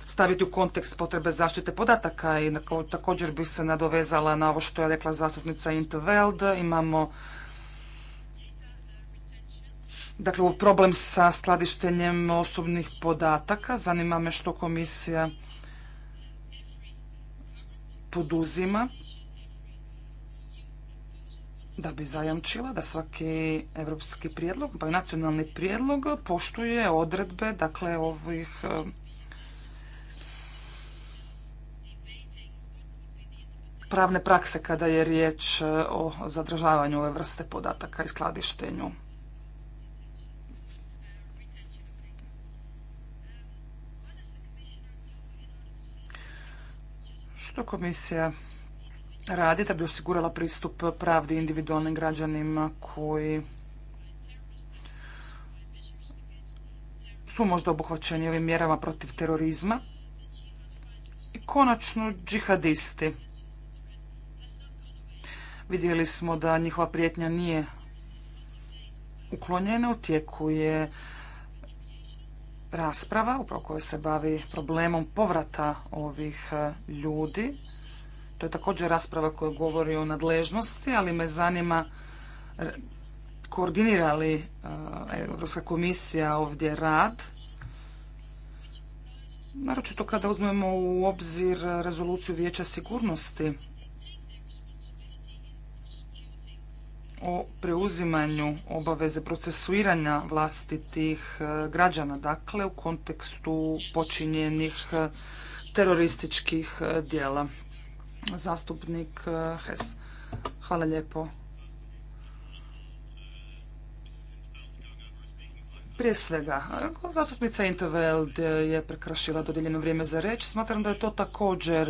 staviti u kontekst potrebe zaštite podataka i također bi se nadovezala na ovo što je rekla zastupnica Interveld. Imamo dakle, problem sa skladištenjem osobnih podataka. Zanima me što komisija poduzima da bi zajamčila da svaki europski prijedlog, pa i nacionalni prijedlog poštuje odredbe dakle ovih eh, pravne prakse kada je riječ eh, o zadržavanju ove vrste podataka i skladištenju. Što komisija radi da bi osigurala pristup pravdi individualnim građanima koji su možda obuhvaćeni ovim mjerama protiv terorizma? I konačno džihadisti. Vidjeli smo da njihova prijetnja nije uklonjena, u tijeku je rasprava upravo koja se bavi problemom povrata ovih e, ljudi. To je također rasprava koja govori o nadležnosti, ali me zanima e, koordinira li e, Europska komisija ovdje rad, naročito kada uzmemo u obzir rezoluciju Vijeća sigurnosti o preuzimanju obaveze procesuiranja vlastitih e, građana, dakle u kontekstu počinjenih e, terorističkih e, djela. Zastupnik Hes. Hvala lijepo. Prije svega, zastupnica Interveld je prekršila dodijeljeno vrijeme za reč. Smatram da je to također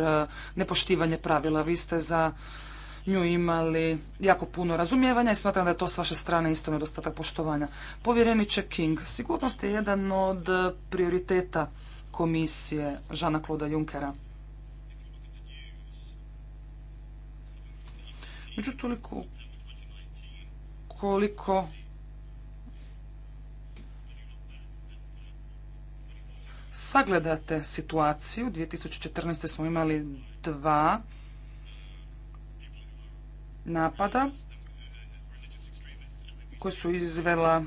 nepoštivanje pravila. Vi ste za nju imali jako puno razumijevanja i smatram da je to s vaše strane isto nedostatak poštovanja. Povjereniče King, sigurnost je jedan od prioriteta komisije Žana Kloda Junkera. Međutim, koliko sagledate situaciju, 2014. smo imali dva napada koji su izvela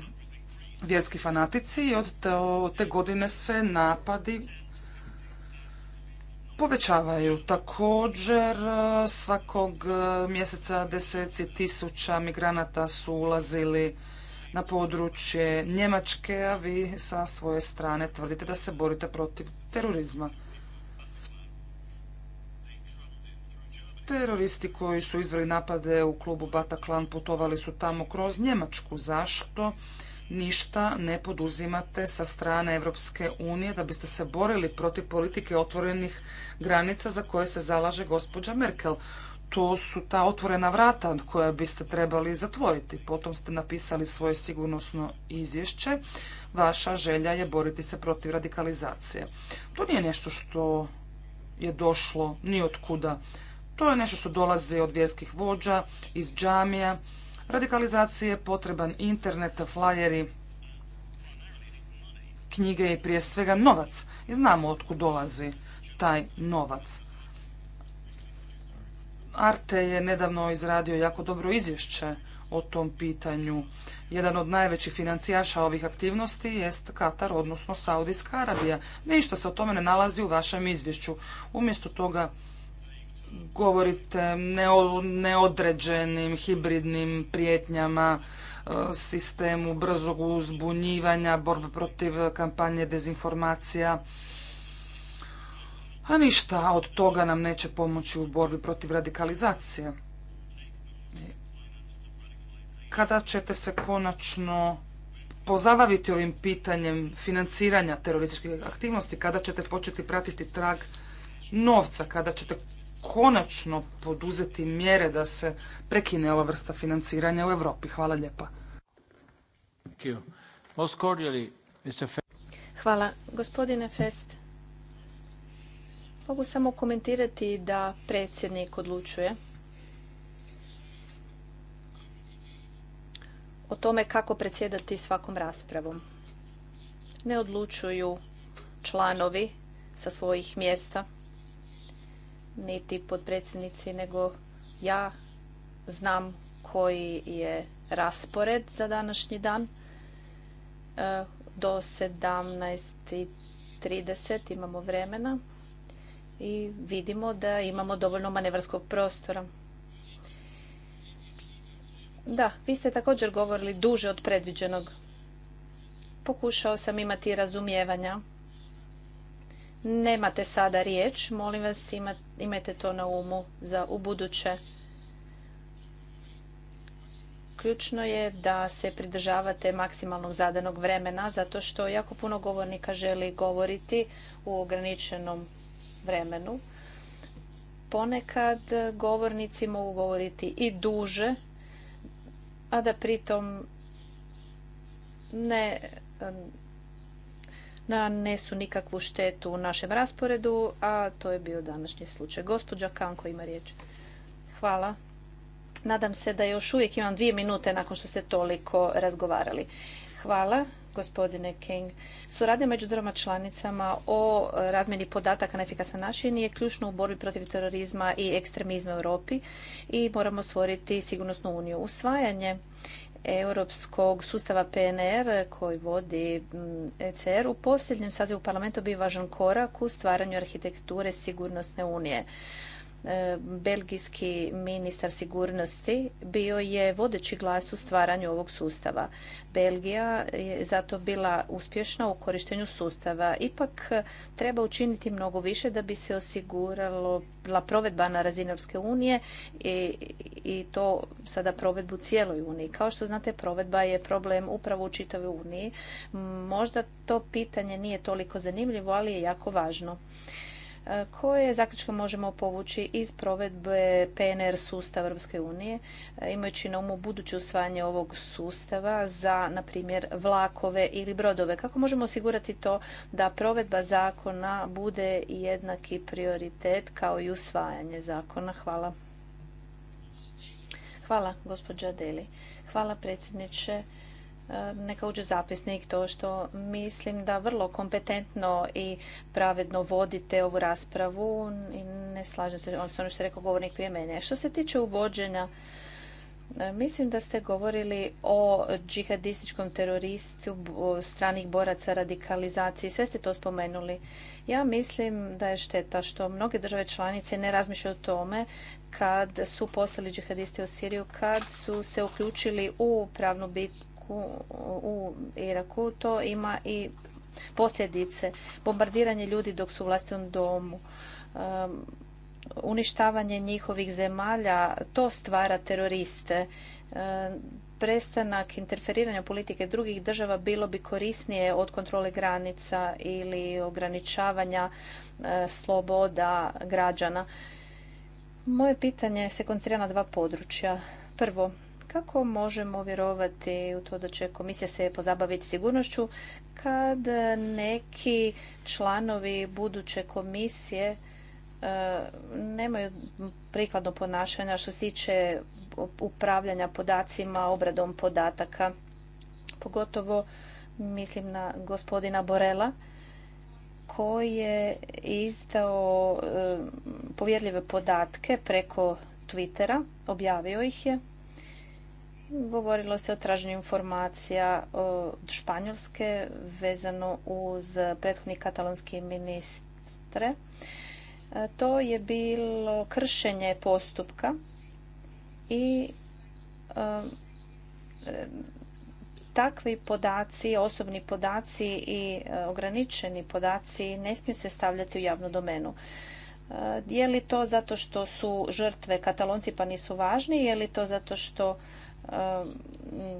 vjerski fanatici i od te, od te godine se napadi povećavaju. Također svakog mjeseca deseci tisuća migranata su ulazili na područje Njemačke, a vi sa svoje strane tvrdite da se borite protiv terorizma. Teroristi koji su izveli napade u klubu Bataklan, putovali su tamo kroz Njemačku. Zašto ništa ne poduzimate sa strane Europske unije da biste se borili protiv politike otvorenih granica za koje se zalaže gospođa Merkel? to su ta otvorena vrata koja biste trebali zatvoriti. Potom ste napisali svoje sigurnosno izvješće. Vaša želja je boriti se protiv radikalizacije. To nije nešto što je došlo ni od kuda. To je nešto što dolazi od vjerskih vođa, iz džamija, radikalizacije, potreban internet, flajeri, knjige i prije svega novac. I znamo otkud dolazi taj novac. Arte je nedavno izradio jako dobro izvješće o tom pitanju. Jedan od najvećih financijaša ovih aktivnosti jest Katar, odnosno Saudijska Arabija. Ništa se o tome ne nalazi u vašem izvješću. Umjesto toga govorite neodređenim hibridnim prijetnjama, e, sistemu brzog uzbunjivanja, borbe protiv kampanje dezinformacija. A ništa od toga nam neće pomoći u borbi protiv radikalizacije. Kada ćete se konačno pozabaviti ovim pitanjem financiranja terorističkih aktivnosti, kada ćete početi pratiti trag novca, kada ćete konačno poduzeti mjere da se prekine ova vrsta financiranja u Europi. Hvala lijepa. Hvala. Gospodine Fest, mogu samo komentirati da predsjednik odlučuje o tome kako predsjedati svakom raspravom. Ne odlučuju članovi sa svojih mjesta niti podpredsjednici, nego ja znam koji je raspored za današnji dan. E, do 17.30 imamo vremena i vidimo da imamo dovoljno manevarskog prostora. Da, vi ste također govorili duže od predviđenog. Pokušao sam imati razumijevanja nemate sada riječ. Molim vas imajte to na umu za buduće. Ključno je da se pridržavate maksimalnog zadanog vremena zato što jako puno govornika želi govoriti u ograničenom vremenu. Ponekad govornici mogu govoriti i duže, a da pritom ne nanesu nikakvu štetu u našem rasporedu, a to je bio današnji slučaj. Gospođa Kanko ima riječ. Hvala. Nadam se da još uvijek imam dvije minute nakon što ste toliko razgovarali. Hvala gospodine King. Suradnja među državama članicama o razmjeni podataka na efikasan način je ključno u borbi protiv terorizma i ekstremizma u Europi i moramo stvoriti sigurnosnu uniju. Usvajanje europskog sustava PNR koji vodi mm, ECR u posljednjem sazivu parlamentu bio važan korak u stvaranju arhitekture sigurnosne unije. E, belgijski ministar sigurnosti bio je vodeći glas u stvaranju ovog sustava. Belgija je zato bila uspješna u korištenju sustava. Ipak e, treba učiniti mnogo više da bi se osigurala provedba na razini Europske unije i, i to sada provedbu cijeloj Uniji. Kao što znate, provedba je problem upravo u čitavoj Uniji. Možda to pitanje nije toliko zanimljivo, ali je jako važno koje zaključke možemo povući iz provedbe PNR sustava Europske unije, e, imajući na umu buduće usvajanje ovog sustava za, na primjer, vlakove ili brodove. Kako možemo osigurati to da provedba zakona bude jednaki prioritet kao i usvajanje zakona? Hvala. Hvala, gospođa Deli. Hvala, predsjedniče. Ehm, neka uđe zapisnik to što mislim da vrlo kompetentno i pravedno vodite ovu raspravu i ne slažem se s ono što je rekao govornik prije mene. Što se tiče uvođenja ehm, Mislim da ste govorili o džihadističkom teroristu, stranih boraca, radikalizaciji, sve ste to spomenuli. Ja mislim da je šteta što mnoge države članice ne razmišljaju o tome kad su poslali džihadiste u Siriju, kad su se uključili u pravnu bit, u Iraku, to ima i posljedice. Bombardiranje ljudi dok su u vlastitom domu, uništavanje njihovih zemalja, to stvara teroriste. prestanak interferiranja politike drugih država bilo bi korisnije od kontrole granica ili ograničavanja e, sloboda građana. Moje pitanje se koncentrira na dva područja. Prvo, kako možemo vjerovati u to da će komisija se pozabaviti sigurnošću kad neki članovi buduće komisije e, nemaju prikladno ponašanja što se tiče upravljanja podacima, obradom podataka. Pogotovo mislim na gospodina Borela koji je izdao e, povjerljive podatke preko Twittera, objavio ih je Govorilo se o traženju informacija od Španjolske vezano uz prethodni katalonski ministre. E, to je bilo kršenje postupka i e, takvi podaci, osobni podaci i e, ograničeni podaci ne smiju se stavljati u javnu domenu. Je li to zato što su žrtve katalonci pa nisu važni? Je li to zato što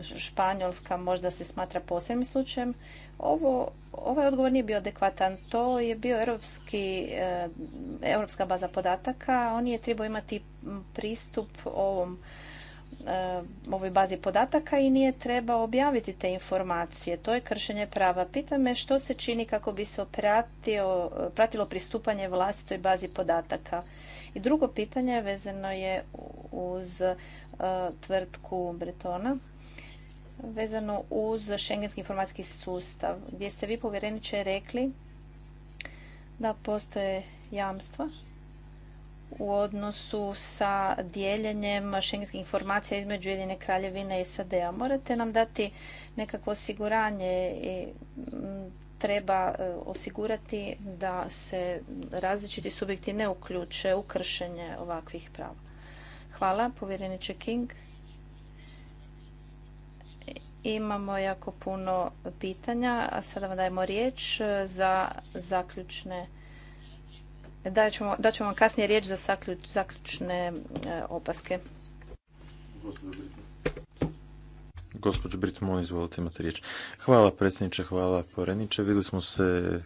Španjolska možda se smatra posebnim slučajem. Ovo, ovaj odgovor nije bio adekvatan. To je bio europski, e, europska baza podataka. Oni je trebao imati pristup ovom e, ovoj bazi podataka i nije trebao objaviti te informacije. To je kršenje prava. Pita me što se čini kako bi se pratio, pratilo pristupanje vlastitoj bazi podataka. I drugo pitanje vezano je uz E, tvrtku Bretona vezano uz šengenski informacijski sustav gdje ste vi povjereniče rekli da postoje jamstva u odnosu sa dijeljenjem šengenskih informacija između Jedine kraljevine i SAD-a. Morate nam dati nekakvo osiguranje i treba e, osigurati da se različiti subjekti ne uključe u kršenje ovakvih prava. Hvala, povjereniče King. Imamo jako puno pitanja, a sada vam dajemo riječ za zaključne da ćemo, vam kasnije riječ za zaključne e, opaske. Gospođo Britmon, izvolite imate riječ. Hvala predsjedniče, hvala povjereniče. Vidjeli smo se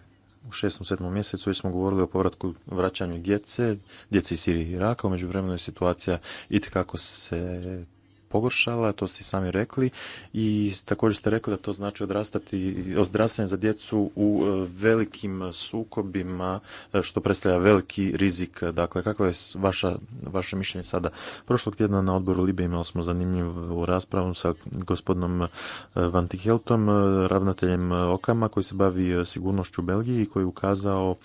u šestom, sedmom mjesecu već smo govorili o povratku vraćanju djece, djece iz Sirije i Iraka. Umeđu vremenu je situacija itekako se pogoršala, to ste i sami rekli i također ste rekli da to znači odrastati, odrastanje za djecu u e, velikim sukobima e, što predstavlja veliki rizik. Dakle, kako je vaša, vaše mišljenje sada? Prošlog tjedna na odboru Libe imali smo zanimljivu raspravu sa gospodinom e, Ticheltom, ravnateljem Okama koji se bavi sigurnošću u Belgiji i koji je ukazao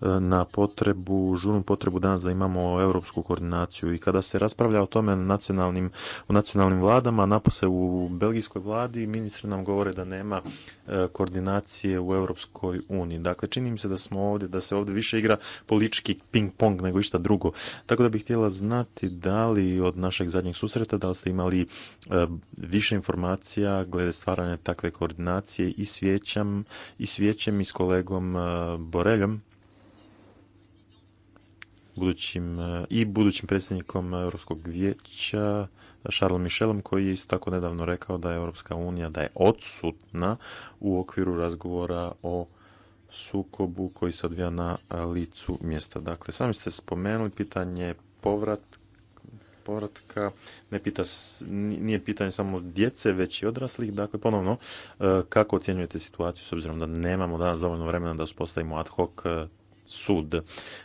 na potrebu, žurnu potrebu danas da imamo europsku koordinaciju i kada se raspravlja o tome nacionalnim, u nacionalnim nacionalnim vladama, napose u belgijskoj vladi ministri nam govore da nema e, koordinacije u Europskoj uniji. Dakle, čini mi se da smo ovdje, da se ovdje više igra politički ping-pong nego išta drugo. Tako da bih htjela znati da li od našeg zadnjeg susreta, da li ste imali e, više informacija glede stvaranja takve koordinacije i s i s kolegom e, Boreljom budućim, e, i budućim predsjednikom Europskog vijeća Charles Michelom koji je isto tako nedavno rekao da je Europska unija da je odsutna u okviru razgovora o sukobu koji se odvija na e, licu mjesta. Dakle, sami ste spomenuli pitanje povrat, povratka, ne pita, nije pitanje samo djece, već i odraslih. Dakle, ponovno, e, kako ocjenjujete situaciju s obzirom da nemamo danas dovoljno vremena da uspostavimo ad hoc sud.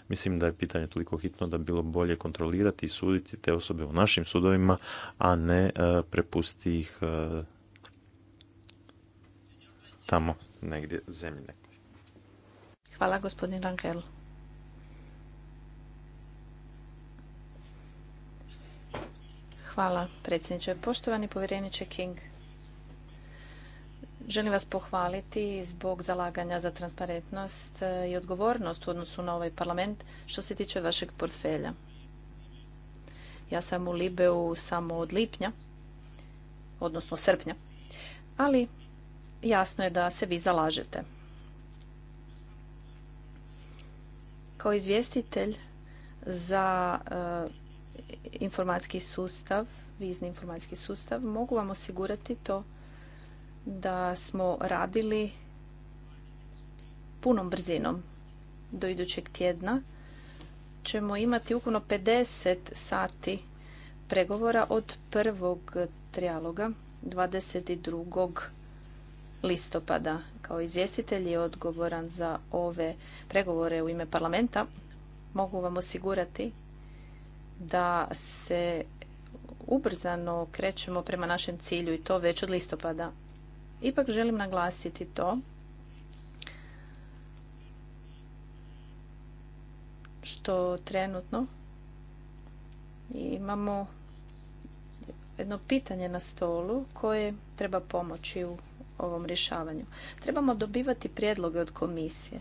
Mislim da je pitanje toliko hitno da bi bilo bolje kontrolirati i suditi te osobe u našim sudovima, a ne e, prepusti ih e, tamo negdje zemljine. Hvala gospodin Rankel. Hvala predsjedniče. Poštovani povjereniče King. Želim vas pohvaliti zbog zalaganja za transparentnost e, i odgovornost u odnosu na ovaj parlament što se tiče vašeg portfelja. Ja sam u Libeu samo od lipnja, odnosno srpnja, ali jasno je da se vi zalažete. Kao izvjestitelj za e, informacijski sustav, vizni informacijski sustav, mogu vam osigurati to da smo radili punom brzinom. Do idućeg tjedna ćemo imati ukupno 50 sati pregovora od prvog trijaloga 22. listopada. Kao izvjestitelj je odgovoran za ove pregovore u ime parlamenta. Mogu vam osigurati da se ubrzano krećemo prema našem cilju i to već od listopada. Ipak želim naglasiti to što trenutno imamo jedno pitanje na stolu koje treba pomoći u ovom rješavanju. Trebamo dobivati prijedloge od komisije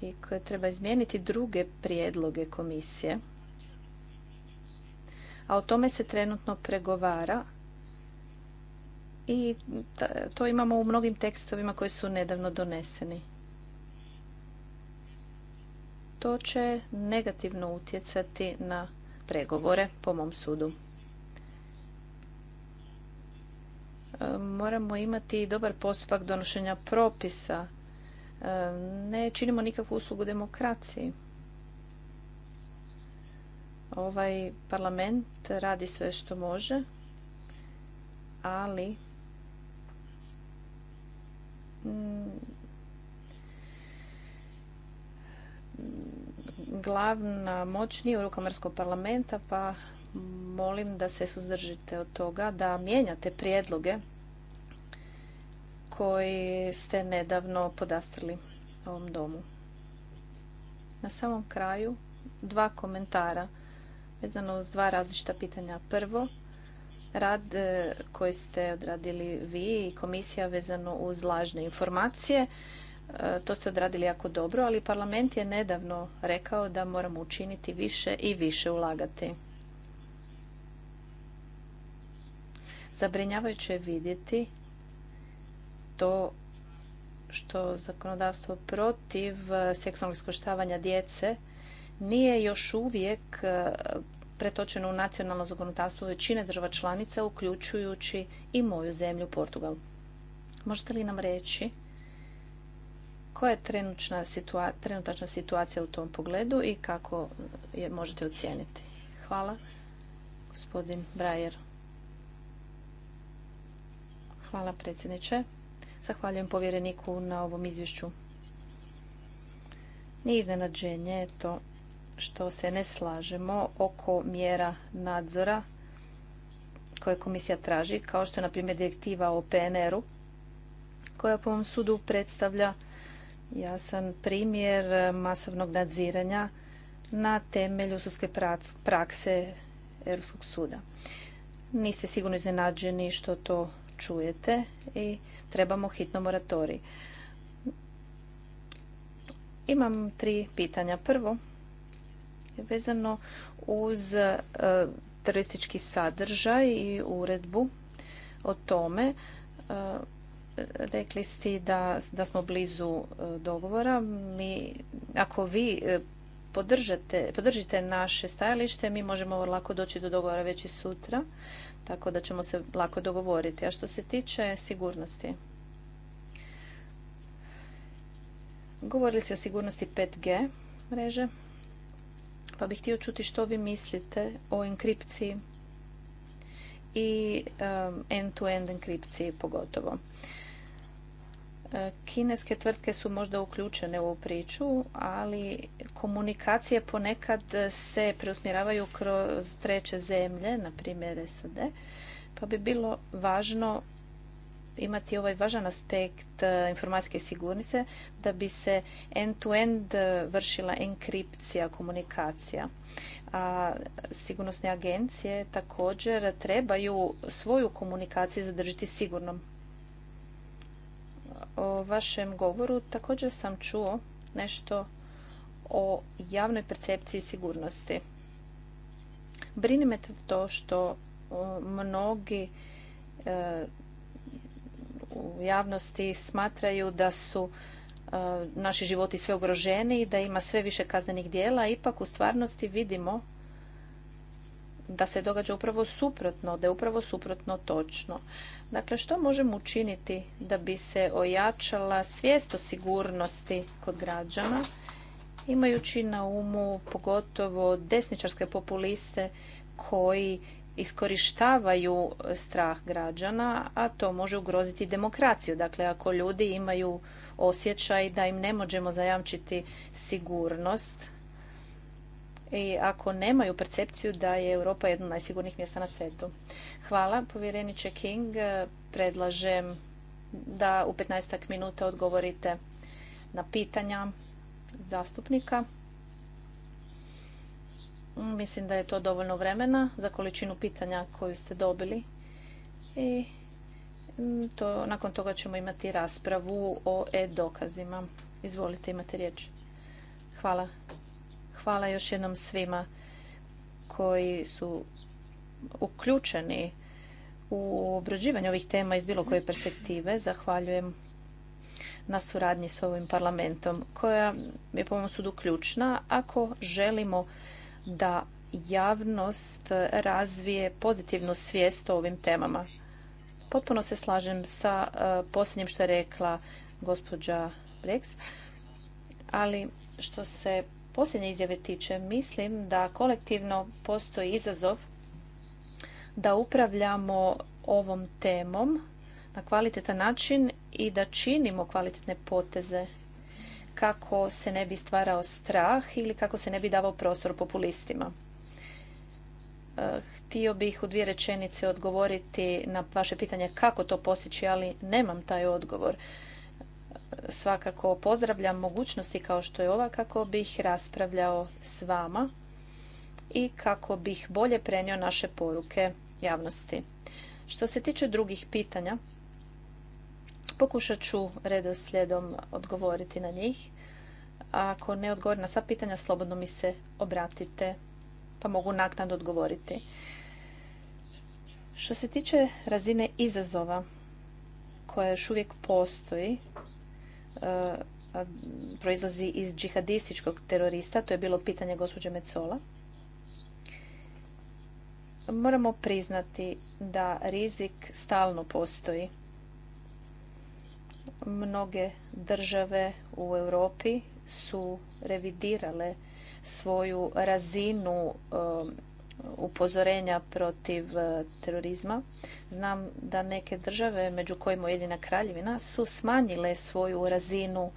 i koje treba izmijeniti druge prijedloge komisije. A o tome se trenutno pregovara i to imamo u mnogim tekstovima koji su nedavno doneseni. To će negativno utjecati na pregovore, po mom sudu. E, moramo imati dobar postupak donošenja propisa. E, ne činimo nikakvu uslugu demokraciji. Ovaj parlament radi sve što može, ali glavna moć nije u rukama Europskog parlamenta, pa molim da se suzdržite od toga da mijenjate prijedloge koji ste nedavno podastrili ovom domu. Na samom kraju dva komentara vezano uz dva različita pitanja. Prvo, rad e, koji ste odradili vi i komisija vezano uz lažne informacije. E, to ste odradili jako dobro, ali parlament je nedavno rekao da moramo učiniti više i više ulagati. Zabrinjavajuće je vidjeti to što zakonodavstvo protiv seksualnog iskorištavanja djece nije još uvijek e, pretočeno u nacionalno zakonodavstvo većine država članica, uključujući i moju zemlju, Portugal. Možete li nam reći koja je trenutačna situacija u tom pogledu i kako je možete ocijeniti? Hvala, gospodin Brajer. Hvala, predsjedniče. Zahvaljujem povjereniku na ovom izvješću. Nije iznenađenje to što se ne slažemo oko mjera nadzora koje komisija traži, kao što je na primjer direktiva o PNR-u, koja po ovom sudu predstavlja jasan primjer masovnog nadziranja na temelju sudske prakse Europskog suda. Niste sigurno iznenađeni što to čujete i trebamo hitno moratorij. Imam tri pitanja. Prvo, vezano uz e, teroristički sadržaj i uredbu o tome. E, rekli ste da, da smo blizu e, dogovora. ako vi podržite naše stajalište, mi možemo lako doći do dogovora već i sutra, tako da ćemo se lako dogovoriti. A što se tiče sigurnosti, govorili ste o sigurnosti 5G mreže pa bih htio čuti što vi mislite o enkripciji i um, end-to-end enkripciji pogotovo. E, kineske tvrtke su možda uključene u ovu priču, ali komunikacije ponekad se preusmjeravaju kroz treće zemlje, na primjer SAD, pa bi bilo važno imati ovaj važan aspekt e, informacijske sigurnice da bi se end-to-end e, vršila enkripcija komunikacija. A sigurnosne agencije također trebaju svoju komunikaciju zadržiti sigurnom. O vašem govoru također sam čuo nešto o javnoj percepciji sigurnosti. brini me to što e, mnogi u javnosti smatraju da su e, naši životi sve i da ima sve više kaznenih dijela, ipak u stvarnosti vidimo da se događa upravo suprotno, da je upravo suprotno točno. Dakle, što možemo učiniti da bi se ojačala svijest o sigurnosti kod građana, imajući na umu pogotovo desničarske populiste koji iskorištavaju e, strah građana, a to može ugroziti demokraciju. Dakle, ako ljudi imaju osjećaj da im ne možemo zajamčiti sigurnost i ako nemaju percepciju da je Europa jedno od najsigurnijih mjesta na svijetu. Hvala, povjereniče King. E, predlažem da u 15 minuta odgovorite na pitanja zastupnika. Mislim da je to dovoljno vremena za količinu pitanja koju ste dobili. I mm, to, nakon toga ćemo imati raspravu o e-dokazima. Izvolite, imate riječ. Hvala. Hvala još jednom svima koji su uključeni u obrađivanju ovih tema iz bilo koje perspektive. Zahvaljujem na suradnji s ovim parlamentom koja je po mom sudu ključna ako želimo da javnost razvije pozitivnu svijest o ovim temama. Potpuno se slažem sa e, posljednjim što je rekla gospođa Brex, ali što se posljednje izjave tiče, mislim da kolektivno postoji izazov da upravljamo ovom temom na kvalitetan način i da činimo kvalitetne poteze kako se ne bi stvarao strah ili kako se ne bi davao prostor populistima. E, htio bih u dvije rečenice odgovoriti na vaše pitanje kako to postići, ali nemam taj odgovor. E, svakako pozdravljam mogućnosti kao što je ova kako bih raspravljao s vama i kako bih bolje prenio naše poruke javnosti. Što se tiče drugih pitanja, Pokušat ću redoslijedom odgovoriti na njih. Ako ne odgovorim na sva pitanja, slobodno mi se obratite pa mogu naknad odgovoriti. Što se tiče razine izazova koja još uvijek postoji, e, proizlazi iz džihadističkog terorista, to je bilo pitanje gospođe Mecola. Moramo priznati da rizik stalno postoji Mnoge države u Europi su revidirale svoju razinu um, upozorenja protiv uh, terorizma. Znam da neke države, među kojima jedina kraljevina, su smanjile svoju razinu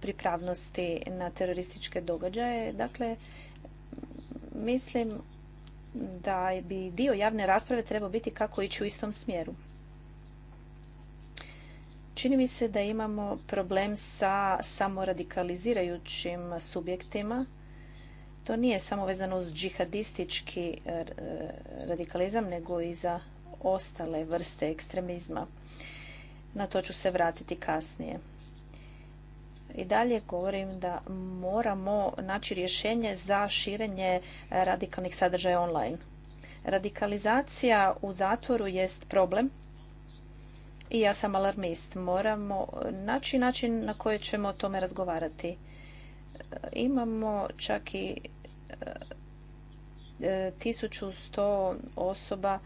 pripravnosti na terorističke događaje. Dakle, mislim da bi dio javne rasprave trebao biti kako ići u istom smjeru. Čini mi se da imamo problem sa samoradikalizirajućim subjektima. To nije samo vezano uz džihadistički eh, radikalizam, nego i za ostale vrste ekstremizma. Na to ću se vratiti kasnije. I dalje govorim da moramo naći rješenje za širenje radikalnih sadržaja online. Radikalizacija u zatvoru jest problem i ja sam alarmist. Moramo naći način na koji ćemo o tome razgovarati. E, imamo čak i 1100 e, e, osoba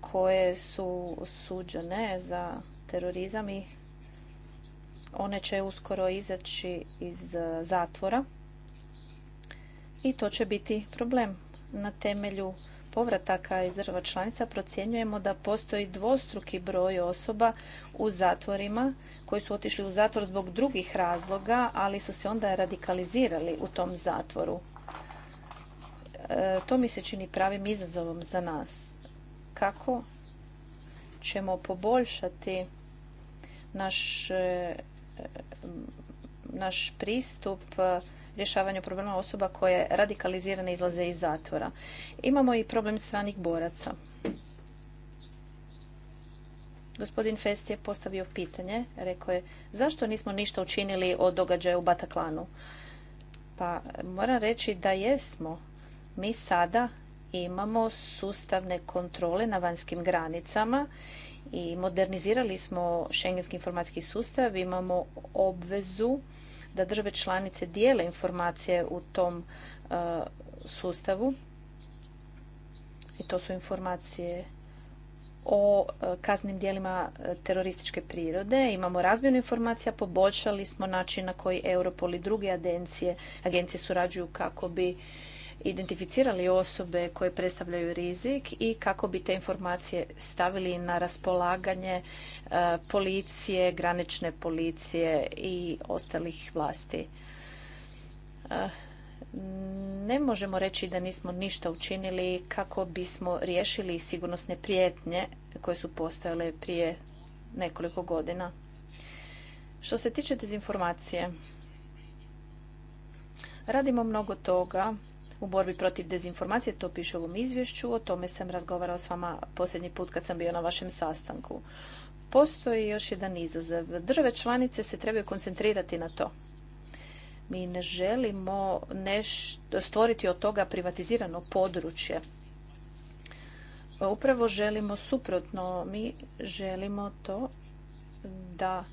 koje su suđene za terorizam i one će uskoro izaći iz zatvora i to će biti problem na temelju povrataka iz država članica procjenjujemo da postoji dvostruki broj osoba u zatvorima koji su otišli u zatvor zbog drugih razloga, ali su se onda radikalizirali u tom zatvoru. E, to mi se čini pravim izazovom za nas. Kako ćemo poboljšati naš, e, naš pristup rješavanju problema osoba koje radikalizirane izlaze iz zatvora. Imamo i problem stranih boraca. Gospodin Fest je postavio pitanje, rekao je zašto nismo ništa učinili od događaja u Bataklanu? Pa moram reći da jesmo. Mi sada imamo sustavne kontrole na vanjskim granicama i modernizirali smo šengenski informacijski sustav, imamo obvezu države članice dijele informacije u tom e, sustavu i to su informacije o e, kaznim dijelima e, terorističke prirode. Imamo razmjenu informacija, poboljšali smo način na koji Europol i druge agencije, agencije surađuju kako bi identificirali osobe koje predstavljaju rizik i kako bi te informacije stavili na raspolaganje e, policije, granične policije i ostalih vlasti. E, ne možemo reći da nismo ništa učinili kako bismo riješili sigurnosne prijetnje koje su postojale prije nekoliko godina. Što se tiče dezinformacije, radimo mnogo toga u borbi protiv dezinformacije, to piše u ovom izvješću, o tome sam razgovarao s vama posljednji put kad sam bio na vašem sastanku. Postoji još jedan izazov. Države članice se trebaju koncentrirati na to. Mi ne želimo nešto, stvoriti od toga privatizirano područje. Upravo želimo suprotno. Mi želimo to da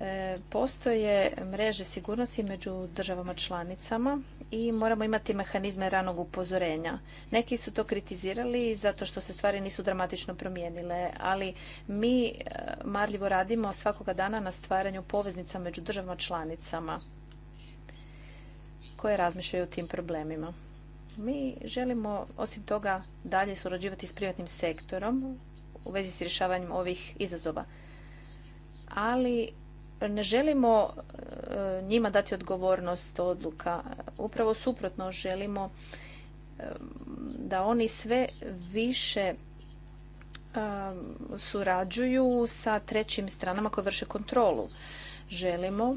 E, postoje mreže sigurnosti među državama članicama i moramo imati mehanizme ranog upozorenja. Neki su to kritizirali zato što se stvari nisu dramatično promijenile, ali mi e, marljivo radimo svakoga dana na stvaranju poveznica među državama članicama koje razmišljaju o tim problemima. Mi želimo osim toga dalje surađivati s privatnim sektorom u vezi s rješavanjem ovih izazova. Ali ne želimo e, njima dati odgovornost odluka. Upravo suprotno želimo e, da oni sve više e, surađuju sa trećim stranama koje vrše kontrolu. Želimo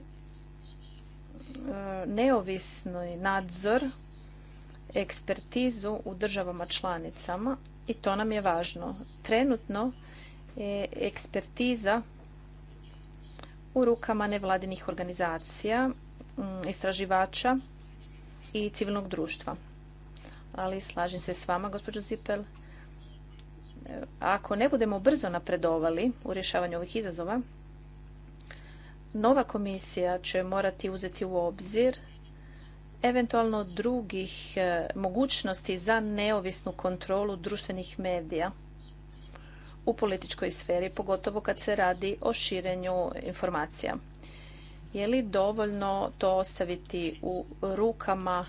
neovisni nadzor, ekspertizu u državama članicama i to nam je važno. Trenutno ekspertiza u rukama nevladinih organizacija, mm, istraživača i civilnog društva. Ali slažem se s vama, gospođo Zipel, ako ne budemo brzo napredovali u rješavanju ovih izazova, nova komisija će morati uzeti u obzir eventualno drugih eh, mogućnosti za neovisnu kontrolu društvenih medija u političkoj sferi, pogotovo kad se radi o širenju informacija. Je li dovoljno to ostaviti u rukama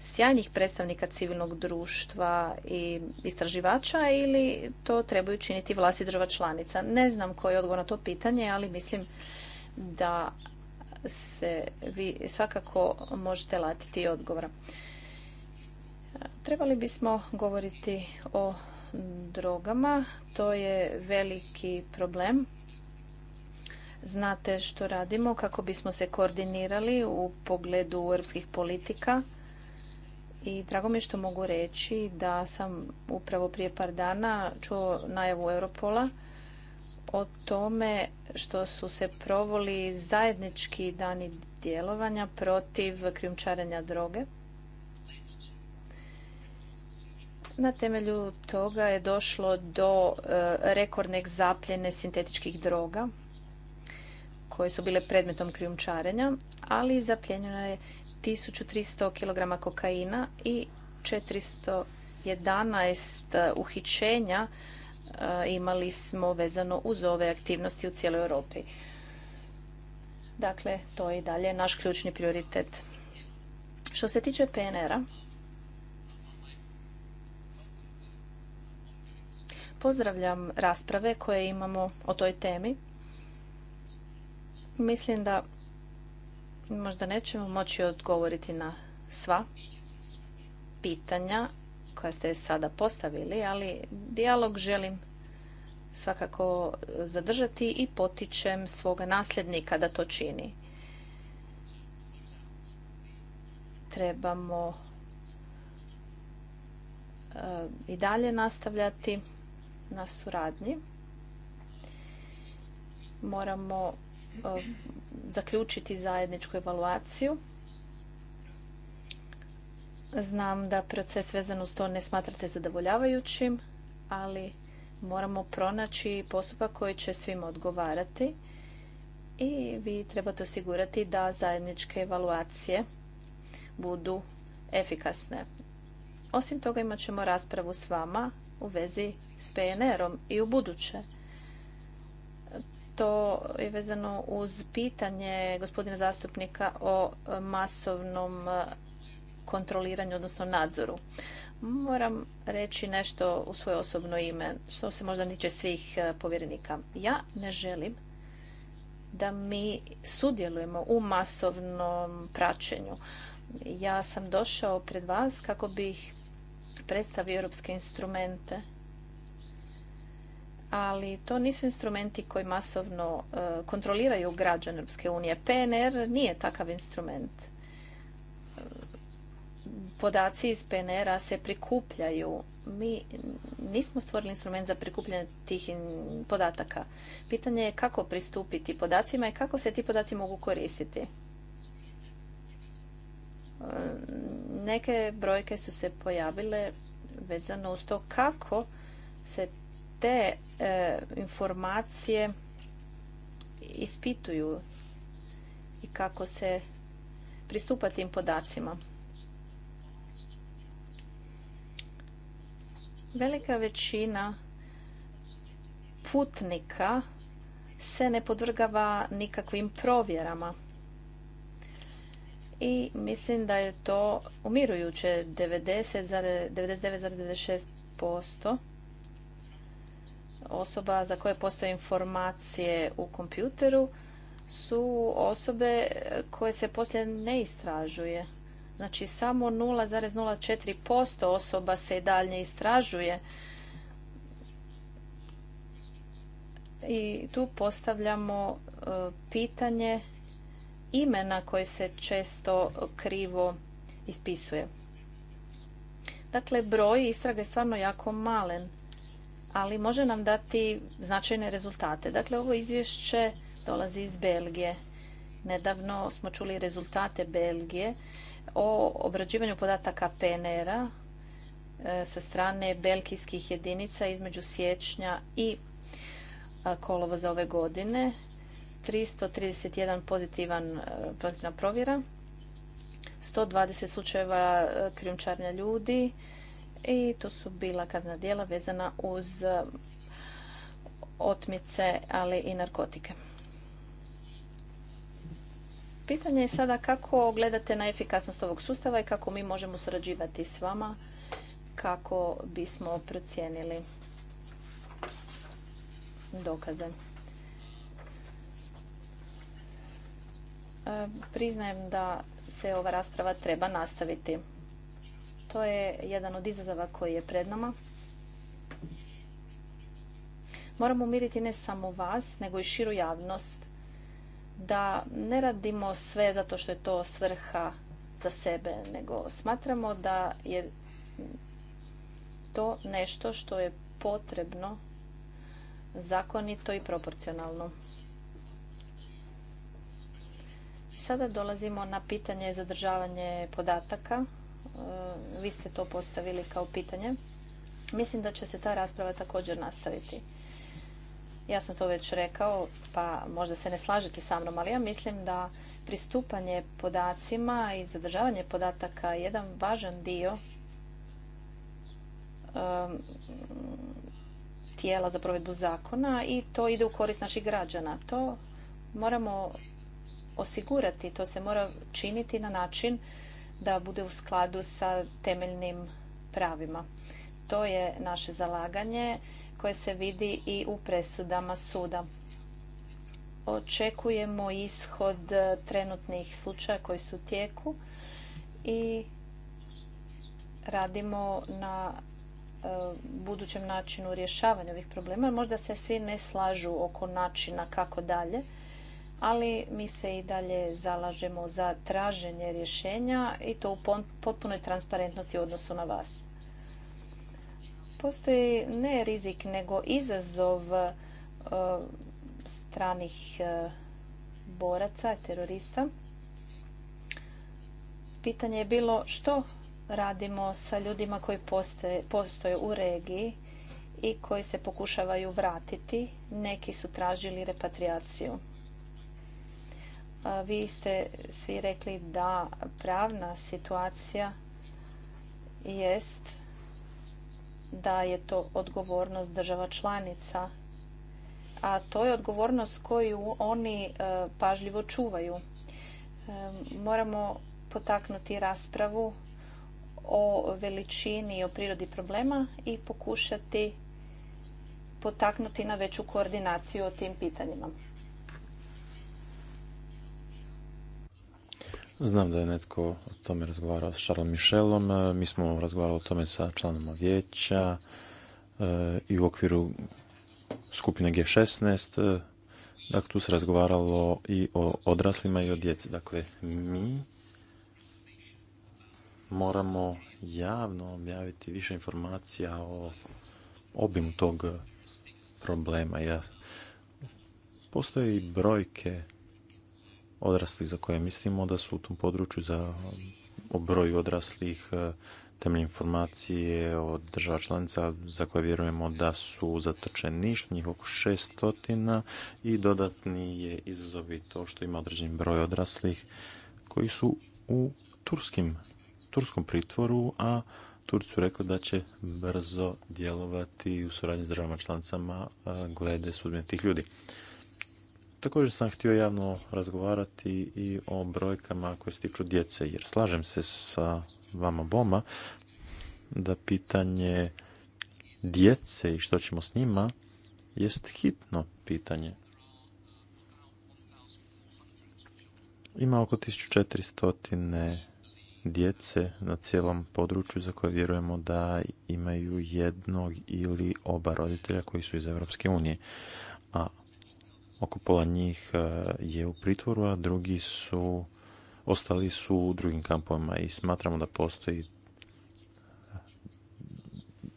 sjajnih predstavnika civilnog društva i istraživača ili to trebaju činiti vlasti država članica? Ne znam koji je odgovor na to pitanje, ali mislim da se vi svakako možete latiti odgovora. Trebali bismo govoriti o drogama. To je veliki problem. Znate što radimo kako bismo se koordinirali u pogledu europskih politika. I drago mi je što mogu reći da sam upravo prije par dana čuo najavu Europola o tome što su se provoli zajednički dani djelovanja protiv krijumčarenja droge. Na temelju toga je došlo do e, rekordne zapljene sintetičkih droga koje su bile predmetom krijumčarenja, ali zapljenjeno je 1300 kg kokaina i 411 uhićenja e, imali smo vezano uz ove aktivnosti u cijeloj Europi. Dakle, to je i dalje naš ključni prioritet. Što se tiče PNR-a, Pozdravljam rasprave koje imamo o toj temi. Mislim da možda nećemo moći odgovoriti na sva pitanja koja ste sada postavili, ali dijalog želim svakako zadržati i potičem svoga nasljednika da to čini. Trebamo e, i dalje nastavljati na suradnji. Moramo e, zaključiti zajedničku evaluaciju. Znam da proces vezan uz to ne smatrate zadovoljavajućim, ali moramo pronaći postupak koji će svima odgovarati i vi trebate osigurati da zajedničke evaluacije budu efikasne. Osim toga imat ćemo raspravu s vama u vezi s PNR-om i u buduće. To je vezano uz pitanje gospodina zastupnika o masovnom kontroliranju, odnosno nadzoru. Moram reći nešto u svoje osobno ime, što se možda niče svih e, povjerenika. Ja ne želim da mi sudjelujemo u masovnom praćenju. Ja sam došao pred vas kako bih predstavi europske instrumente. Ali to nisu instrumenti koji masovno e, kontroliraju građane Europske unije. PNR nije takav instrument. Podaci iz PNR-a se prikupljaju. Mi nismo stvorili instrument za prikupljanje tih podataka. Pitanje je kako pristupiti podacima i kako se ti podaci mogu koristiti. E, neke brojke su se pojavile vezano uz to kako se te e, informacije ispituju i kako se pristupa tim podacima. Velika većina putnika se ne podvrgava nikakvim provjerama i mislim da je to umirujuće 99,96% osoba za koje postoje informacije u kompjuteru su osobe koje se poslije ne istražuje. Znači samo 0,04% osoba se i dalje istražuje. I tu postavljamo e, pitanje imena koje se često krivo ispisuje. Dakle, broj istrage je stvarno jako malen, ali može nam dati značajne rezultate. Dakle, ovo izvješće dolazi iz Belgije. Nedavno smo čuli rezultate Belgije o obrađivanju podataka PNR-a e, sa strane belgijskih jedinica između siječnja i e, kolovoza ove godine. 331 pozitivan, e, pozitivna provjera, 120 slučajeva e, krijumčarenja ljudi i to su bila kazna djela vezana uz e, otmice, ali i narkotike. Pitanje je sada kako gledate na efikasnost ovog sustava i kako mi možemo surađivati s vama kako bismo procijenili dokaze. E, priznajem da se ova rasprava treba nastaviti. To je jedan od izazova koji je pred nama. Moramo umiriti ne samo vas, nego i širu javnost da ne radimo sve zato što je to svrha za sebe, nego smatramo da je to nešto što je potrebno zakonito i proporcionalno. sada dolazimo na pitanje zadržavanje podataka. E, vi ste to postavili kao pitanje. Mislim da će se ta rasprava također nastaviti. Ja sam to već rekao, pa možda se ne slažete sa mnom, ali ja mislim da pristupanje podacima i zadržavanje podataka je jedan važan dio tijela za provedbu zakona i to ide u korist naših građana. To moramo osigurati. To se mora činiti na način da bude u skladu sa temeljnim pravima. To je naše zalaganje koje se vidi i u presudama suda. Očekujemo ishod trenutnih slučaja koji su u tijeku i radimo na e, budućem načinu rješavanja ovih problema. Možda se svi ne slažu oko načina kako dalje, ali mi se i dalje zalažemo za traženje rješenja i to u potpunoj transparentnosti u odnosu na vas. Postoji ne rizik, nego izazov e, stranih e, boraca, terorista. Pitanje je bilo što radimo sa ljudima koji postoje, u regiji i koji se pokušavaju vratiti. Neki su tražili repatriaciju. Vi ste svi rekli da pravna situacija jest da je to odgovornost država članica, a to je odgovornost koju oni e, pažljivo čuvaju. E, moramo potaknuti raspravu o veličini i o prirodi problema i pokušati potaknuti na veću koordinaciju o tim pitanjima. Znam da je netko o tome razgovarao s Charles Michelom. E, mi smo razgovarali o tome sa članoma vijeća e, i u okviru skupine G16. E, dakle, tu se razgovaralo i o odraslima i o djeci. Dakle, mi moramo javno objaviti više informacija o obimu tog problema. Ja, postoje i brojke odrasli za koje mislimo da su u tom području za o broju odraslih e, temelje informacije od država članica za koje vjerujemo da su zatočeni njih oko 600 i dodatni je izazov to što ima određen broj odraslih koji su u turskim, turskom pritvoru, a Turci su rekli da će brzo djelovati u suradnji s državama članicama e, glede sudbine tih ljudi. Također sam htio javno razgovarati i o brojkama koje se tiču djece, jer slažem se sa vama Boma da pitanje djece i što ćemo s njima jest hitno pitanje. Ima oko 1400 djece na cijelom području za koje vjerujemo da imaju jednog ili oba roditelja koji su iz Europske unije. A oko pola njih e, je u pritvoru, a drugi su, ostali su u drugim kampovima i smatramo da postoji e,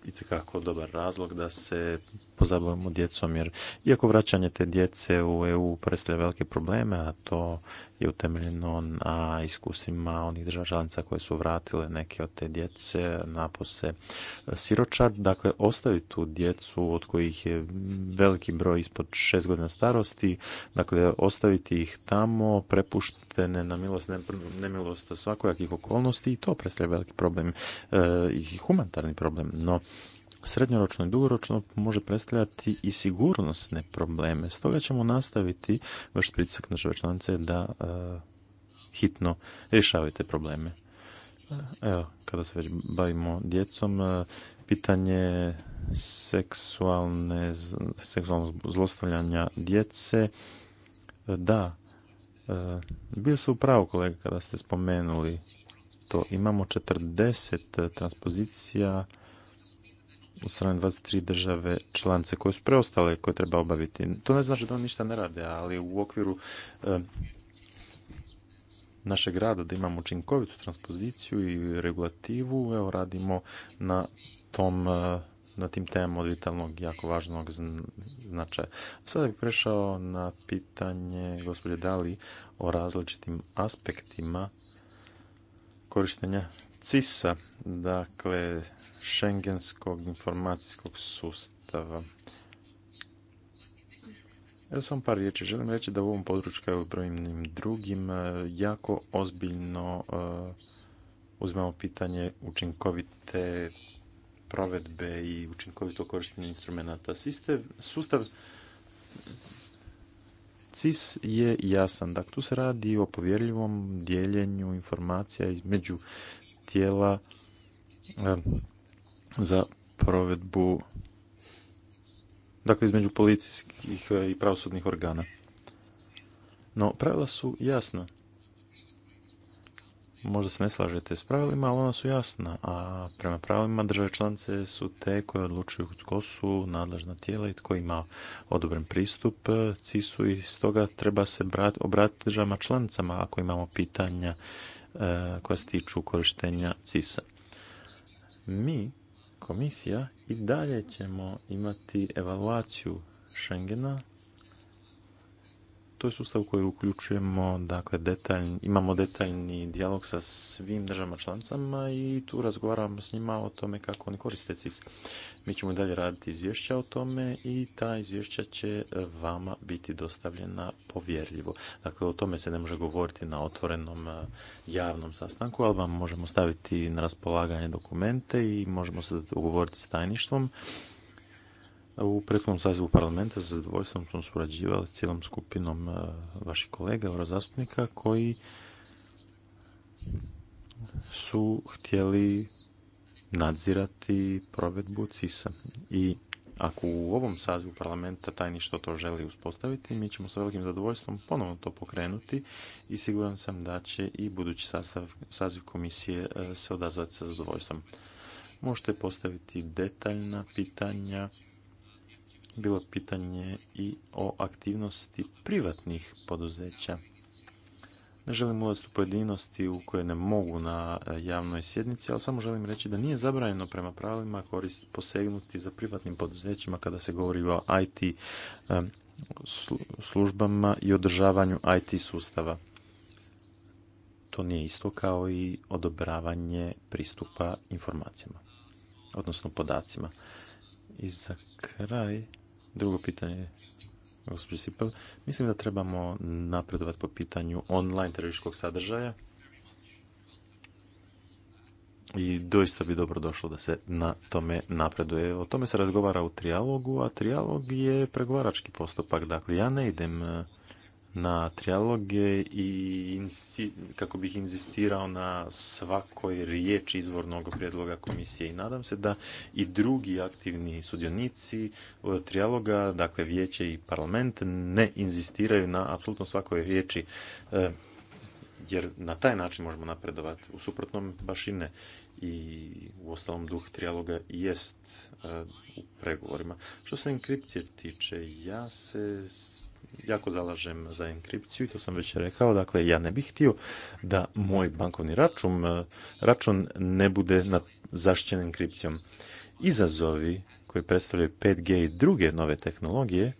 itekako dobar razlog da se pozabavimo djecom, jer iako vraćanje te djece u EU predstavlja velike probleme, a to je utemeljeno na iskusima onih država članica koje su vratile neke od te djece napose siročad. Dakle, ostaviti tu djecu od kojih je veliki broj ispod šest godina starosti, dakle, ostaviti ih tamo, prepuštene na milost, nemilost svakojakih okolnosti i to predstavlja veliki problem e, i humanitarni problem. No, srednjoročno i dugoročno može predstavljati i sigurnosne probleme. Stoga ćemo nastaviti vaš pritisak na članice da e, hitno rješavaju probleme. Evo, kada se već bavimo djecom, e, pitanje seksualne, seksualnog zlostavljanja djece, e, da, bili su u pravu kolega kada ste spomenuli to. Imamo 40 transpozicija u strane 23 države članice koje su preostale koje treba obaviti. To ne znači da oni ništa ne rade, ali u okviru eh, našeg rada da imamo učinkovitu transpoziciju i regulativu, evo radimo na tom eh, na tim temama od vitalnog, jako važnog značaja. Sada bih prešao na pitanje gospođe Dali o različitim aspektima korištenja CISA, dakle šengenskog informacijskog sustava. Evo samo par riječi. Želim reći da u ovom području kao i u brojnim drugim e, jako ozbiljno e, uzmemo pitanje učinkovite provedbe i učinkovito korištenje instrumenta. Sustav CIS je jasan. Dakle, tu se radi o povjerljivom dijeljenju informacija između tijela e, za provedbu dakle između policijskih eh, i pravosudnih organa. No, pravila su jasna. Možda se ne slažete s pravilima, ali ona su jasna, a prema pravilima države članice su te koje odlučuju tko su nadležna tijela i tko ima odobren pristup CIS-u i stoga treba se obratiti državama članicama ako imamo pitanja eh, koja se tiču korištenja CIS-a. Mi komisija i dalje ćemo imati evaluaciju Schengena to je sustav koji uključujemo, dakle, detaljni, imamo detaljni dijalog sa svim državama članicama i tu razgovaramo s njima o tome kako oni koriste CIS. Mi ćemo dalje raditi izvješća o tome i ta izvješća će vama biti dostavljena povjerljivo. Dakle, o tome se ne može govoriti na otvorenom eh, javnom sastanku, ali vam možemo staviti na raspolaganje dokumente i možemo se dogovoriti s tajništvom u prethodnom sazivu parlamenta sa zadovoljstvom smo surađivali s cijelom skupinom e, vaših kolega, zastupnika koji su htjeli nadzirati provedbu CISA. I ako u ovom sazivu parlamenta tajništvo to želi uspostaviti, mi ćemo sa velikim zadovoljstvom ponovno to pokrenuti i siguran sam da će i budući saziv komisije e, se odazvati sa zadovoljstvom. Možete postaviti detaljna pitanja bilo pitanje i o aktivnosti privatnih poduzeća. Ne želim ulaziti u pojedinosti u koje ne mogu na e, javnoj sjednici, ali samo želim reći da nije zabranjeno prema pravilima posegnuti za privatnim poduzećima kada se govori o IT e, službama i održavanju IT sustava. To nije isto kao i odobravanje pristupa informacijama, odnosno podacima. I za kraj Drugo pitanje, gospođo Sipel, mislim da trebamo napredovati po pitanju online terorističkog sadržaja i doista bi dobro došlo da se na tome napreduje. O tome se razgovara u trijalogu, a trijalog je pregovarački postupak. Dakle, ja ne idem na trijaloge i kako bih inzistirao na svakoj riječi izvornog prijedloga komisije i nadam se da i drugi aktivni sudionici e, trijaloga, dakle vijeće i parlament, ne inzistiraju na apsolutno svakoj riječi e, jer na taj način možemo napredovati. U suprotnom baš i ne. I u ostalom duh trijaloga jest e, u pregovorima. Što se inkripcije tiče, ja se jako zalažem za enkripciju i to sam već rekao. Dakle, ja ne bih htio da moj bankovni račun, račun ne bude zaštićen enkripcijom. Izazovi koji predstavljaju 5G i druge nove tehnologije,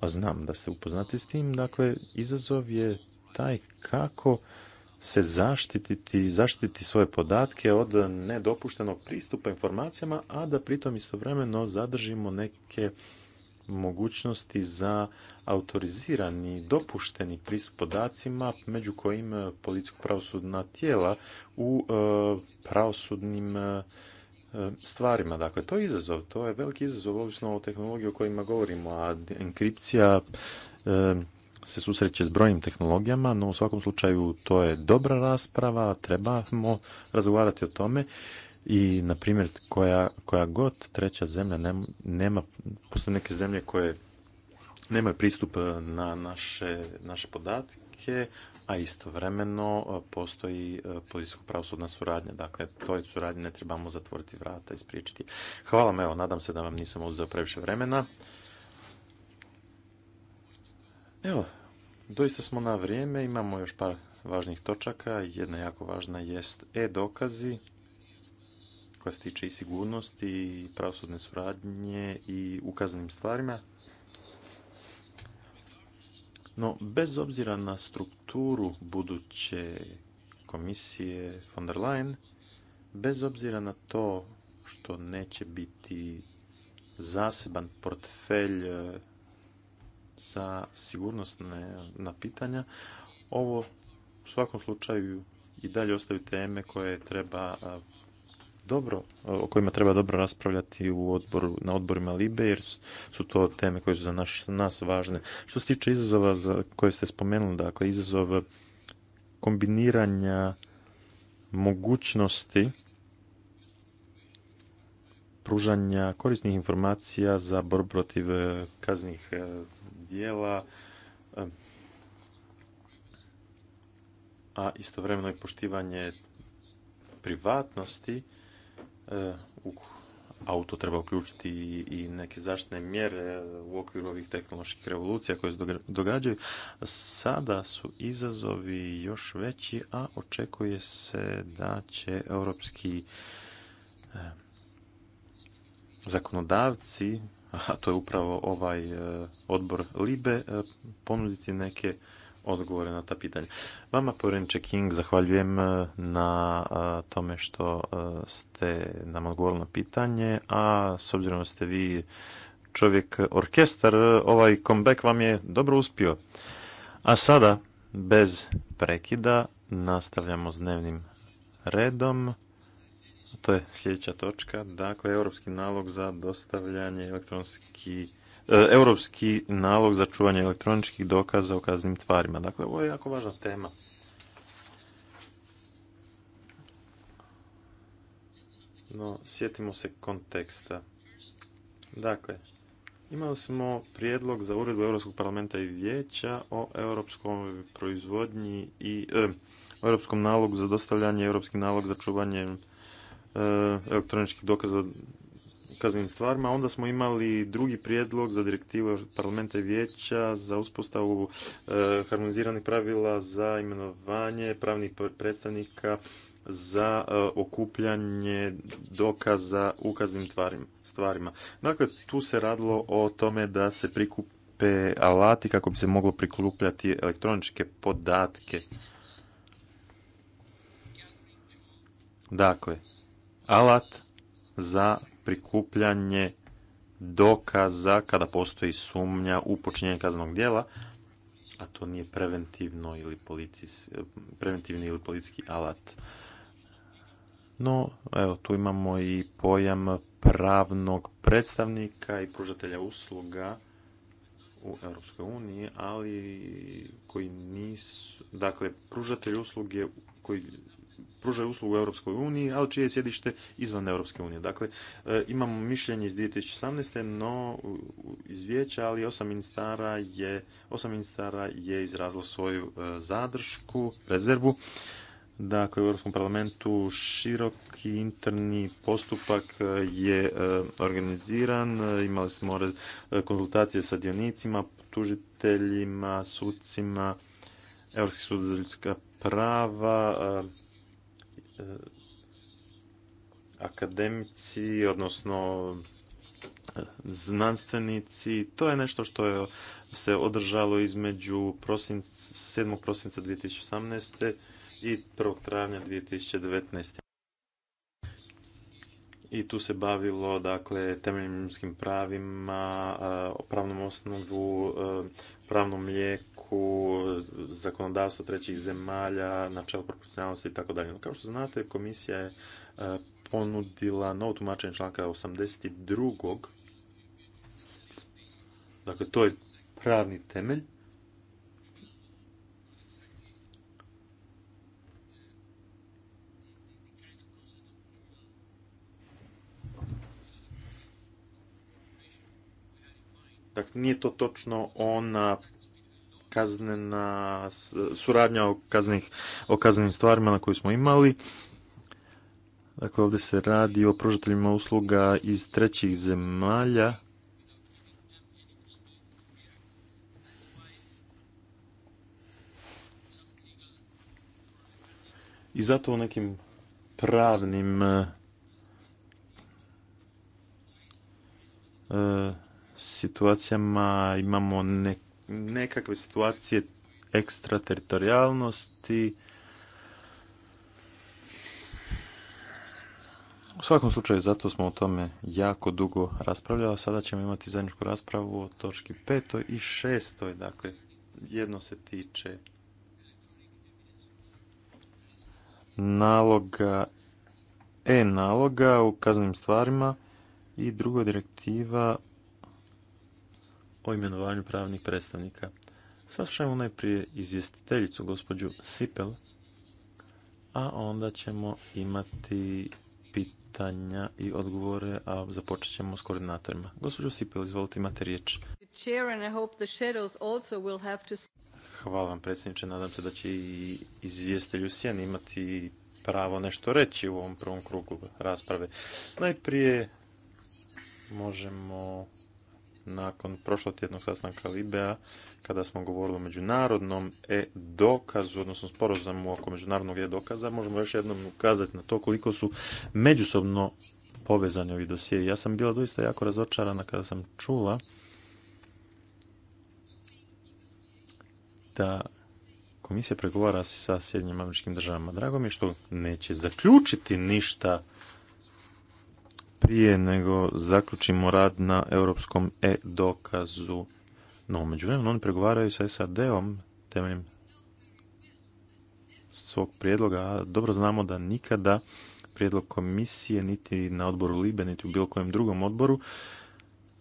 a znam da ste upoznati s tim, dakle, izazov je taj kako se zaštititi, zaštititi svoje podatke od nedopuštenog pristupa informacijama, a da pritom istovremeno zadržimo neke mogućnosti za autorizirani, dopušteni pristup podacima, među kojim e, policijsko-pravosudna tijela u e, pravosudnim e, stvarima. Dakle, to je izazov, to je veliki izazov, ovisno o tehnologiji o kojima govorimo, a enkripcija se susreće s brojnim tehnologijama, no u svakom slučaju to je dobra rasprava, trebamo razgovarati o tome i na primjer koja, koja god treća zemlja nema, nema postoje neke zemlje koje nemaju pristup e, na naše, naše podatke a istovremeno e, postoji e, policijsko pravosudna suradnja. Dakle, toj suradnji ne trebamo zatvoriti vrata i spriječiti. Hvala vam, evo, nadam se da vam nisam oduzeo previše vremena. Evo, doista smo na vrijeme, imamo još par važnih točaka. Jedna jako važna jest e-dokazi koja se tiče i sigurnosti i pravosudne suradnje i ukazanim stvarima. No, bez obzira na strukturu buduće komisije von der Leyen, bez obzira na to što neće biti zaseban portfelj e, za sigurnosna pitanja, ovo u svakom slučaju i dalje ostaju teme koje treba dobro, o kojima treba dobro raspravljati u odboru, na odborima Libe, jer su to teme koje su za nas važne. Što se tiče izazova za, koje ste spomenuli, dakle, izazov kombiniranja mogućnosti pružanja korisnih informacija za borbu protiv e, kaznih e, dijela, e, a istovremeno i poštivanje privatnosti E, u auto treba uključiti i neke zaštitne mjere u okviru ovih tehnoloških revolucija koje se događaju. Sada su izazovi još veći, a očekuje se da će europski e, zakonodavci, a to je upravo ovaj e, odbor LIBE, ponuditi neke odgovore na ta pitanja. Vama, povjereniče King, zahvaljujem e, na e, tome što e, ste nam odgovorili na pitanje, a s obzirom da ste vi čovjek orkestar, ovaj comeback vam je dobro uspio. A sada, bez prekida, nastavljamo s dnevnim redom. To je sljedeća točka, dakle, europski nalog za dostavljanje elektronski E, europski nalog za čuvanje elektroničkih dokaza o kaznim tvarima. Dakle, ovo je jako važna tema. No, sjetimo se konteksta. Dakle, imali smo prijedlog za uredbu Europskog parlamenta i vijeća o europskom proizvodnji i e, europskom nalogu za dostavljanje, europski nalog za čuvanje e, elektroničkih dokaza kaznenim stvarima, onda smo imali drugi prijedlog za direktivu parlamenta i vijeća za uspostavu e, harmoniziranih pravila za imenovanje pravnih predstavnika za e, okupljanje dokaza u kaznim stvarima. Dakle, tu se radilo o tome da se prikupe alati kako bi se moglo prikupljati elektroničke podatke. Dakle, alat za prikupljanje dokaza kada postoji sumnja u počinjenje kaznog djela, a to nije preventivno ili preventivni ili policijski alat. No, evo, tu imamo i pojam pravnog predstavnika i pružatelja usluga u Europskoj uniji, ali koji nisu, dakle, pružatelj usluge koji pružaju uslugu u Europskoj uniji, ali čije je sjedište izvan Europske unije. Dakle, e, imamo mišljenje iz 2018. no iz ali osam ministara je, osam ministara je izrazilo svoju e, zadršku, rezervu. Dakle, u Europskom parlamentu široki interni postupak e, je organiziran. Imali smo konzultacije sa dionicima, tužiteljima, sudcima, Europski sud za ljudska prava, E, akademici, odnosno e, znanstvenici. To je nešto što je se održalo između 7. prosinca 2018. i 1. travnja 2019. I tu se bavilo dakle, temeljnim pravima, e, pravnom osnovu, pravnom lijeku, u zakonodavstva trećih zemalja, načelo proporcionalnosti i tako dalje. Kao što znate, komisija je e, ponudila novo tumačenje članka 82. Dakle, to je pravni temelj. Dakle, nije to točno ona kaznena suradnja o, kaznenim stvarima na koje smo imali. Dakle, ovdje se radi o pružateljima usluga iz trećih zemalja. I zato u nekim pravnim e, e, situacijama imamo neke nekakve situacije ekstrateritorijalnosti. U svakom slučaju, zato smo o tome jako dugo raspravljali, sada ćemo imati zajedničku raspravu o točki 5. i šestoj. Dakle, jedno se tiče naloga, e-naloga u kaznenim stvarima i drugo direktiva o imenovanju pravnih predstavnika. Saslušajmo najprije izvjestiteljicu, gospođu Sipel, a onda ćemo imati pitanja i odgovore, a započet ćemo s koordinatorima. Gospođu Sipel, izvolite, imate riječ. Hvala vam, predsjedniče. Nadam se da će i izvjestelju sjeni imati pravo nešto reći u ovom prvom krugu rasprave. Najprije možemo nakon prošlotjednog sastanka Libea kada smo govorili o međunarodnom e-dokazu, odnosno sporazumu oko međunarodnog e-dokaza, možemo još jednom ukazati na to koliko su međusobno povezani ovi dosije. Ja sam bila doista jako razočarana kada sam čula da komisija pregovara sa Sjedinjim američkim državama. Drago mi je što neće zaključiti ništa prije nego zaključimo rad na europskom e-dokazu. No, međuvremenu oni pregovaraju sa SAD-om temeljem svog prijedloga, a dobro znamo da nikada prijedlog komisije niti na odboru Libe, niti u bilo kojem drugom odboru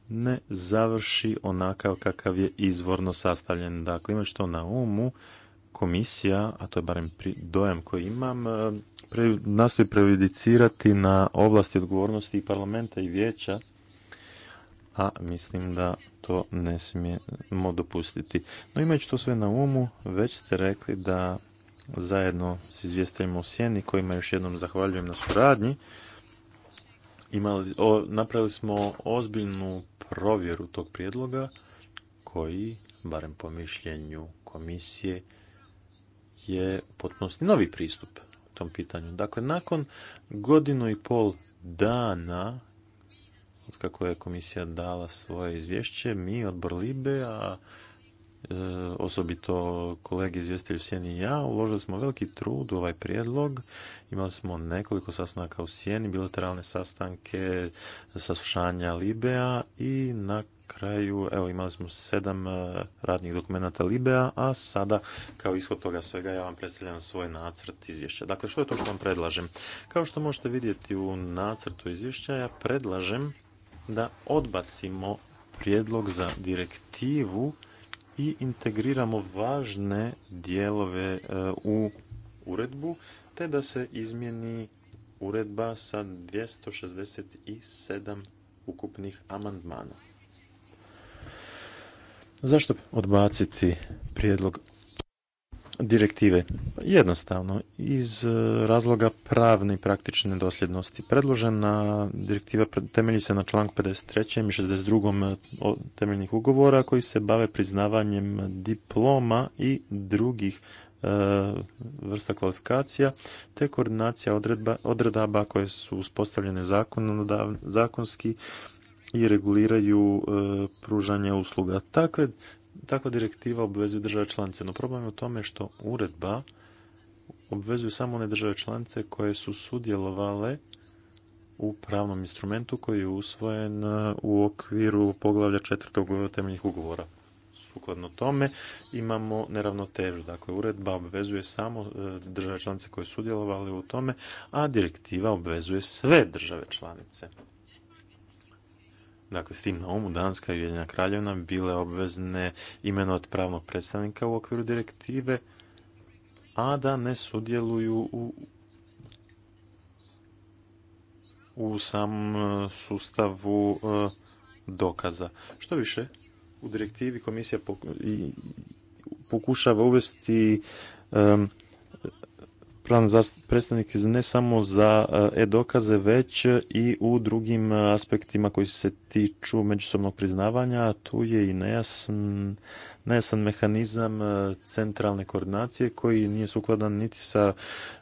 ne završi onakav kakav je izvorno sastavljen. Dakle, imaš to na umu, komisija, a to je barem dojam koji imam, nastoji prejudicirati na ovlasti odgovornosti i parlamenta i vijeća, a mislim da to ne smijemo dopustiti. No imajući to sve na umu, već ste rekli da zajedno s izvjestiteljima u Sjeni, kojima još jednom zahvaljujem na suradnji, imali, napravili smo ozbiljnu provjeru tog prijedloga koji, barem po mišljenju komisije, je potpunosti novi pristup tom pitanju. Dakle, nakon godinu i pol dana od kako je komisija dala svoje izvješće, mi odbor Libe, a E, osobito kolege izvjestitelji Sjeni i ja, uložili smo veliki trud u ovaj prijedlog. Imali smo nekoliko sastanaka u Sjeni, bilateralne sastanke, saslušanja Libea i na kraju, evo imali smo sedam e, radnih dokumenata Libea, a sada kao ishod toga svega ja vam predstavljam svoj nacrt izvješća. Dakle, što je to što vam predlažem? Kao što možete vidjeti u nacrtu izvješća, ja predlažem da odbacimo prijedlog za direktivu i integriramo važne dijelove e, u uredbu, te da se izmjeni uredba sa 267 ukupnih amandmana. Zašto odbaciti prijedlog direktive? Jednostavno, iz e, razloga pravne i praktične dosljednosti. Predložena direktiva temelji se na članku 53. i 62. E, temeljnih ugovora koji se bave priznavanjem diploma i drugih e, vrsta kvalifikacija te koordinacija odredaba koje su uspostavljene zakonski i reguliraju pružanje usluga. Takve Takva direktiva obvezuje države članice, no problem je u tome što uredba obvezuje samo one države članice koje su sudjelovale u pravnom instrumentu koji je usvojen e, u okviru poglavlja četvrtog temeljnih ugovora. Sukladno tome imamo neravnotežu. Dakle, uredba obvezuje samo e, države članice koje su sudjelovale u tome, a direktiva obvezuje sve države članice. Dakle, s tim na umu Danska i Ujedinjena Kraljevna bile obvezne imenovati pravnog predstavnika u okviru direktive, a da ne sudjeluju u, u sam e, sustavu e, dokaza. Što više, u direktivi komisija pokušava uvesti plan predstavnik ne samo za e-dokaze, već i u drugim e, aspektima koji se tiču međusobnog priznavanja. Tu je i nejasn, nejasan mehanizam e, centralne koordinacije koji nije sukladan niti sa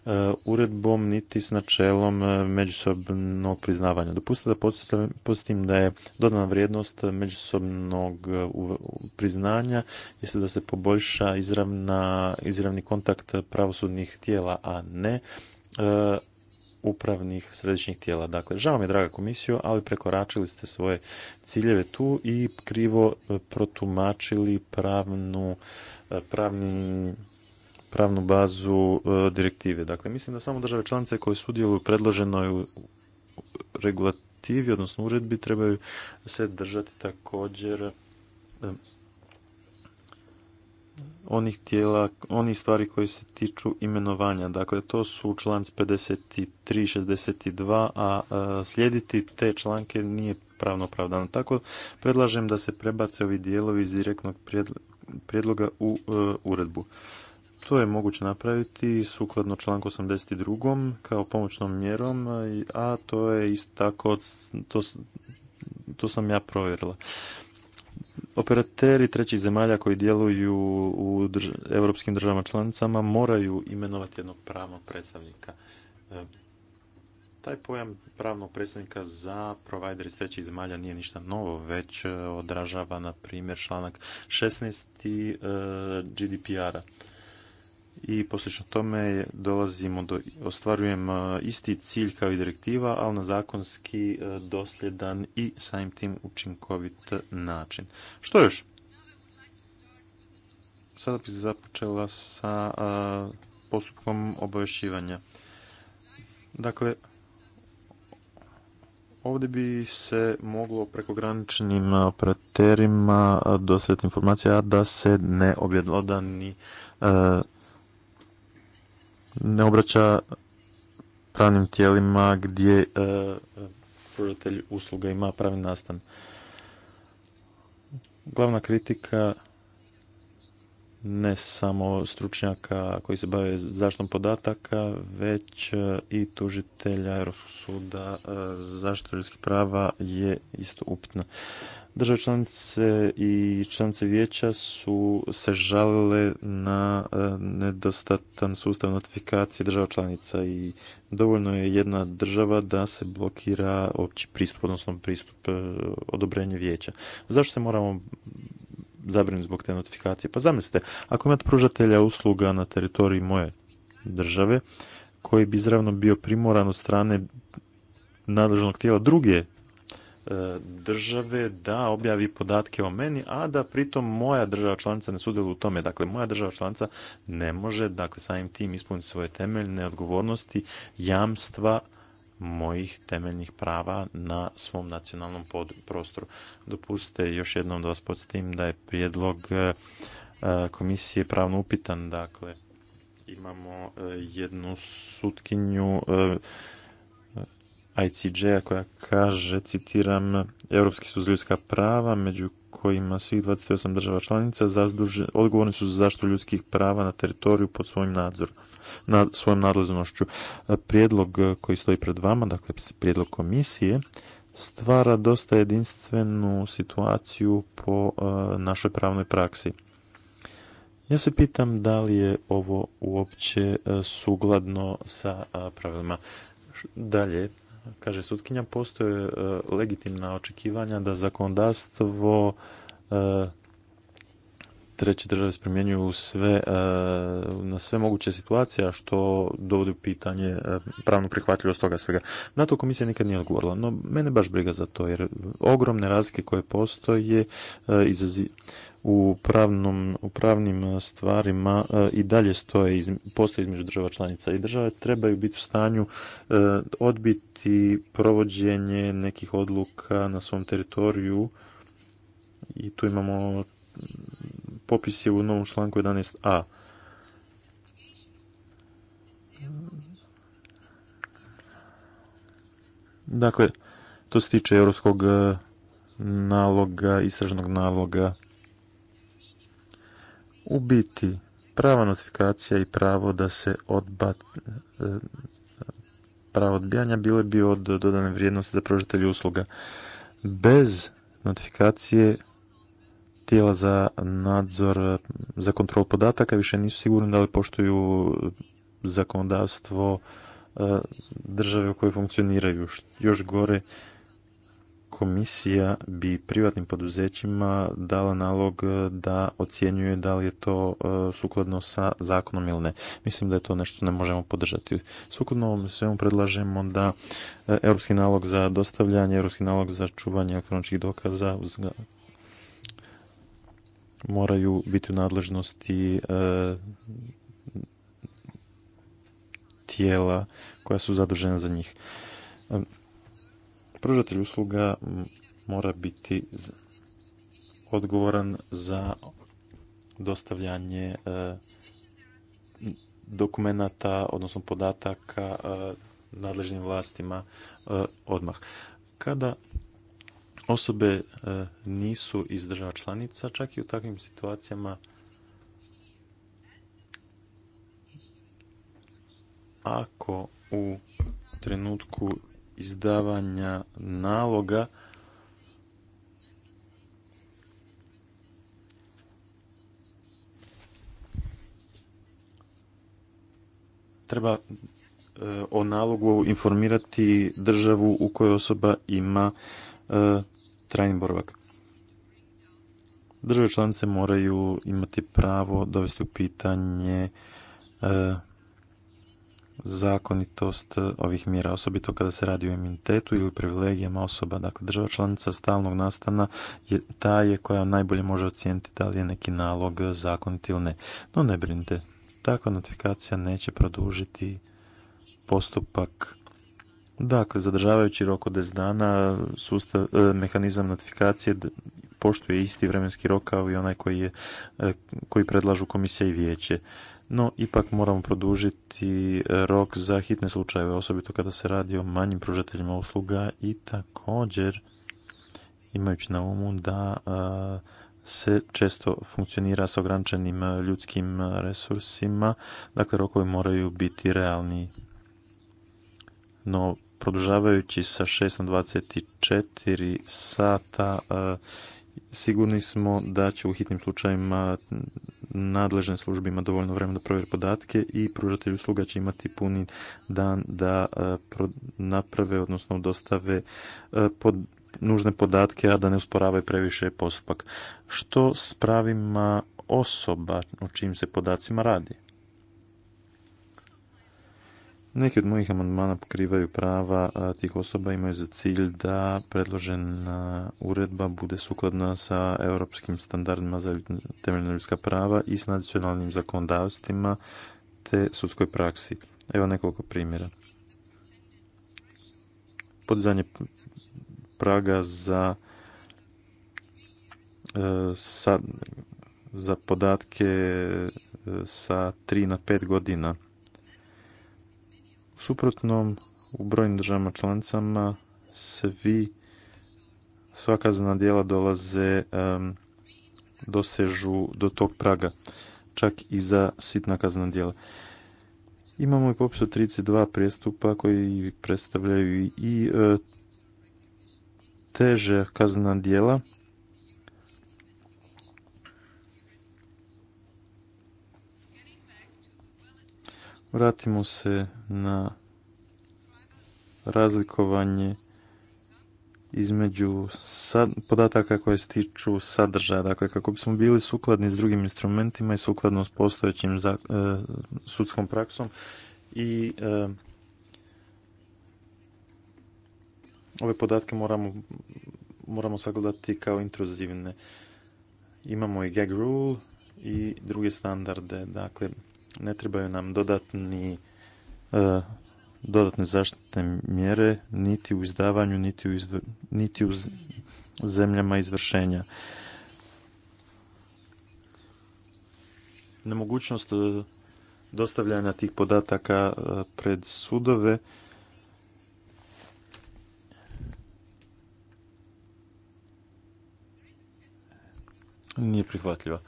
e, uredbom, niti s načelom e, međusobnog priznavanja. Dopustite da postim da je dodana vrijednost međusobnog priznanja jeste da se poboljša izravna, izravni kontakt pravosudnih tijela, a ne upravnih središnjih tijela. Dakle, žao mi je, draga komisija, ali prekoračili ste svoje ciljeve tu i krivo e, protumačili pravnu, e, pravni pravnu bazu e, direktive. Dakle, mislim da samo države članice koje sudjeluju predloženoj regulativi, odnosno uredbi, trebaju se držati također onih tijela, onih stvari koji se tiču imenovanja. Dakle, to su članci 53, 62, a slijediti te članke nije pravno opravdano. Tako predlažem da se prebace ovi dijelovi iz direktnog prijedloga u e, uredbu. To je moguće napraviti sukladno članku 82. kao pomoćnom mjerom, a to je isto tako, to, to sam ja provjerila. Operateri trećih zemalja koji djeluju u evropskim europskim državama članicama moraju imenovati jednog pravnog predstavnika. E, taj pojam pravnog predstavnika za provider iz trećih zemalja nije ništa novo, već e, odražava, na primjer, članak 16. E, GDPR-a i poslično tome dolazimo do, ostvarujem e, isti cilj kao i direktiva, ali na zakonski e, dosljedan i samim tim učinkovit način. Što još? Sada bi se započela sa e, postupkom obavješivanja. Dakle, ovdje bi se moglo prekograničnim operaterima dostaviti informacija da se ne ni ne obraća pravnim tijelima gdje e, pružatelj usluga ima pravi nastan. Glavna kritika ne samo stručnjaka koji se bave zaštitom podataka, već e, i tužitelja Europskog suda e, zaštitu ljudskih prava je isto upitna. Države članice i članice vijeća su se žalile na e, nedostatan sustav notifikacije država članica i dovoljno je jedna država da se blokira opći pristup, odnosno pristup e, odobrenju vijeća. Zašto se moramo zabrinuti zbog te notifikacije? Pa zamislite, ako imate pružatelja usluga na teritoriji moje države, koji bi izravno bio primoran od strane nadležnog tijela druge E, države da objavi podatke o meni, a da pritom moja država članica ne sudjeluje u tome. Dakle, moja država članica ne može, dakle, samim tim ispuniti svoje temeljne odgovornosti, jamstva mojih temeljnih prava na svom nacionalnom prostoru. Dopustite još jednom da vas podsjetim da je prijedlog e, e, komisije pravno upitan, dakle, imamo jednu sutkinju ICJ-a koja kaže, citiram, Europski su ljudska prava, među kojima svih 28 država članica odgovorni su za zaštitu ljudskih prava na teritoriju pod svojim nadzorom, svojom nadležnošću. Prijedlog koji stoji pred vama, dakle prijedlog komisije, stvara dosta jedinstvenu situaciju po e, našoj pravnoj praksi. Ja se pitam da li je ovo uopće e, sugladno sa pravilima. Dalje, kaže sutkinja, postoje e, legitimna očekivanja da zakonodavstvo e, treće države se sve, e, na sve moguće situacije, a što dovodi u pitanje pravnu prihvatljivost toga svega. Na to komisija nikad nije odgovorila, no mene baš briga za to, jer ogromne razlike koje postoje izazivaju u, pravnom, u pravnim e, stvarima e, i dalje stoje iz, postoje između država članica i države trebaju biti u stanju e, odbiti provođenje nekih odluka na svom teritoriju i tu imamo popis je u novom članku 11a. Dakle, to se tiče europskog naloga, istražnog naloga u biti, prava notifikacija i pravo da se odbat, e, pravo odbijanja bile bi od dodane vrijednosti za pružatelje usluga. Bez notifikacije tijela za nadzor, za kontrol podataka više nisu sigurni da li poštuju zakonodavstvo e, države u kojoj funkcioniraju. Još gore komisija bi privatnim poduzećima dala nalog e, da ocjenjuje da li je to e, sukladno sa zakonom ili ne. Mislim da je to nešto ne možemo podržati. Sukladno ovom svemu predlažemo da e, europski nalog za dostavljanje, europski nalog za čuvanje elektroničkih dokaza moraju biti u nadležnosti tijela koja su zadužena za njih pružatelj usluga mora biti odgovoran za dostavljanje e, dokumenata, odnosno podataka e, nadležnim vlastima e, odmah. Kada osobe nisu iz država članica, čak i u takvim situacijama ako u trenutku izdavanja naloga treba e, o nalogu informirati državu u kojoj osoba ima e, trajni boravak. Države članice moraju imati pravo dovesti u pitanje e, zakonitost ovih mjera, osobito kada se radi o imunitetu ili privilegijama osoba. Dakle, država članica stalnog nastana je ta je koja najbolje može ocijeniti da li je neki nalog zakonit ili ne. No ne brinite, takva notifikacija neće produžiti postupak Dakle, zadržavajući rok od 10 dana, sustav, e, mehanizam notifikacije poštuje isti vremenski rok kao i onaj koji, je, e, koji predlažu komisija i vijeće no ipak moramo produžiti e, rok za hitne slučajeve, osobito kada se radi o manjim pružateljima usluga i također imajući na umu da e, se često funkcionira sa ograničenim e, ljudskim resursima, dakle rokovi moraju biti realni. No, produžavajući sa 6 na 24 sata Sigurni smo da će u hitnim slučajevima nadležne službe imati dovoljno vremena da provjeri podatke i pružatelj usluga će imati puni dan da e, naprave, odnosno dostave e, pod nužne podatke, a da ne usporavaju previše postupak. Što s pravima osoba o čijim se podacima radi? Neki od mojih amandmana pokrivaju prava tih osoba imaju za cilj da predložena uredba bude sukladna sa europskim standardima za temeljna ljudska prava i s nacionalnim zakonodavstvima te sudskoj praksi. Evo nekoliko primjera. Podizanje praga za e, za podatke e, sa 3 na 5 godina suprotnom u brojnim državama članicama svi sva kaznena djela dolaze um, dosežu do tog praga čak i za sitna kaznena djela imamo i popis od 32 prijestupa koji predstavljaju i e, teže kaznena djela Vratimo se na razlikovanje između podataka koje stiču sadržaja. Dakle, kako bismo bili sukladni s drugim instrumentima i sukladno s postojećim e, sudskom praksom i e, ove podatke moramo, moramo sagledati kao intruzivne. Imamo i gag rule i druge standarde. Dakle, ne trebaju nam dodatni e, dodatne zaštitne mjere niti u izdavanju, niti u, niti u zemljama izvršenja. Nemogućnost e, dostavljanja tih podataka e, pred sudove nije prihvatljiva.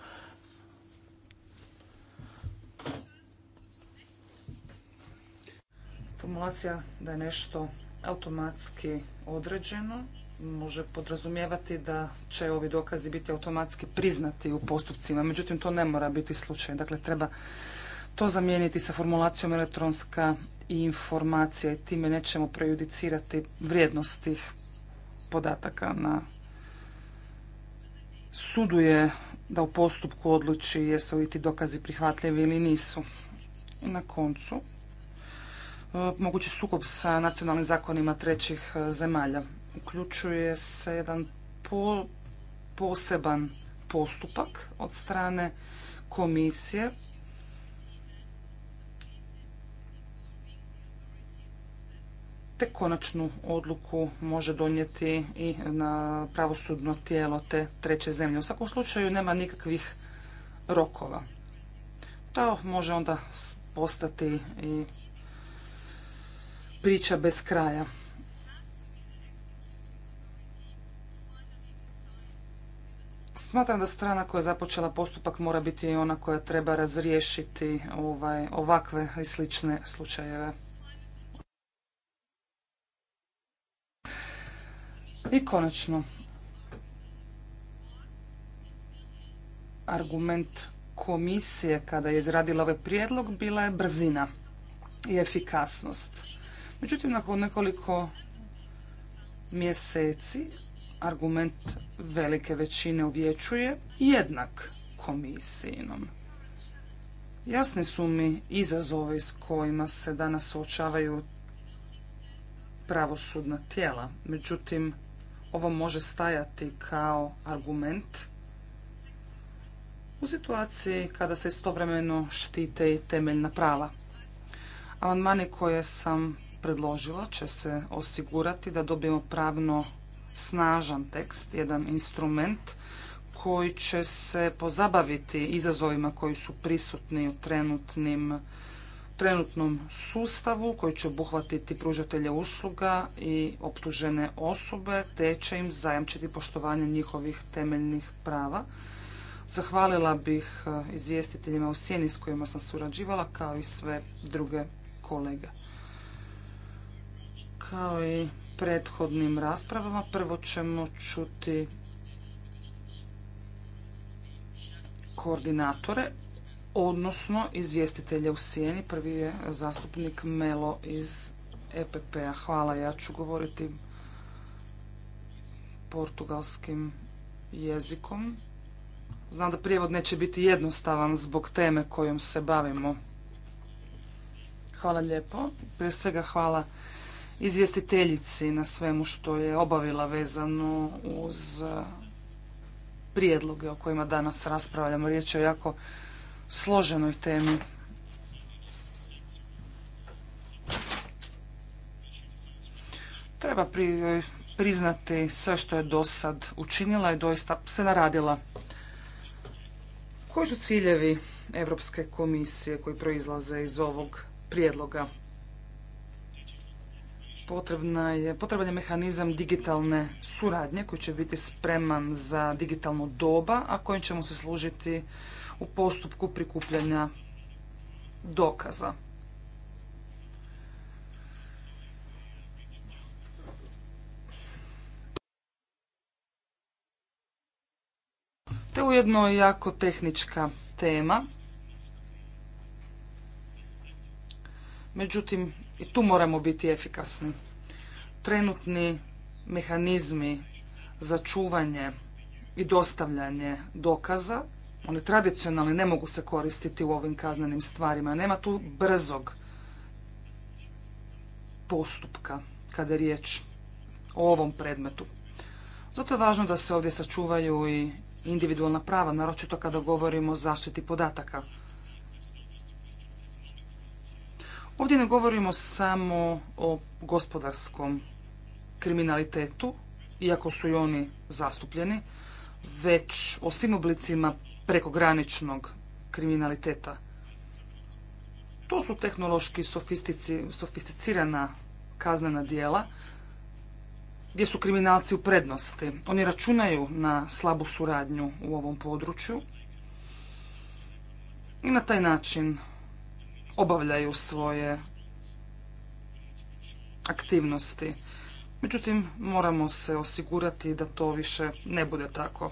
formulacija da je nešto automatski određeno može podrazumijevati da će ovi dokazi biti automatski priznati u postupcima. Međutim, to ne mora biti slučaj. Dakle, treba to zamijeniti sa formulacijom elektronska informacija i time nećemo prejudicirati vrijednost tih podataka na sudu je da u postupku odluči jesu li ti dokazi prihvatljivi ili nisu. Na koncu, E, mogući sukob sa nacionalnim zakonima trećih e, zemalja. Uključuje se jedan poseban postupak od strane komisije te konačnu odluku može donijeti i na pravosudno tijelo te treće zemlje. U svakom slučaju nema nikakvih rokova. To može onda postati i priča bez kraja. Smatram da strana koja je započela postupak mora biti i ona koja treba razriješiti ovaj, ovakve i slične slučajeve. I konačno, argument komisije kada je izradila ovaj prijedlog bila je brzina i efikasnost. Međutim, nakon nekoliko mjeseci argument velike većine uvječuje jednak komisijinom. Jasni su mi izazovi s kojima se danas suočavaju pravosudna tijela. Međutim, ovo može stajati kao argument u situaciji kada se istovremeno štite i temeljna prava. Amandmani koje sam predložila će se osigurati da dobijemo pravno snažan tekst, jedan instrument koji će se pozabaviti izazovima koji su prisutni u trenutnim trenutnom sustavu koji će obuhvatiti pružatelje usluga i optužene osobe te će im zajamčiti poštovanje njihovih temeljnih prava. Zahvalila bih e, izvjestiteljima u sjeni s kojima sam surađivala kao i sve druge kolege kao i prethodnim raspravama. Prvo ćemo čuti koordinatore, odnosno izvjestitelje u sjeni. Prvi je zastupnik Melo iz EPP-a. Hvala, ja ću govoriti portugalskim jezikom. Znam da prijevod neće biti jednostavan zbog teme kojom se bavimo. Hvala lijepo. Prije svega hvala izvjestiteljici na svemu što je obavila vezano uz e, prijedloge o kojima danas raspravljamo. Riječ je o jako složenoj temi. Treba e, priznati sve što je do sad učinila i doista se naradila. Koji su ciljevi Europske komisije koji proizlaze iz ovog prijedloga? Potrebna je, potreban je mehanizam digitalne suradnje koji će biti spreman za digitalno doba, a kojim ćemo se služiti u postupku prikupljanja dokaza. To je ujedno jako tehnička tema. Međutim, i tu moramo biti efikasni. Trenutni mehanizmi za čuvanje i dostavljanje dokaza, oni tradicionalni ne mogu se koristiti u ovim kaznenim stvarima. Nema tu brzog postupka kada je riječ o ovom predmetu. Zato je važno da se ovdje sačuvaju i individualna prava, naročito kada govorimo o zaštiti podataka. Ovdje ne govorimo samo o gospodarskom kriminalitetu, iako su i oni zastupljeni, već o svim oblicima prekograničnog kriminaliteta. To su tehnološki sofisticirana kaznena dijela gdje su kriminalci u prednosti. Oni računaju na slabu suradnju u ovom području i na taj način obavljaju svoje aktivnosti. Međutim, moramo se osigurati da to više ne bude tako.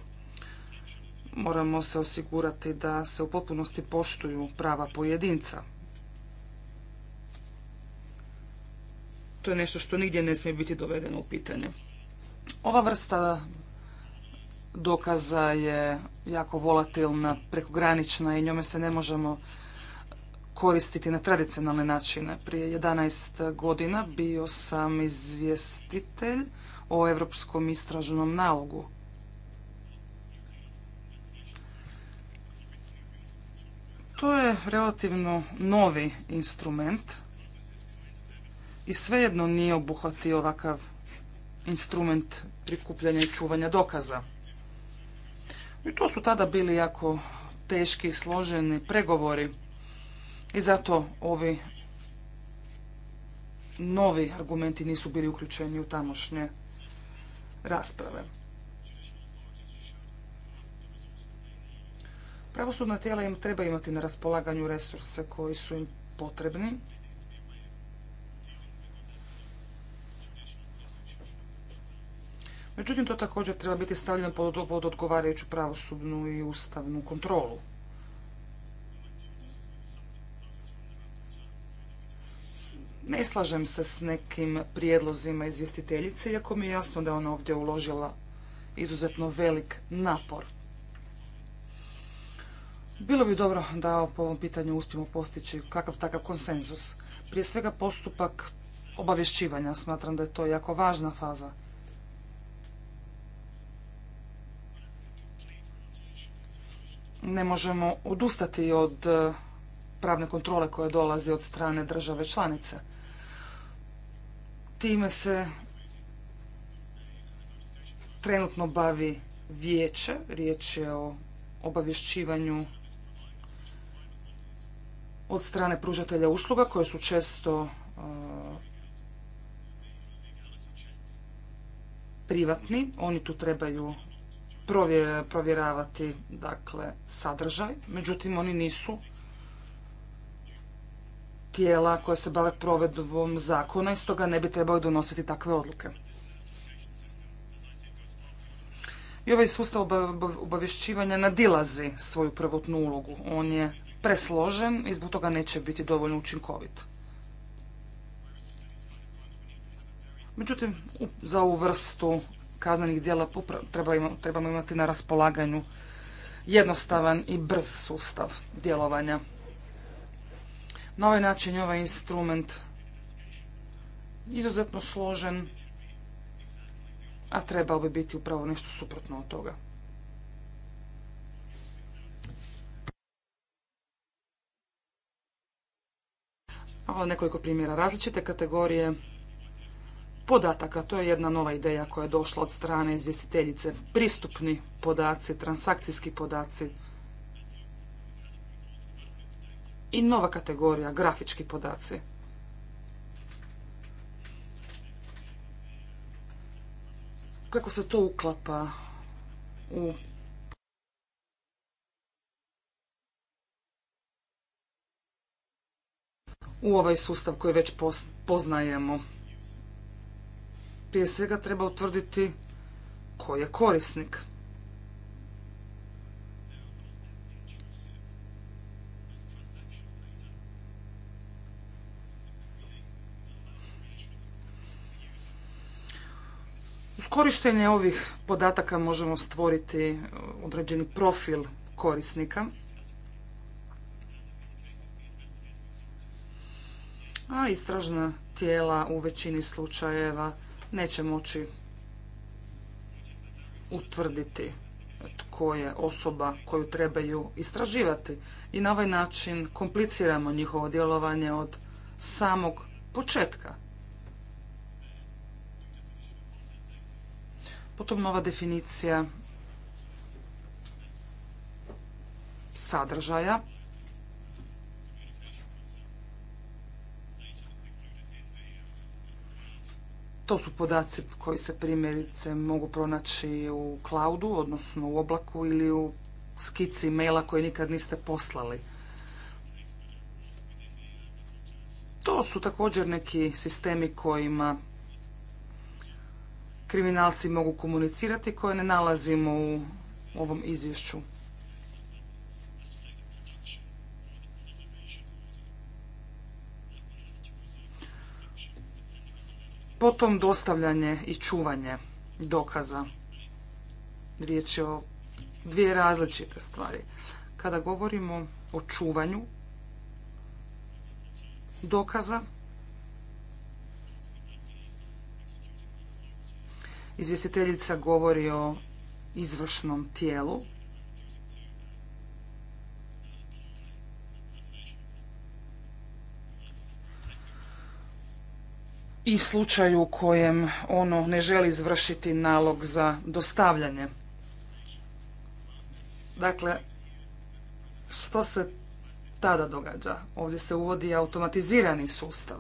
Moramo se osigurati da se u potpunosti poštuju prava pojedinca. To je nešto što nigdje ne smije biti dovedeno u pitanje. Ova vrsta dokaza je jako volatilna, prekogranična i njome se ne možemo koristiti na tradicionalne načine. Prije 11 godina bio sam izvjestitelj o Europskom istražnom nalogu. To je relativno novi instrument i svejedno nije obuhvatio ovakav instrument prikupljanja i čuvanja dokaza. I to su tada bili jako teški i složeni pregovori i zato ovi novi argumenti nisu bili uključeni u tamošnje rasprave. Pravosudna tijela im treba imati na raspolaganju resurse koji su im potrebni. Međutim, to također treba biti stavljeno pod odgovarajuću pravosudnu i ustavnu kontrolu. Ne slažem se s nekim prijedlozima izvjestiteljice, iako mi je jasno da je ona ovdje uložila izuzetno velik napor. Bilo bi dobro da po ovom pitanju uspijemo postići kakav takav konsenzus. Prije svega postupak obavješćivanja, smatram da je to jako važna faza. Ne možemo odustati od pravne kontrole koja dolazi od strane države članice. Time se trenutno bavi vijeće, riječ je o obavješćivanju od strane pružatelja usluga koje su često e, privatni, oni tu trebaju provjeravati dakle sadržaj, međutim oni nisu tijela koja se bave provedbom zakona i stoga ne bi trebali donositi takve odluke. I ovaj sustav obavješćivanja nadilazi svoju prvotnu ulogu. On je presložen i zbog toga neće biti dovoljno učinkovit. Međutim, za ovu vrstu kaznenih djela trebamo imati na raspolaganju jednostavan i brz sustav djelovanja. Na ovaj način je ovaj instrument izuzetno složen, a trebao bi biti upravo nešto suprotno od toga. Ovo nekoliko primjera različite kategorije podataka. To je jedna nova ideja koja je došla od strane izvjestiteljice. Pristupni podaci, transakcijski podaci, i nova kategorija, grafički podaci. Kako se to uklapa u u ovaj sustav koji već poznajemo. Prije svega treba utvrditi ko je korisnik. korištenje ovih podataka možemo stvoriti e, određeni profil korisnika. A istražna tijela u većini slučajeva neće moći utvrditi tko je osoba koju trebaju istraživati. I na ovaj način kompliciramo njihovo djelovanje od samog početka. Potom nova definicija sadržaja. To su podaci koji se primjerice mogu pronaći u cloudu, odnosno u oblaku ili u skici maila koje nikad niste poslali. To su također neki sistemi kojima kriminalci mogu komunicirati koje ne nalazimo u ovom izvješću. Potom dostavljanje i čuvanje dokaza. Riječ je o dvije različite stvari. Kada govorimo o čuvanju dokaza, Izvjestiteljica govori o izvršnom tijelu. i slučaju u kojem ono ne želi izvršiti nalog za dostavljanje. Dakle, što se tada događa? Ovdje se uvodi automatizirani sustav.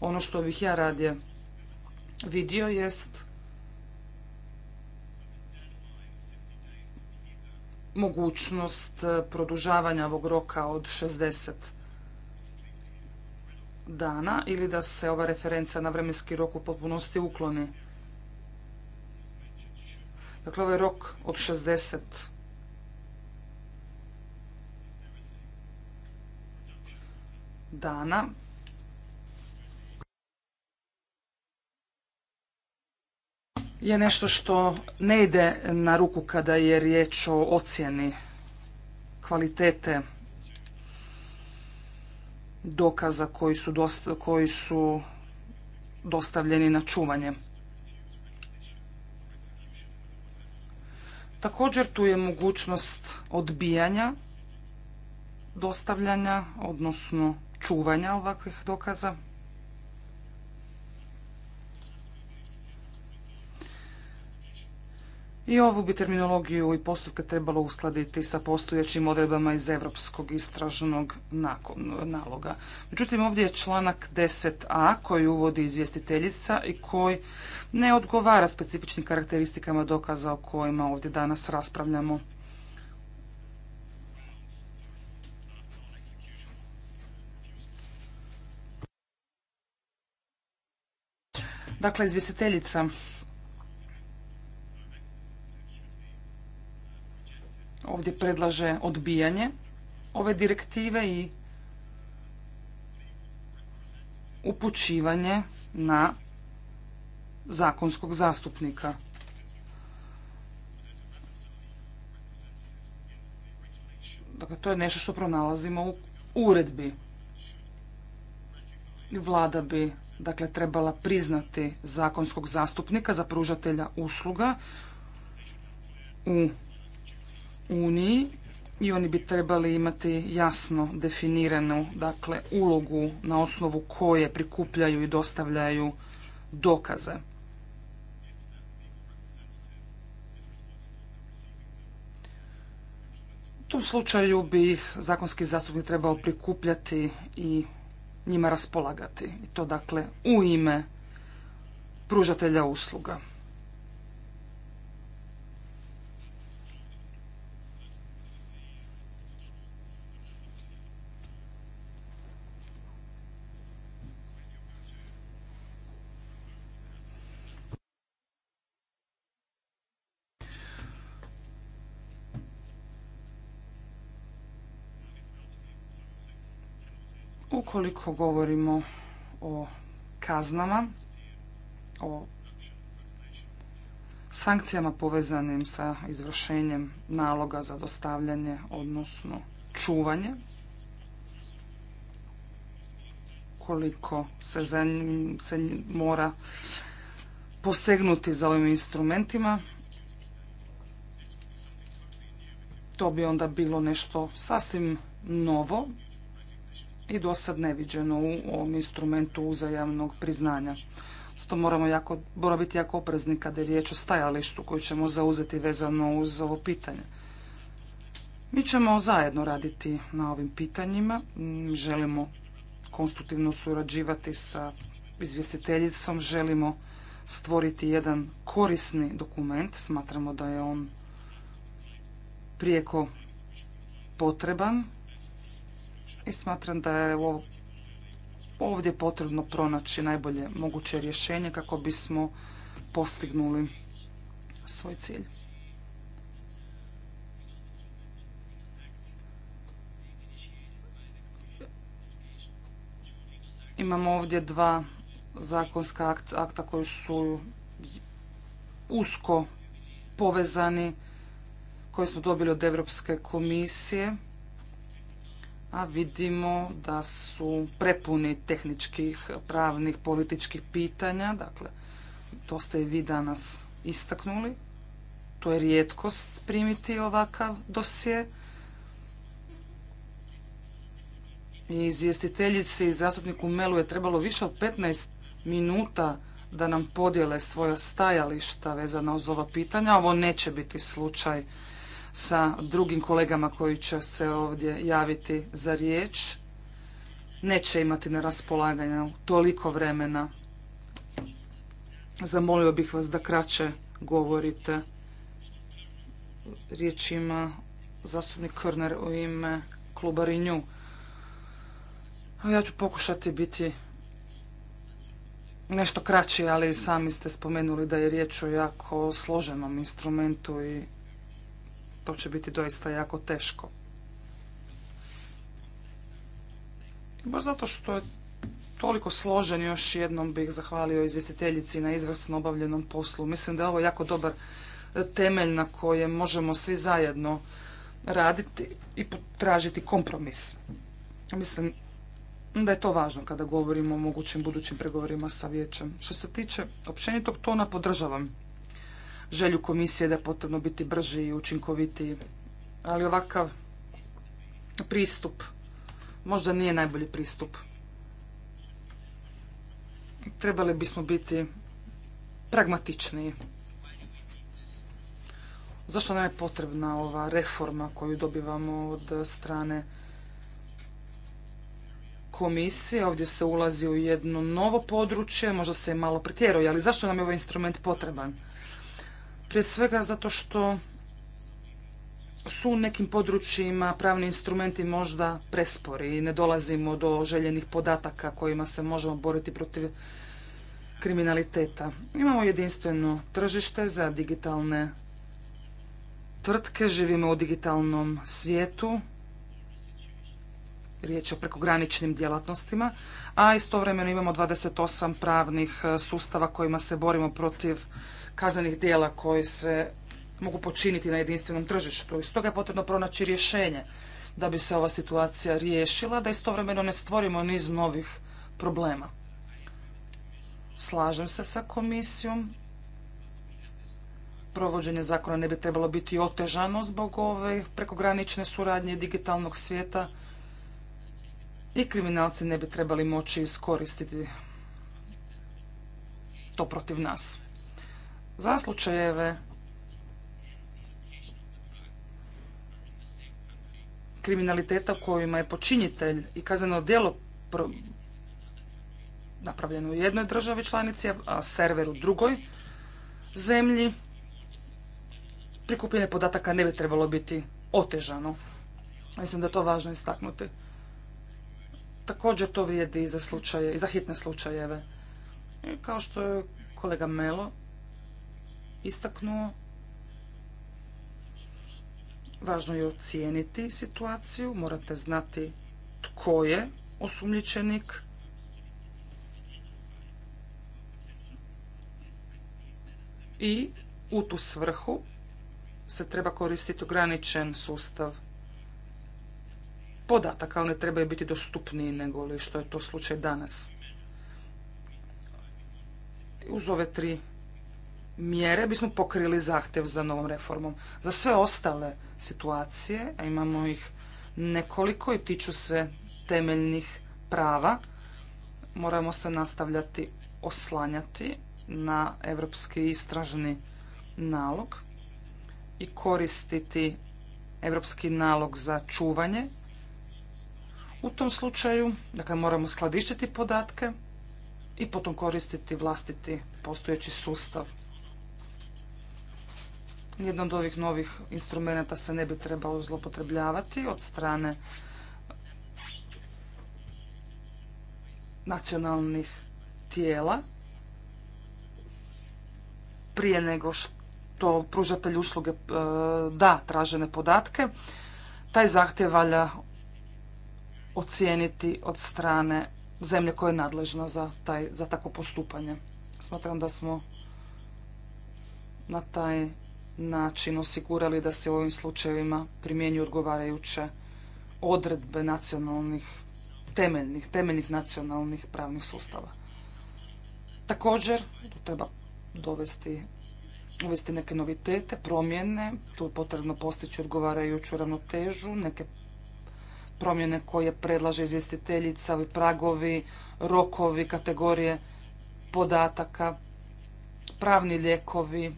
Ono što bih ja radije vidio jest mogućnost eh, produžavanja ovog roka od 60 dana ili da se ova referenca na vremenski rok u potpunosti ukloni. Dakle, ovaj rok od 60 dana je nešto što ne ide na ruku kada je riječ o ocjeni kvalitete dokaza koji su, koji su dostavljeni na čuvanje. Također tu je mogućnost odbijanja dostavljanja, odnosno čuvanja ovakvih dokaza. I ovu bi terminologiju i postupke trebalo uskladiti sa postojećim odredbama iz Europskog istražnog naloga. Međutim, ovdje je članak 10a koji uvodi izvjestiteljica i koji ne odgovara specifičnim karakteristikama dokaza o kojima ovdje danas raspravljamo. Dakle, izvjestiteljica ovdje predlaže odbijanje ove direktive i upućivanje na zakonskog zastupnika. Dakle, to je nešto što pronalazimo u uredbi. Vlada bi dakle, trebala priznati zakonskog zastupnika za pružatelja usluga u uniji i oni bi trebali imati jasno definiranu dakle, ulogu na osnovu koje prikupljaju i dostavljaju dokaze. U tom slučaju bi zakonski zastupnik trebao prikupljati i njima raspolagati. I to dakle u ime pružatelja usluga. Koliko govorimo o kaznama, o sankcijama povezanim sa izvršenjem naloga za dostavljanje, odnosno čuvanje, koliko se, se mora posegnuti za ovim instrumentima, to bi onda bilo nešto sasvim novo i do sad neviđeno u ovom instrumentu uzajamnog priznanja. Zato moramo jako, mora biti jako oprezni kada je riječ o stajalištu koju ćemo zauzeti vezano uz ovo pitanje. Mi ćemo zajedno raditi na ovim pitanjima. Želimo konstruktivno surađivati sa izvjestiteljicom, želimo stvoriti jedan korisni dokument. Smatramo da je on prijeko potreban i smatram da je ovdje potrebno pronaći najbolje moguće rješenje kako bismo postignuli svoj cilj. Imamo ovdje dva zakonska akta koji su usko povezani, koje smo dobili od Europske komisije a vidimo da su prepuni tehničkih, pravnih, političkih pitanja, dakle, to ste i vi danas istaknuli. To je rijetkost primiti ovakav dosje. I izvjestiteljici i zastupniku Melu je trebalo više od 15 minuta da nam podijele svoja stajališta vezana uz ova pitanja. Ovo neće biti slučaj sa drugim kolegama koji će se ovdje javiti za riječ. Neće imati na raspolaganju toliko vremena. Zamolio bih vas da kraće govorite riječima zastupnik Körner u ime kluba A Ja ću pokušati biti nešto kraći, ali sami ste spomenuli da je riječ o jako složenom instrumentu i to će biti doista jako teško. Baš zato što je toliko složen, još jednom bih zahvalio izvjestiteljici na izvrsno obavljenom poslu. Mislim da je ovo jako dobar temelj na kojem možemo svi zajedno raditi i potražiti kompromis. Mislim da je to važno kada govorimo o mogućim budućim pregovorima sa vijećem. Što se tiče općenitog tona, podržavam želju komisije da je potrebno biti brži i učinkovitiji. Ali ovakav pristup možda nije najbolji pristup. Trebali bismo biti pragmatičniji. Zašto nam je potrebna ova reforma koju dobivamo od strane komisije? Ovdje se ulazi u jedno novo područje, možda se je malo pretjeruje, ali zašto nam je ovaj instrument potreban? Prije svega zato što su u nekim područjima pravni instrumenti možda prespori i ne dolazimo do željenih podataka kojima se možemo boriti protiv kriminaliteta. Imamo jedinstveno tržište za digitalne tvrtke, živimo u digitalnom svijetu, riječ je o prekograničnim djelatnostima, a istovremeno imamo 28 pravnih sustava kojima se borimo protiv kaznenih dijela koji se mogu počiniti na jedinstvenom tržištu. I stoga je potrebno pronaći rješenje da bi se ova situacija riješila, da istovremeno ne stvorimo niz novih problema. Slažem se sa komisijom. Provođenje zakona ne bi trebalo biti otežano zbog ove prekogranične suradnje digitalnog svijeta i kriminalci ne bi trebali moći iskoristiti to protiv nas za slučajeve kriminaliteta kojima je počinitelj i kazneno djelo napravljeno u jednoj državi članici, a server u drugoj zemlji, prikupljanje podataka ne bi trebalo biti otežano. Mislim da je to važno istaknuti. Također to vrijedi i za, i za hitne slučajeve. kao što je kolega Melo istaknuo, važno je ocijeniti situaciju, morate znati tko je osumnjičenik, i u tu svrhu se treba koristiti ograničen sustav podataka. One trebaju biti dostupniji nego li što je to slučaj danas. Uz ove tri mjere bismo pokrili zahtjev za novom reformom. Za sve ostale situacije, a imamo ih nekoliko i tiču se temeljnih prava, moramo se nastavljati oslanjati na europski istražni nalog i koristiti europski nalog za čuvanje. U tom slučaju, dakle, moramo skladištiti podatke i potom koristiti vlastiti postojeći sustav. Nijedno od ovih novih instrumenta se ne bi trebalo zlopotrebljavati od strane nacionalnih tijela prije nego što pružatelj usluge e, da tražene podatke. Taj zahtjev valja ocijeniti od strane zemlje koja je nadležna za, taj, tako postupanje. Smatram da smo na taj način osigurali da se u ovim slučajevima primjenjuju odgovarajuće odredbe nacionalnih, temeljnih, temeljnih nacionalnih pravnih sustava. Također, tu treba dovesti uvesti neke novitete, promjene, tu je potrebno postići odgovarajuću ravnotežu, neke promjene koje predlaže izvjestiteljica, ovi pragovi, rokovi, kategorije podataka, pravni lijekovi,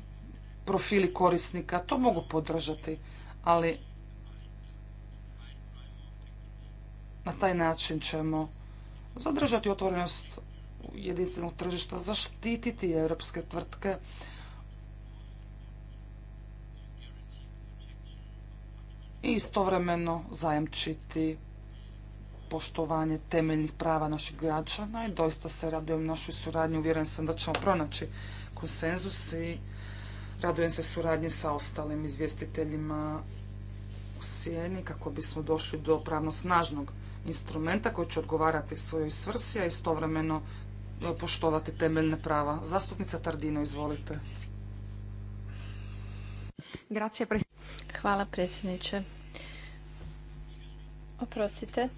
profili korisnika, to mogu podržati, ali na taj način ćemo zadržati otvorenost jedinstvenog tržišta, zaštititi europske tvrtke, i istovremeno zajamčiti poštovanje temeljnih prava naših građana i doista se radujem našoj suradnji. Uvjeren sam da ćemo pronaći konsenzus i Radujem se suradnje sa ostalim izvjestiteljima u sjeni kako bismo došli do pravno snažnog instrumenta koji će odgovarati svojoj svrsi, a istovremeno e, poštovati temeljne prava. Zastupnica Tardino, izvolite. Hvala predsjedniče. Oprostite.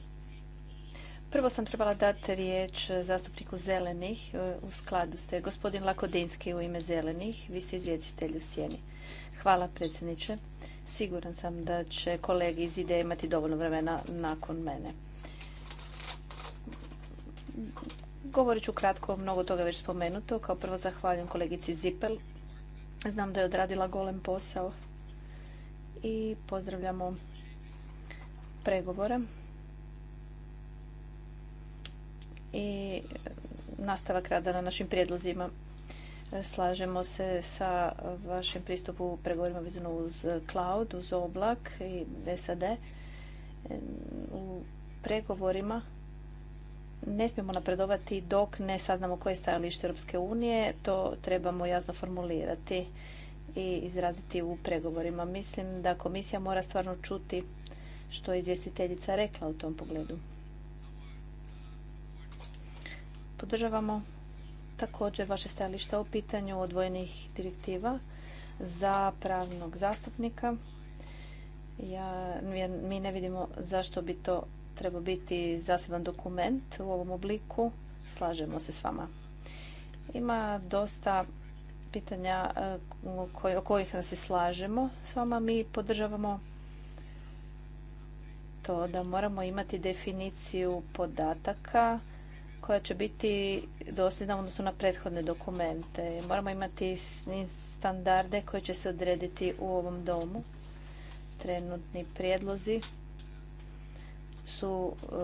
Prvo sam trebala dati riječ zastupniku Zelenih e, u skladu ste. Gospodin Lakodinski u ime Zelenih, vi ste izvjetitelj u Sjeni. Hvala predsjedniče. Siguran sam da će kolege iz IDE imati dovoljno vremena nakon mene. Govorit ću kratko, mnogo toga već spomenuto. Kao prvo zahvaljujem kolegici Zipel. Znam da je odradila golem posao i pozdravljamo pregovore. i nastavak rada na našim prijedlozima. E, slažemo se sa vašim pristupu pregovorima vezano uz cloud, uz oblak i SAD. E, u pregovorima ne smijemo napredovati dok ne saznamo koje je stajalište Europske unije. To trebamo jasno formulirati i izraziti u pregovorima. Mislim da komisija mora stvarno čuti što je izvjestiteljica rekla u tom pogledu. Podržavamo također vaše stajalište u pitanju odvojenih direktiva za pravnog zastupnika. Ja, mi ne vidimo zašto bi to trebao biti zaseban dokument u ovom obliku. Slažemo se s vama. Ima dosta pitanja eh, o kojih nas se slažemo s vama. Mi podržavamo to da moramo imati definiciju podataka koja će biti dosljedna odnosno na prethodne dokumente. Moramo imati standarde koji će se odrediti u ovom domu. Trenutni prijedlozi su eh,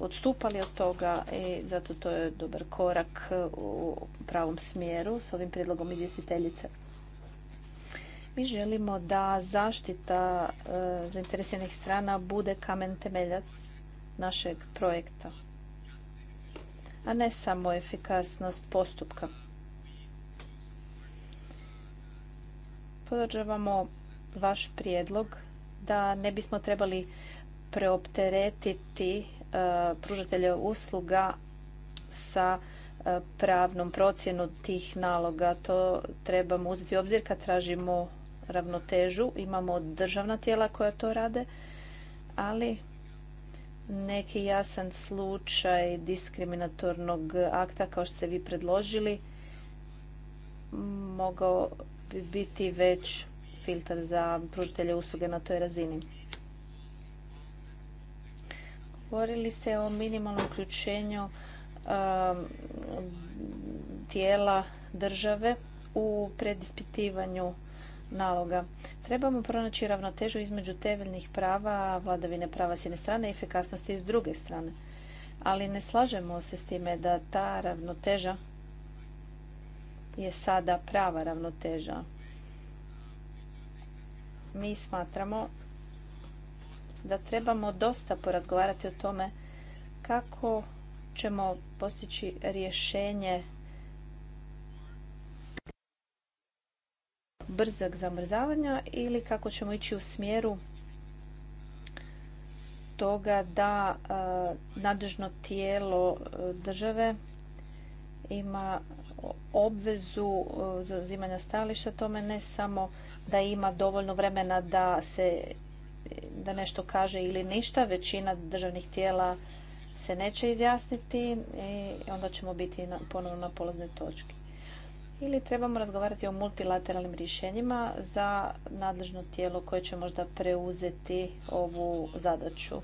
odstupali od toga i zato to je dobar korak eh, u pravom smjeru s ovim prijedlogom izvjestiteljice. Mi želimo da zaštita eh, zainteresiranih strana bude kamen temeljac našeg projekta a ne samo efikasnost postupka. Podržavamo vaš prijedlog da ne bismo trebali preopteretiti e, pružatelje usluga sa e, pravnom procjenu tih naloga. To trebamo uzeti u obzir kad tražimo ravnotežu. Imamo državna tijela koja to rade, ali neki jasan slučaj diskriminatornog akta kao što ste vi predložili mogao bi biti već filtar za pružitelje usluge na toj razini. Govorili ste o minimalnom uključenju um, tijela države u predispitivanju naloga. Trebamo pronaći ravnotežu između temeljnih prava, vladavine prava s jedne strane i efikasnosti s druge strane. Ali ne slažemo se s time da ta ravnoteža je sada prava ravnoteža. Mi smatramo da trebamo dosta porazgovarati o tome kako ćemo postići rješenje brzog zamrzavanja ili kako ćemo ići u smjeru toga da e, nadležno tijelo e, države ima obvezu e, zauzimanja stajališta tome ne samo da ima dovoljno vremena da se da nešto kaže ili ništa. Većina državnih tijela se neće izjasniti i onda ćemo biti ponovno na polozne točki ili trebamo razgovarati o multilateralnim rješenjima za nadležno tijelo koje će možda preuzeti ovu zadaću.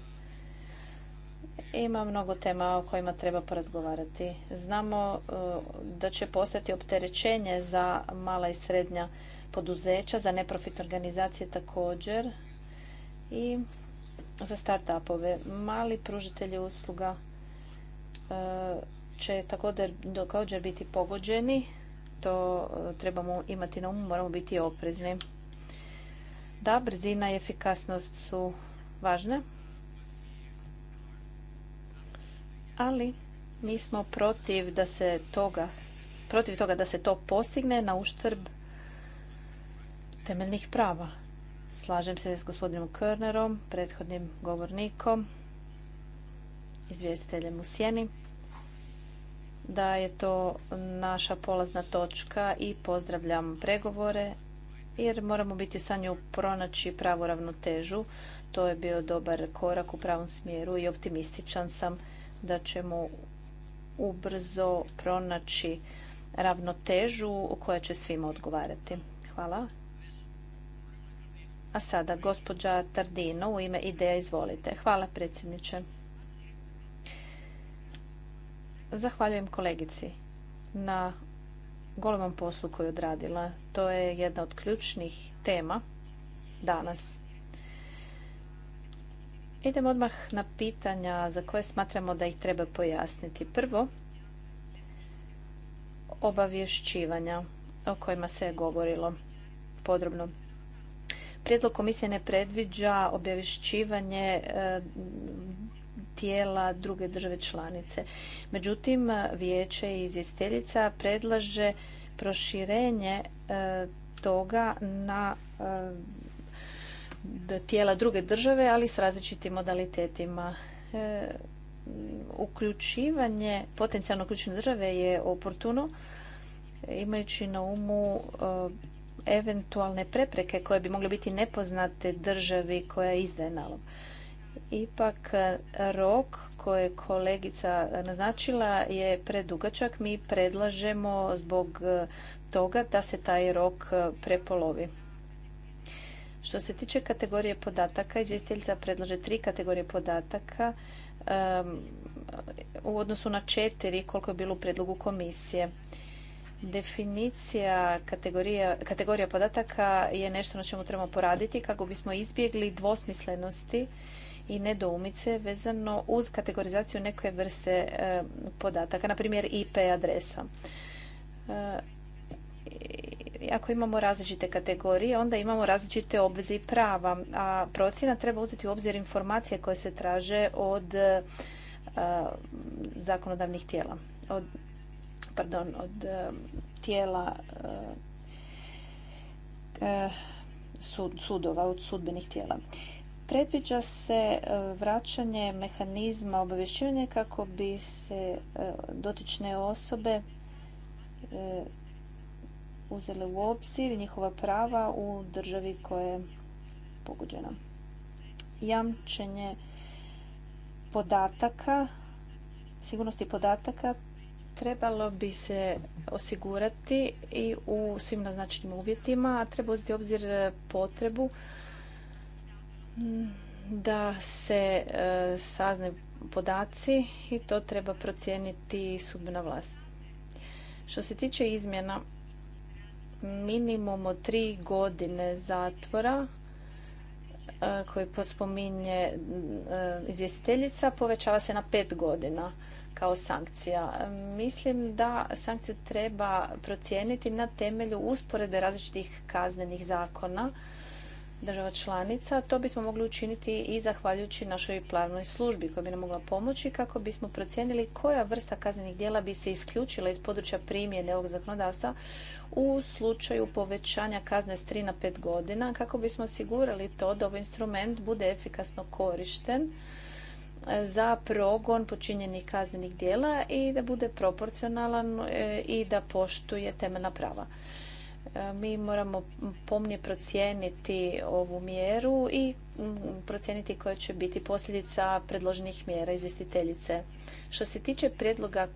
Ima mnogo tema o kojima treba porazgovarati. Znamo e, da će postati opterećenje za mala i srednja poduzeća, za neprofitne organizacije također i za start-upove. Mali pružitelji usluga e, će također biti pogođeni to e, trebamo imati na umu, moramo biti oprezni. Da, brzina i efikasnost su važne, ali mi smo protiv da se toga, protiv toga da se to postigne na uštrb temeljnih prava. Slažem se s gospodinom Körnerom, prethodnim govornikom, izvjestiteljem u sjeni da je to naša polazna točka i pozdravljam pregovore jer moramo biti u stanju pronaći pravu ravnotežu. To je bio dobar korak u pravom smjeru i optimističan sam da ćemo ubrzo pronaći ravnotežu koja će svima odgovarati. Hvala. A sada gospođa Tardino u ime ideja izvolite. Hvala predsjedniče. Zahvaljujem kolegici na golemom poslu koju je odradila. To je jedna od ključnih tema danas. Idemo odmah na pitanja za koje smatramo da ih treba pojasniti. Prvo, obavješćivanja o kojima se je govorilo podrobno. Prijedlog komisije ne predviđa obavješćivanje e, tijela druge države članice. Međutim, vijeće i izvjestiteljica predlaže proširenje e, toga na e, tijela druge države, ali s različitim modalitetima. E, uključivanje, potencijalno uključene države je oportuno, imajući na umu eventualne prepreke koje bi mogle biti nepoznate državi koja izdaje nalog. Ipak e, rok koje je kolegica naznačila je predugačak. Mi predlažemo zbog e, toga da se taj rok e, prepolovi. Što se tiče kategorije podataka, izvjestiteljica predlaže tri kategorije podataka u odnosu na četiri koliko je bilo u predlogu komisije. Definicija kategorija, kategorija podataka je nešto na čemu trebamo poraditi kako bismo izbjegli dvosmislenosti i nedoumice vezano uz kategorizaciju neke vrste e, podataka, na primjer IP adresa. E, ako imamo različite kategorije, onda imamo različite obveze i prava, a procjena treba uzeti u obzir informacije koje se traže od e, zakonodavnih tijela, od, pardon, od tijela sudova, od sudbenih tijela. Predviđa se e, vraćanje mehanizma obavješćivanja kako bi se e, dotične osobe e, uzele u obzir njihova prava u državi koja je pogođena. Jamčenje podataka, sigurnosti podataka trebalo bi se osigurati i u svim naznačenim uvjetima, a treba uzeti obzir potrebu da se e, sazne podaci i to treba procijeniti sudbena vlast. Što se tiče izmjena, minimum od tri godine zatvora e, koji spominje e, izvjestiteljica povećava se na pet godina kao sankcija. Mislim da sankciju treba procijeniti na temelju usporede različitih kaznenih zakona država članica. To bismo mogli učiniti i zahvaljujući našoj plavnoj službi koja bi nam mogla pomoći kako bismo procijenili koja vrsta kaznenih djela bi se isključila iz područja primjene ovog zakonodavstva u slučaju povećanja kazne s 3 na 5 godina kako bismo osigurali to da ovaj instrument bude efikasno korišten e, za progon počinjenih kaznenih djela i da bude proporcionalan e, i da poštuje temeljna prava. E, mi moramo pomnije procijeniti ovu mjeru i procijeniti koja će biti posljedica predloženih mjera izvjestiteljice. Što se tiče prijedloga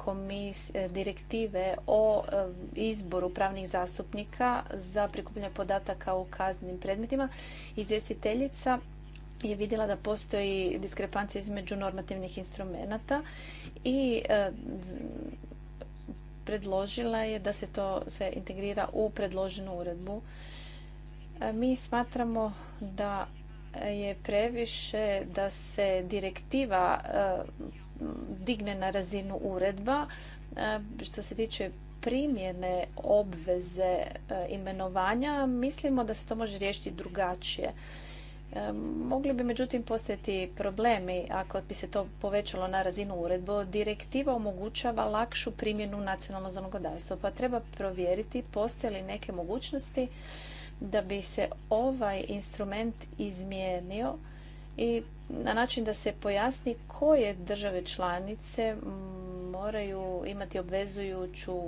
e, direktive o e, izboru pravnih zastupnika za prikupljanje podataka u kaznenim predmetima, izvjestiteljica je vidjela da postoji diskrepancija između normativnih instrumenata i predložila je da se to sve integrira u predloženu uredbu. E, mi smatramo da je previše da se direktiva e, digne na razinu uredba e, što se tiče primjene obveze imenovanja mislimo da se to može riješiti drugačije Mogli bi međutim postati problemi ako bi se to povećalo na razinu uredbe. Direktiva omogućava lakšu primjenu nacionalnog zakonodavstva, pa treba provjeriti postoje li neke mogućnosti da bi se ovaj instrument izmijenio i na način da se pojasni koje države članice moraju imati obvezujuću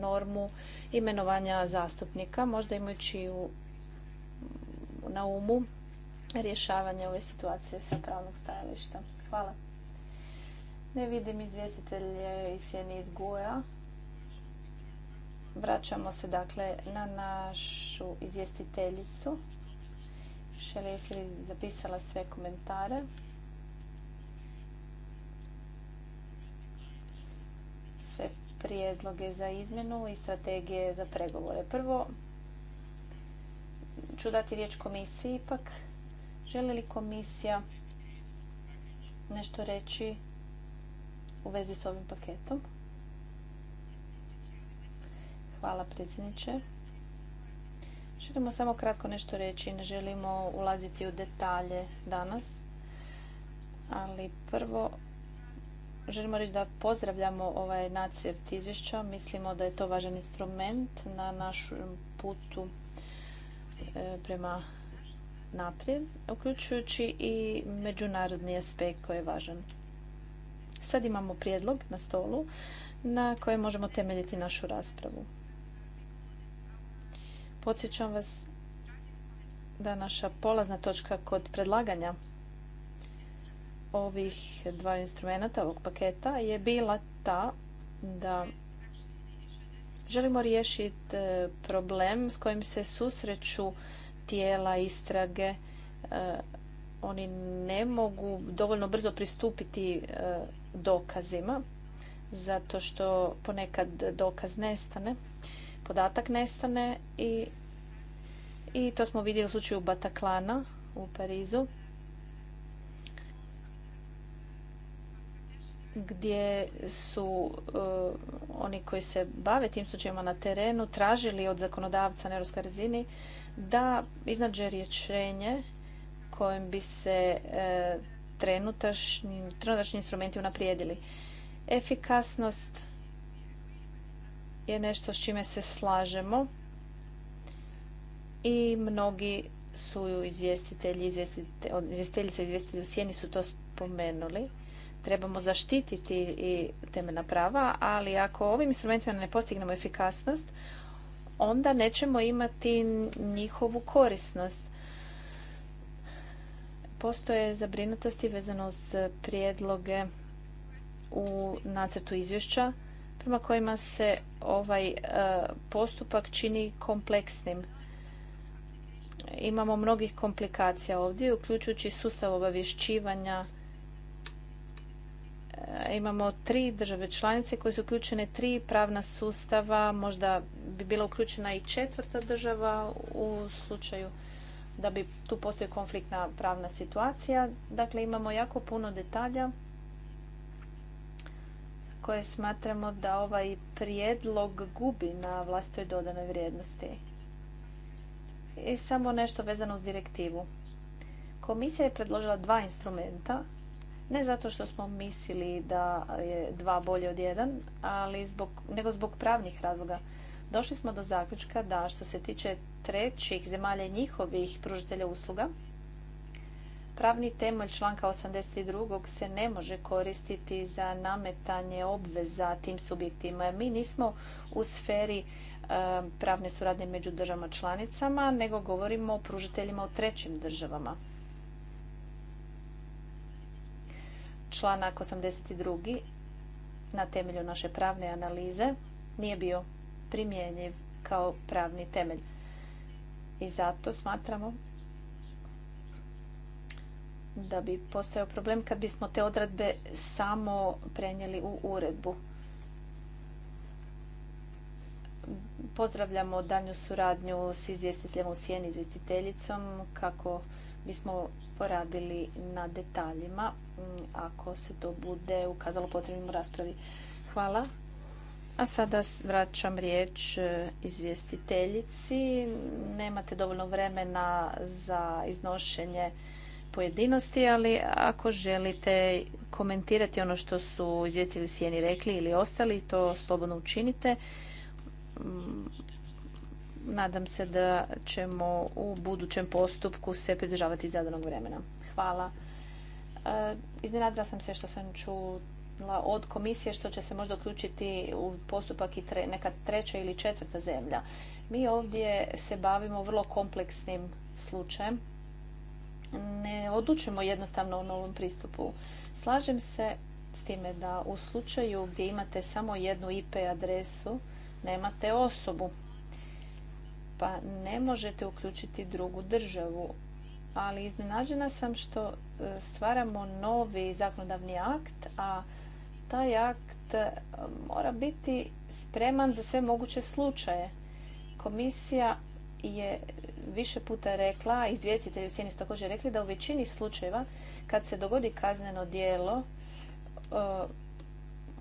normu imenovanja zastupnika, možda imajući na umu rješavanje ove situacije sa pravnog stajališta. Hvala. Ne vidim izvjestitelje iz Sjeni iz Guja. Vraćamo se dakle na našu izvjestiteljicu. Šele si zapisala sve komentare. Sve prijedloge za izmjenu i strategije za pregovore. Prvo ću dati riječ komisiji ipak Želi li komisija nešto reći u vezi s ovim paketom? Hvala predsjedniče. Želimo samo kratko nešto reći, ne želimo ulaziti u detalje danas. Ali prvo želimo reći da pozdravljamo ovaj nacrt izvješća. Mislimo da je to važan instrument na našem putu e, prema naprijed, uključujući i međunarodni aspekt koji je važan. Sad imamo prijedlog na stolu na kojem možemo temeljiti našu raspravu. Podsjećam vas da naša polazna točka kod predlaganja ovih dva instrumenta, ovog paketa, je bila ta da želimo riješiti e, problem s kojim se susreću tijela istrage e, oni ne mogu dovoljno brzo pristupiti e, dokazima zato što ponekad dokaz nestane, podatak nestane i, i to smo vidjeli u slučaju Bataklana u Parizu gdje su e, oni koji se bave tim slučajevima na terenu tražili od zakonodavca na europskoj razini da iznađe rješenje kojim bi se e, trenutačni, instrumenti unaprijedili. Efikasnost je nešto s čime se slažemo i mnogi su ju izvjestitelji, izvjestiteljice izvjestitelji u sjeni su to spomenuli. Trebamo zaštititi i temeljna prava, ali ako ovim instrumentima ne postignemo efikasnost, onda nećemo imati njihovu korisnost. Postoje zabrinutosti vezano uz prijedloge u nacrtu izvješća prema kojima se ovaj e, postupak čini kompleksnim. Imamo mnogih komplikacija ovdje, uključujući sustav obavješćivanja E, imamo tri države članice koje su uključene tri pravna sustava, možda bi bila uključena i četvrta država u slučaju da bi tu postoji konfliktna pravna situacija. Dakle, imamo jako puno detalja za koje smatramo da ovaj prijedlog gubi na vlastitoj dodanoj vrijednosti. I samo nešto vezano uz direktivu. Komisija je predložila dva instrumenta ne zato što smo mislili da je dva bolje od jedan, ali zbog, nego zbog pravnih razloga. Došli smo do zaključka da što se tiče trećih zemalja njihovih pružitelja usluga, pravni temelj članka 82. se ne može koristiti za nametanje obveza tim subjektima. Mi nismo u sferi e, pravne suradnje među državama članicama, nego govorimo o pružiteljima u trećim državama. članak 82. na temelju naše pravne analize nije bio primjenjiv kao pravni temelj. I zato smatramo da bi postao problem kad bismo te odredbe samo prenijeli u uredbu. Pozdravljamo danju suradnju s izvjestiteljem u sjeni izvjestiteljicom kako bismo poradili na detaljima mm, ako se to bude ukazalo potrebnim u raspravi. Hvala. A sada vraćam riječ e, izvjestiteljici. Nemate dovoljno vremena za iznošenje pojedinosti, ali ako želite komentirati ono što su izvjestitelji u sjeni rekli ili ostali, to slobodno učinite. Mm, Nadam se da ćemo u budućem postupku se pridržavati zadanog vremena. Hvala. E, iznenadila sam se što sam čula od komisije što će se možda uključiti u postupak i neka treća ili četvrta zemlja. Mi ovdje se bavimo vrlo kompleksnim slučajem. Ne odlučimo jednostavno o novom pristupu. Slažem se s time da u slučaju gdje imate samo jednu IP adresu, nemate osobu pa ne možete uključiti drugu državu. Ali iznenađena sam što e, stvaramo novi zakonodavni akt, a taj akt e, mora biti spreman za sve moguće slučaje. Komisija je više puta rekla, izvjestitelji u sjeni su također rekli da u većini slučajeva kad se dogodi kazneno djelo e,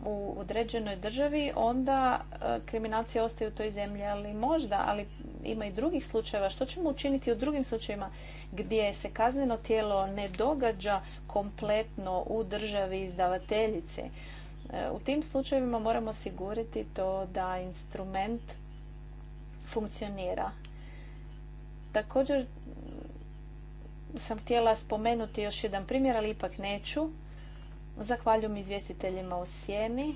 u određenoj državi, onda e, kriminacija ostaju u toj zemlji, ali možda, ali ima i drugih slučajeva. Što ćemo učiniti u drugim slučajevima gdje se kazneno tijelo ne događa kompletno u državi izdavateljice? E, u tim slučajevima moramo osigurati to da instrument funkcionira. Također sam htjela spomenuti još jedan primjer, ali ipak neću Zahvaljujem izvjestiteljima u sjeni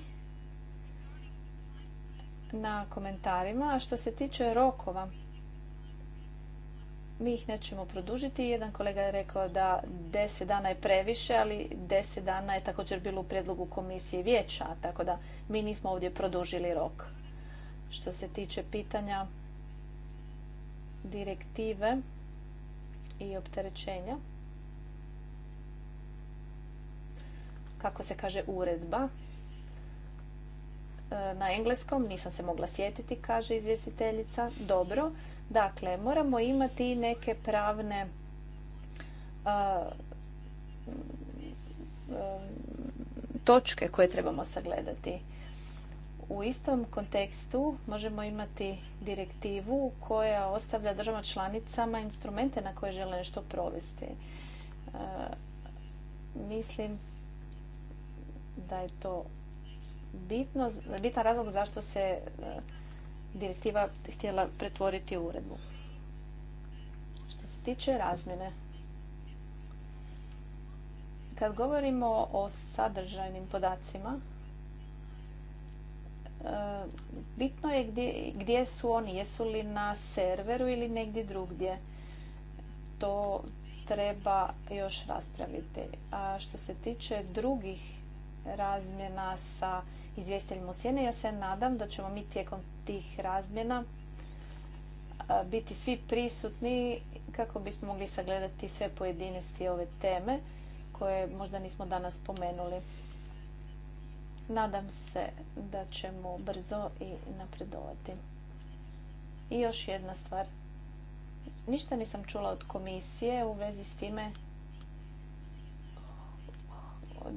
na komentarima. A što se tiče rokova, mi ih nećemo produžiti. Jedan kolega je rekao da 10 dana je previše, ali 10 dana je također bilo u predlogu komisije vijeća, tako da mi nismo ovdje produžili rok. Što se tiče pitanja direktive i opterećenja, kako se kaže uredba. E, na engleskom nisam se mogla sjetiti, kaže izvjestiteljica. Dobro, dakle, moramo imati neke pravne točke koje trebamo sagledati. U istom kontekstu možemo imati direktivu koja ostavlja državama članicama instrumente na koje žele nešto provesti. E, mislim da je to bitno, bitan razlog zašto se e, direktiva htjela pretvoriti u uredbu. Što se tiče razmjene, kad govorimo o sadržajnim podacima, e, bitno je gdje, gdje su oni, jesu li na serveru ili negdje drugdje. To treba još raspraviti. A što se tiče drugih razmjena sa izvjestiteljima u Ja se nadam da ćemo mi tijekom tih razmjena e, biti svi prisutni kako bismo mogli sagledati sve pojedinosti ove teme koje možda nismo danas spomenuli. Nadam se da ćemo brzo i napredovati. I još jedna stvar. Ništa nisam čula od komisije u vezi s time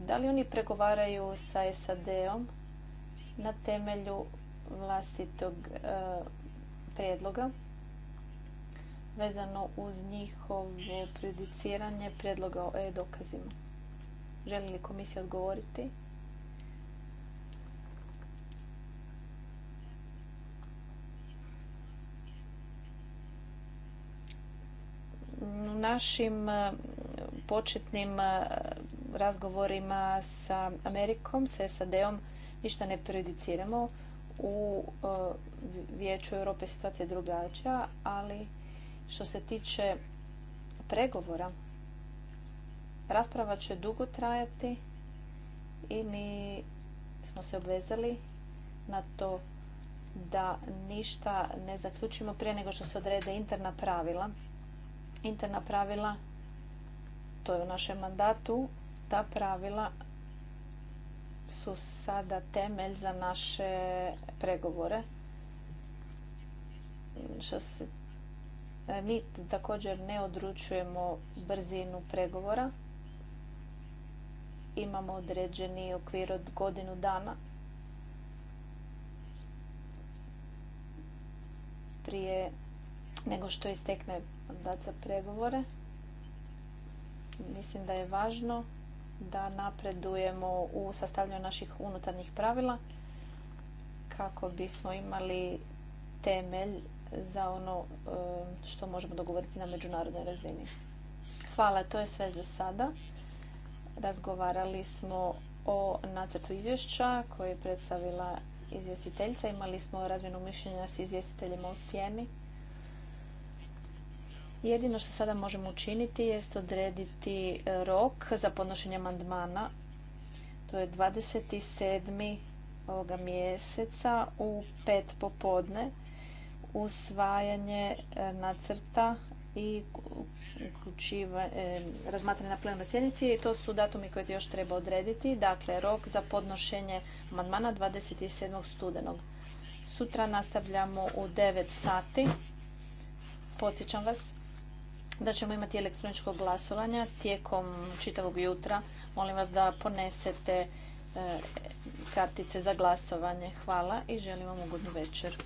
da li oni pregovaraju sa SAD-om na temelju vlastitog predloga prijedloga vezano uz njihovo prejudiciranje prijedloga o e-dokazima. Želi li komisija odgovoriti? U našim e, početnim e, razgovorima sa Amerikom, sa SAD-om ništa ne prejudiciramo. U e, Vijeću Europe situacija je drugačija, ali što se tiče pregovora, rasprava će dugo trajati i mi smo se obvezali na to da ništa ne zaključimo prije nego što se odrede interna pravila. Interna pravila, to je u našem mandatu, ta pravila su sada temelj za naše pregovore. E, mi također ne odručujemo brzinu pregovora. Imamo određeni okvir od godinu dana prije nego što istekne mandat za pregovore. Mislim da je važno da napredujemo u sastavljanju naših unutarnjih pravila kako bismo imali temelj za ono e, što možemo dogovoriti na međunarodnoj razini. Hvala, to je sve za sada. Razgovarali smo o nacrtu izvješća koje je predstavila izvjestiteljica. Imali smo razmjenu mišljenja s izvjestiteljima u Sjeni. Jedino što sada možemo učiniti jest odrediti e, rok za podnošenje mandmana. To je 27. ovoga mjeseca u pet popodne usvajanje e, nacrta i e, razmatranje na plenarnoj sjednici. To su datumi koje još treba odrediti. Dakle, rok za podnošenje amandmana 27. studenog. Sutra nastavljamo u 9 sati. Podsjećam vas da ćemo imati elektroničko glasovanje tijekom čitavog jutra. Molim vas da ponesete eh, kartice za glasovanje. Hvala i želim vam ugodnu večer.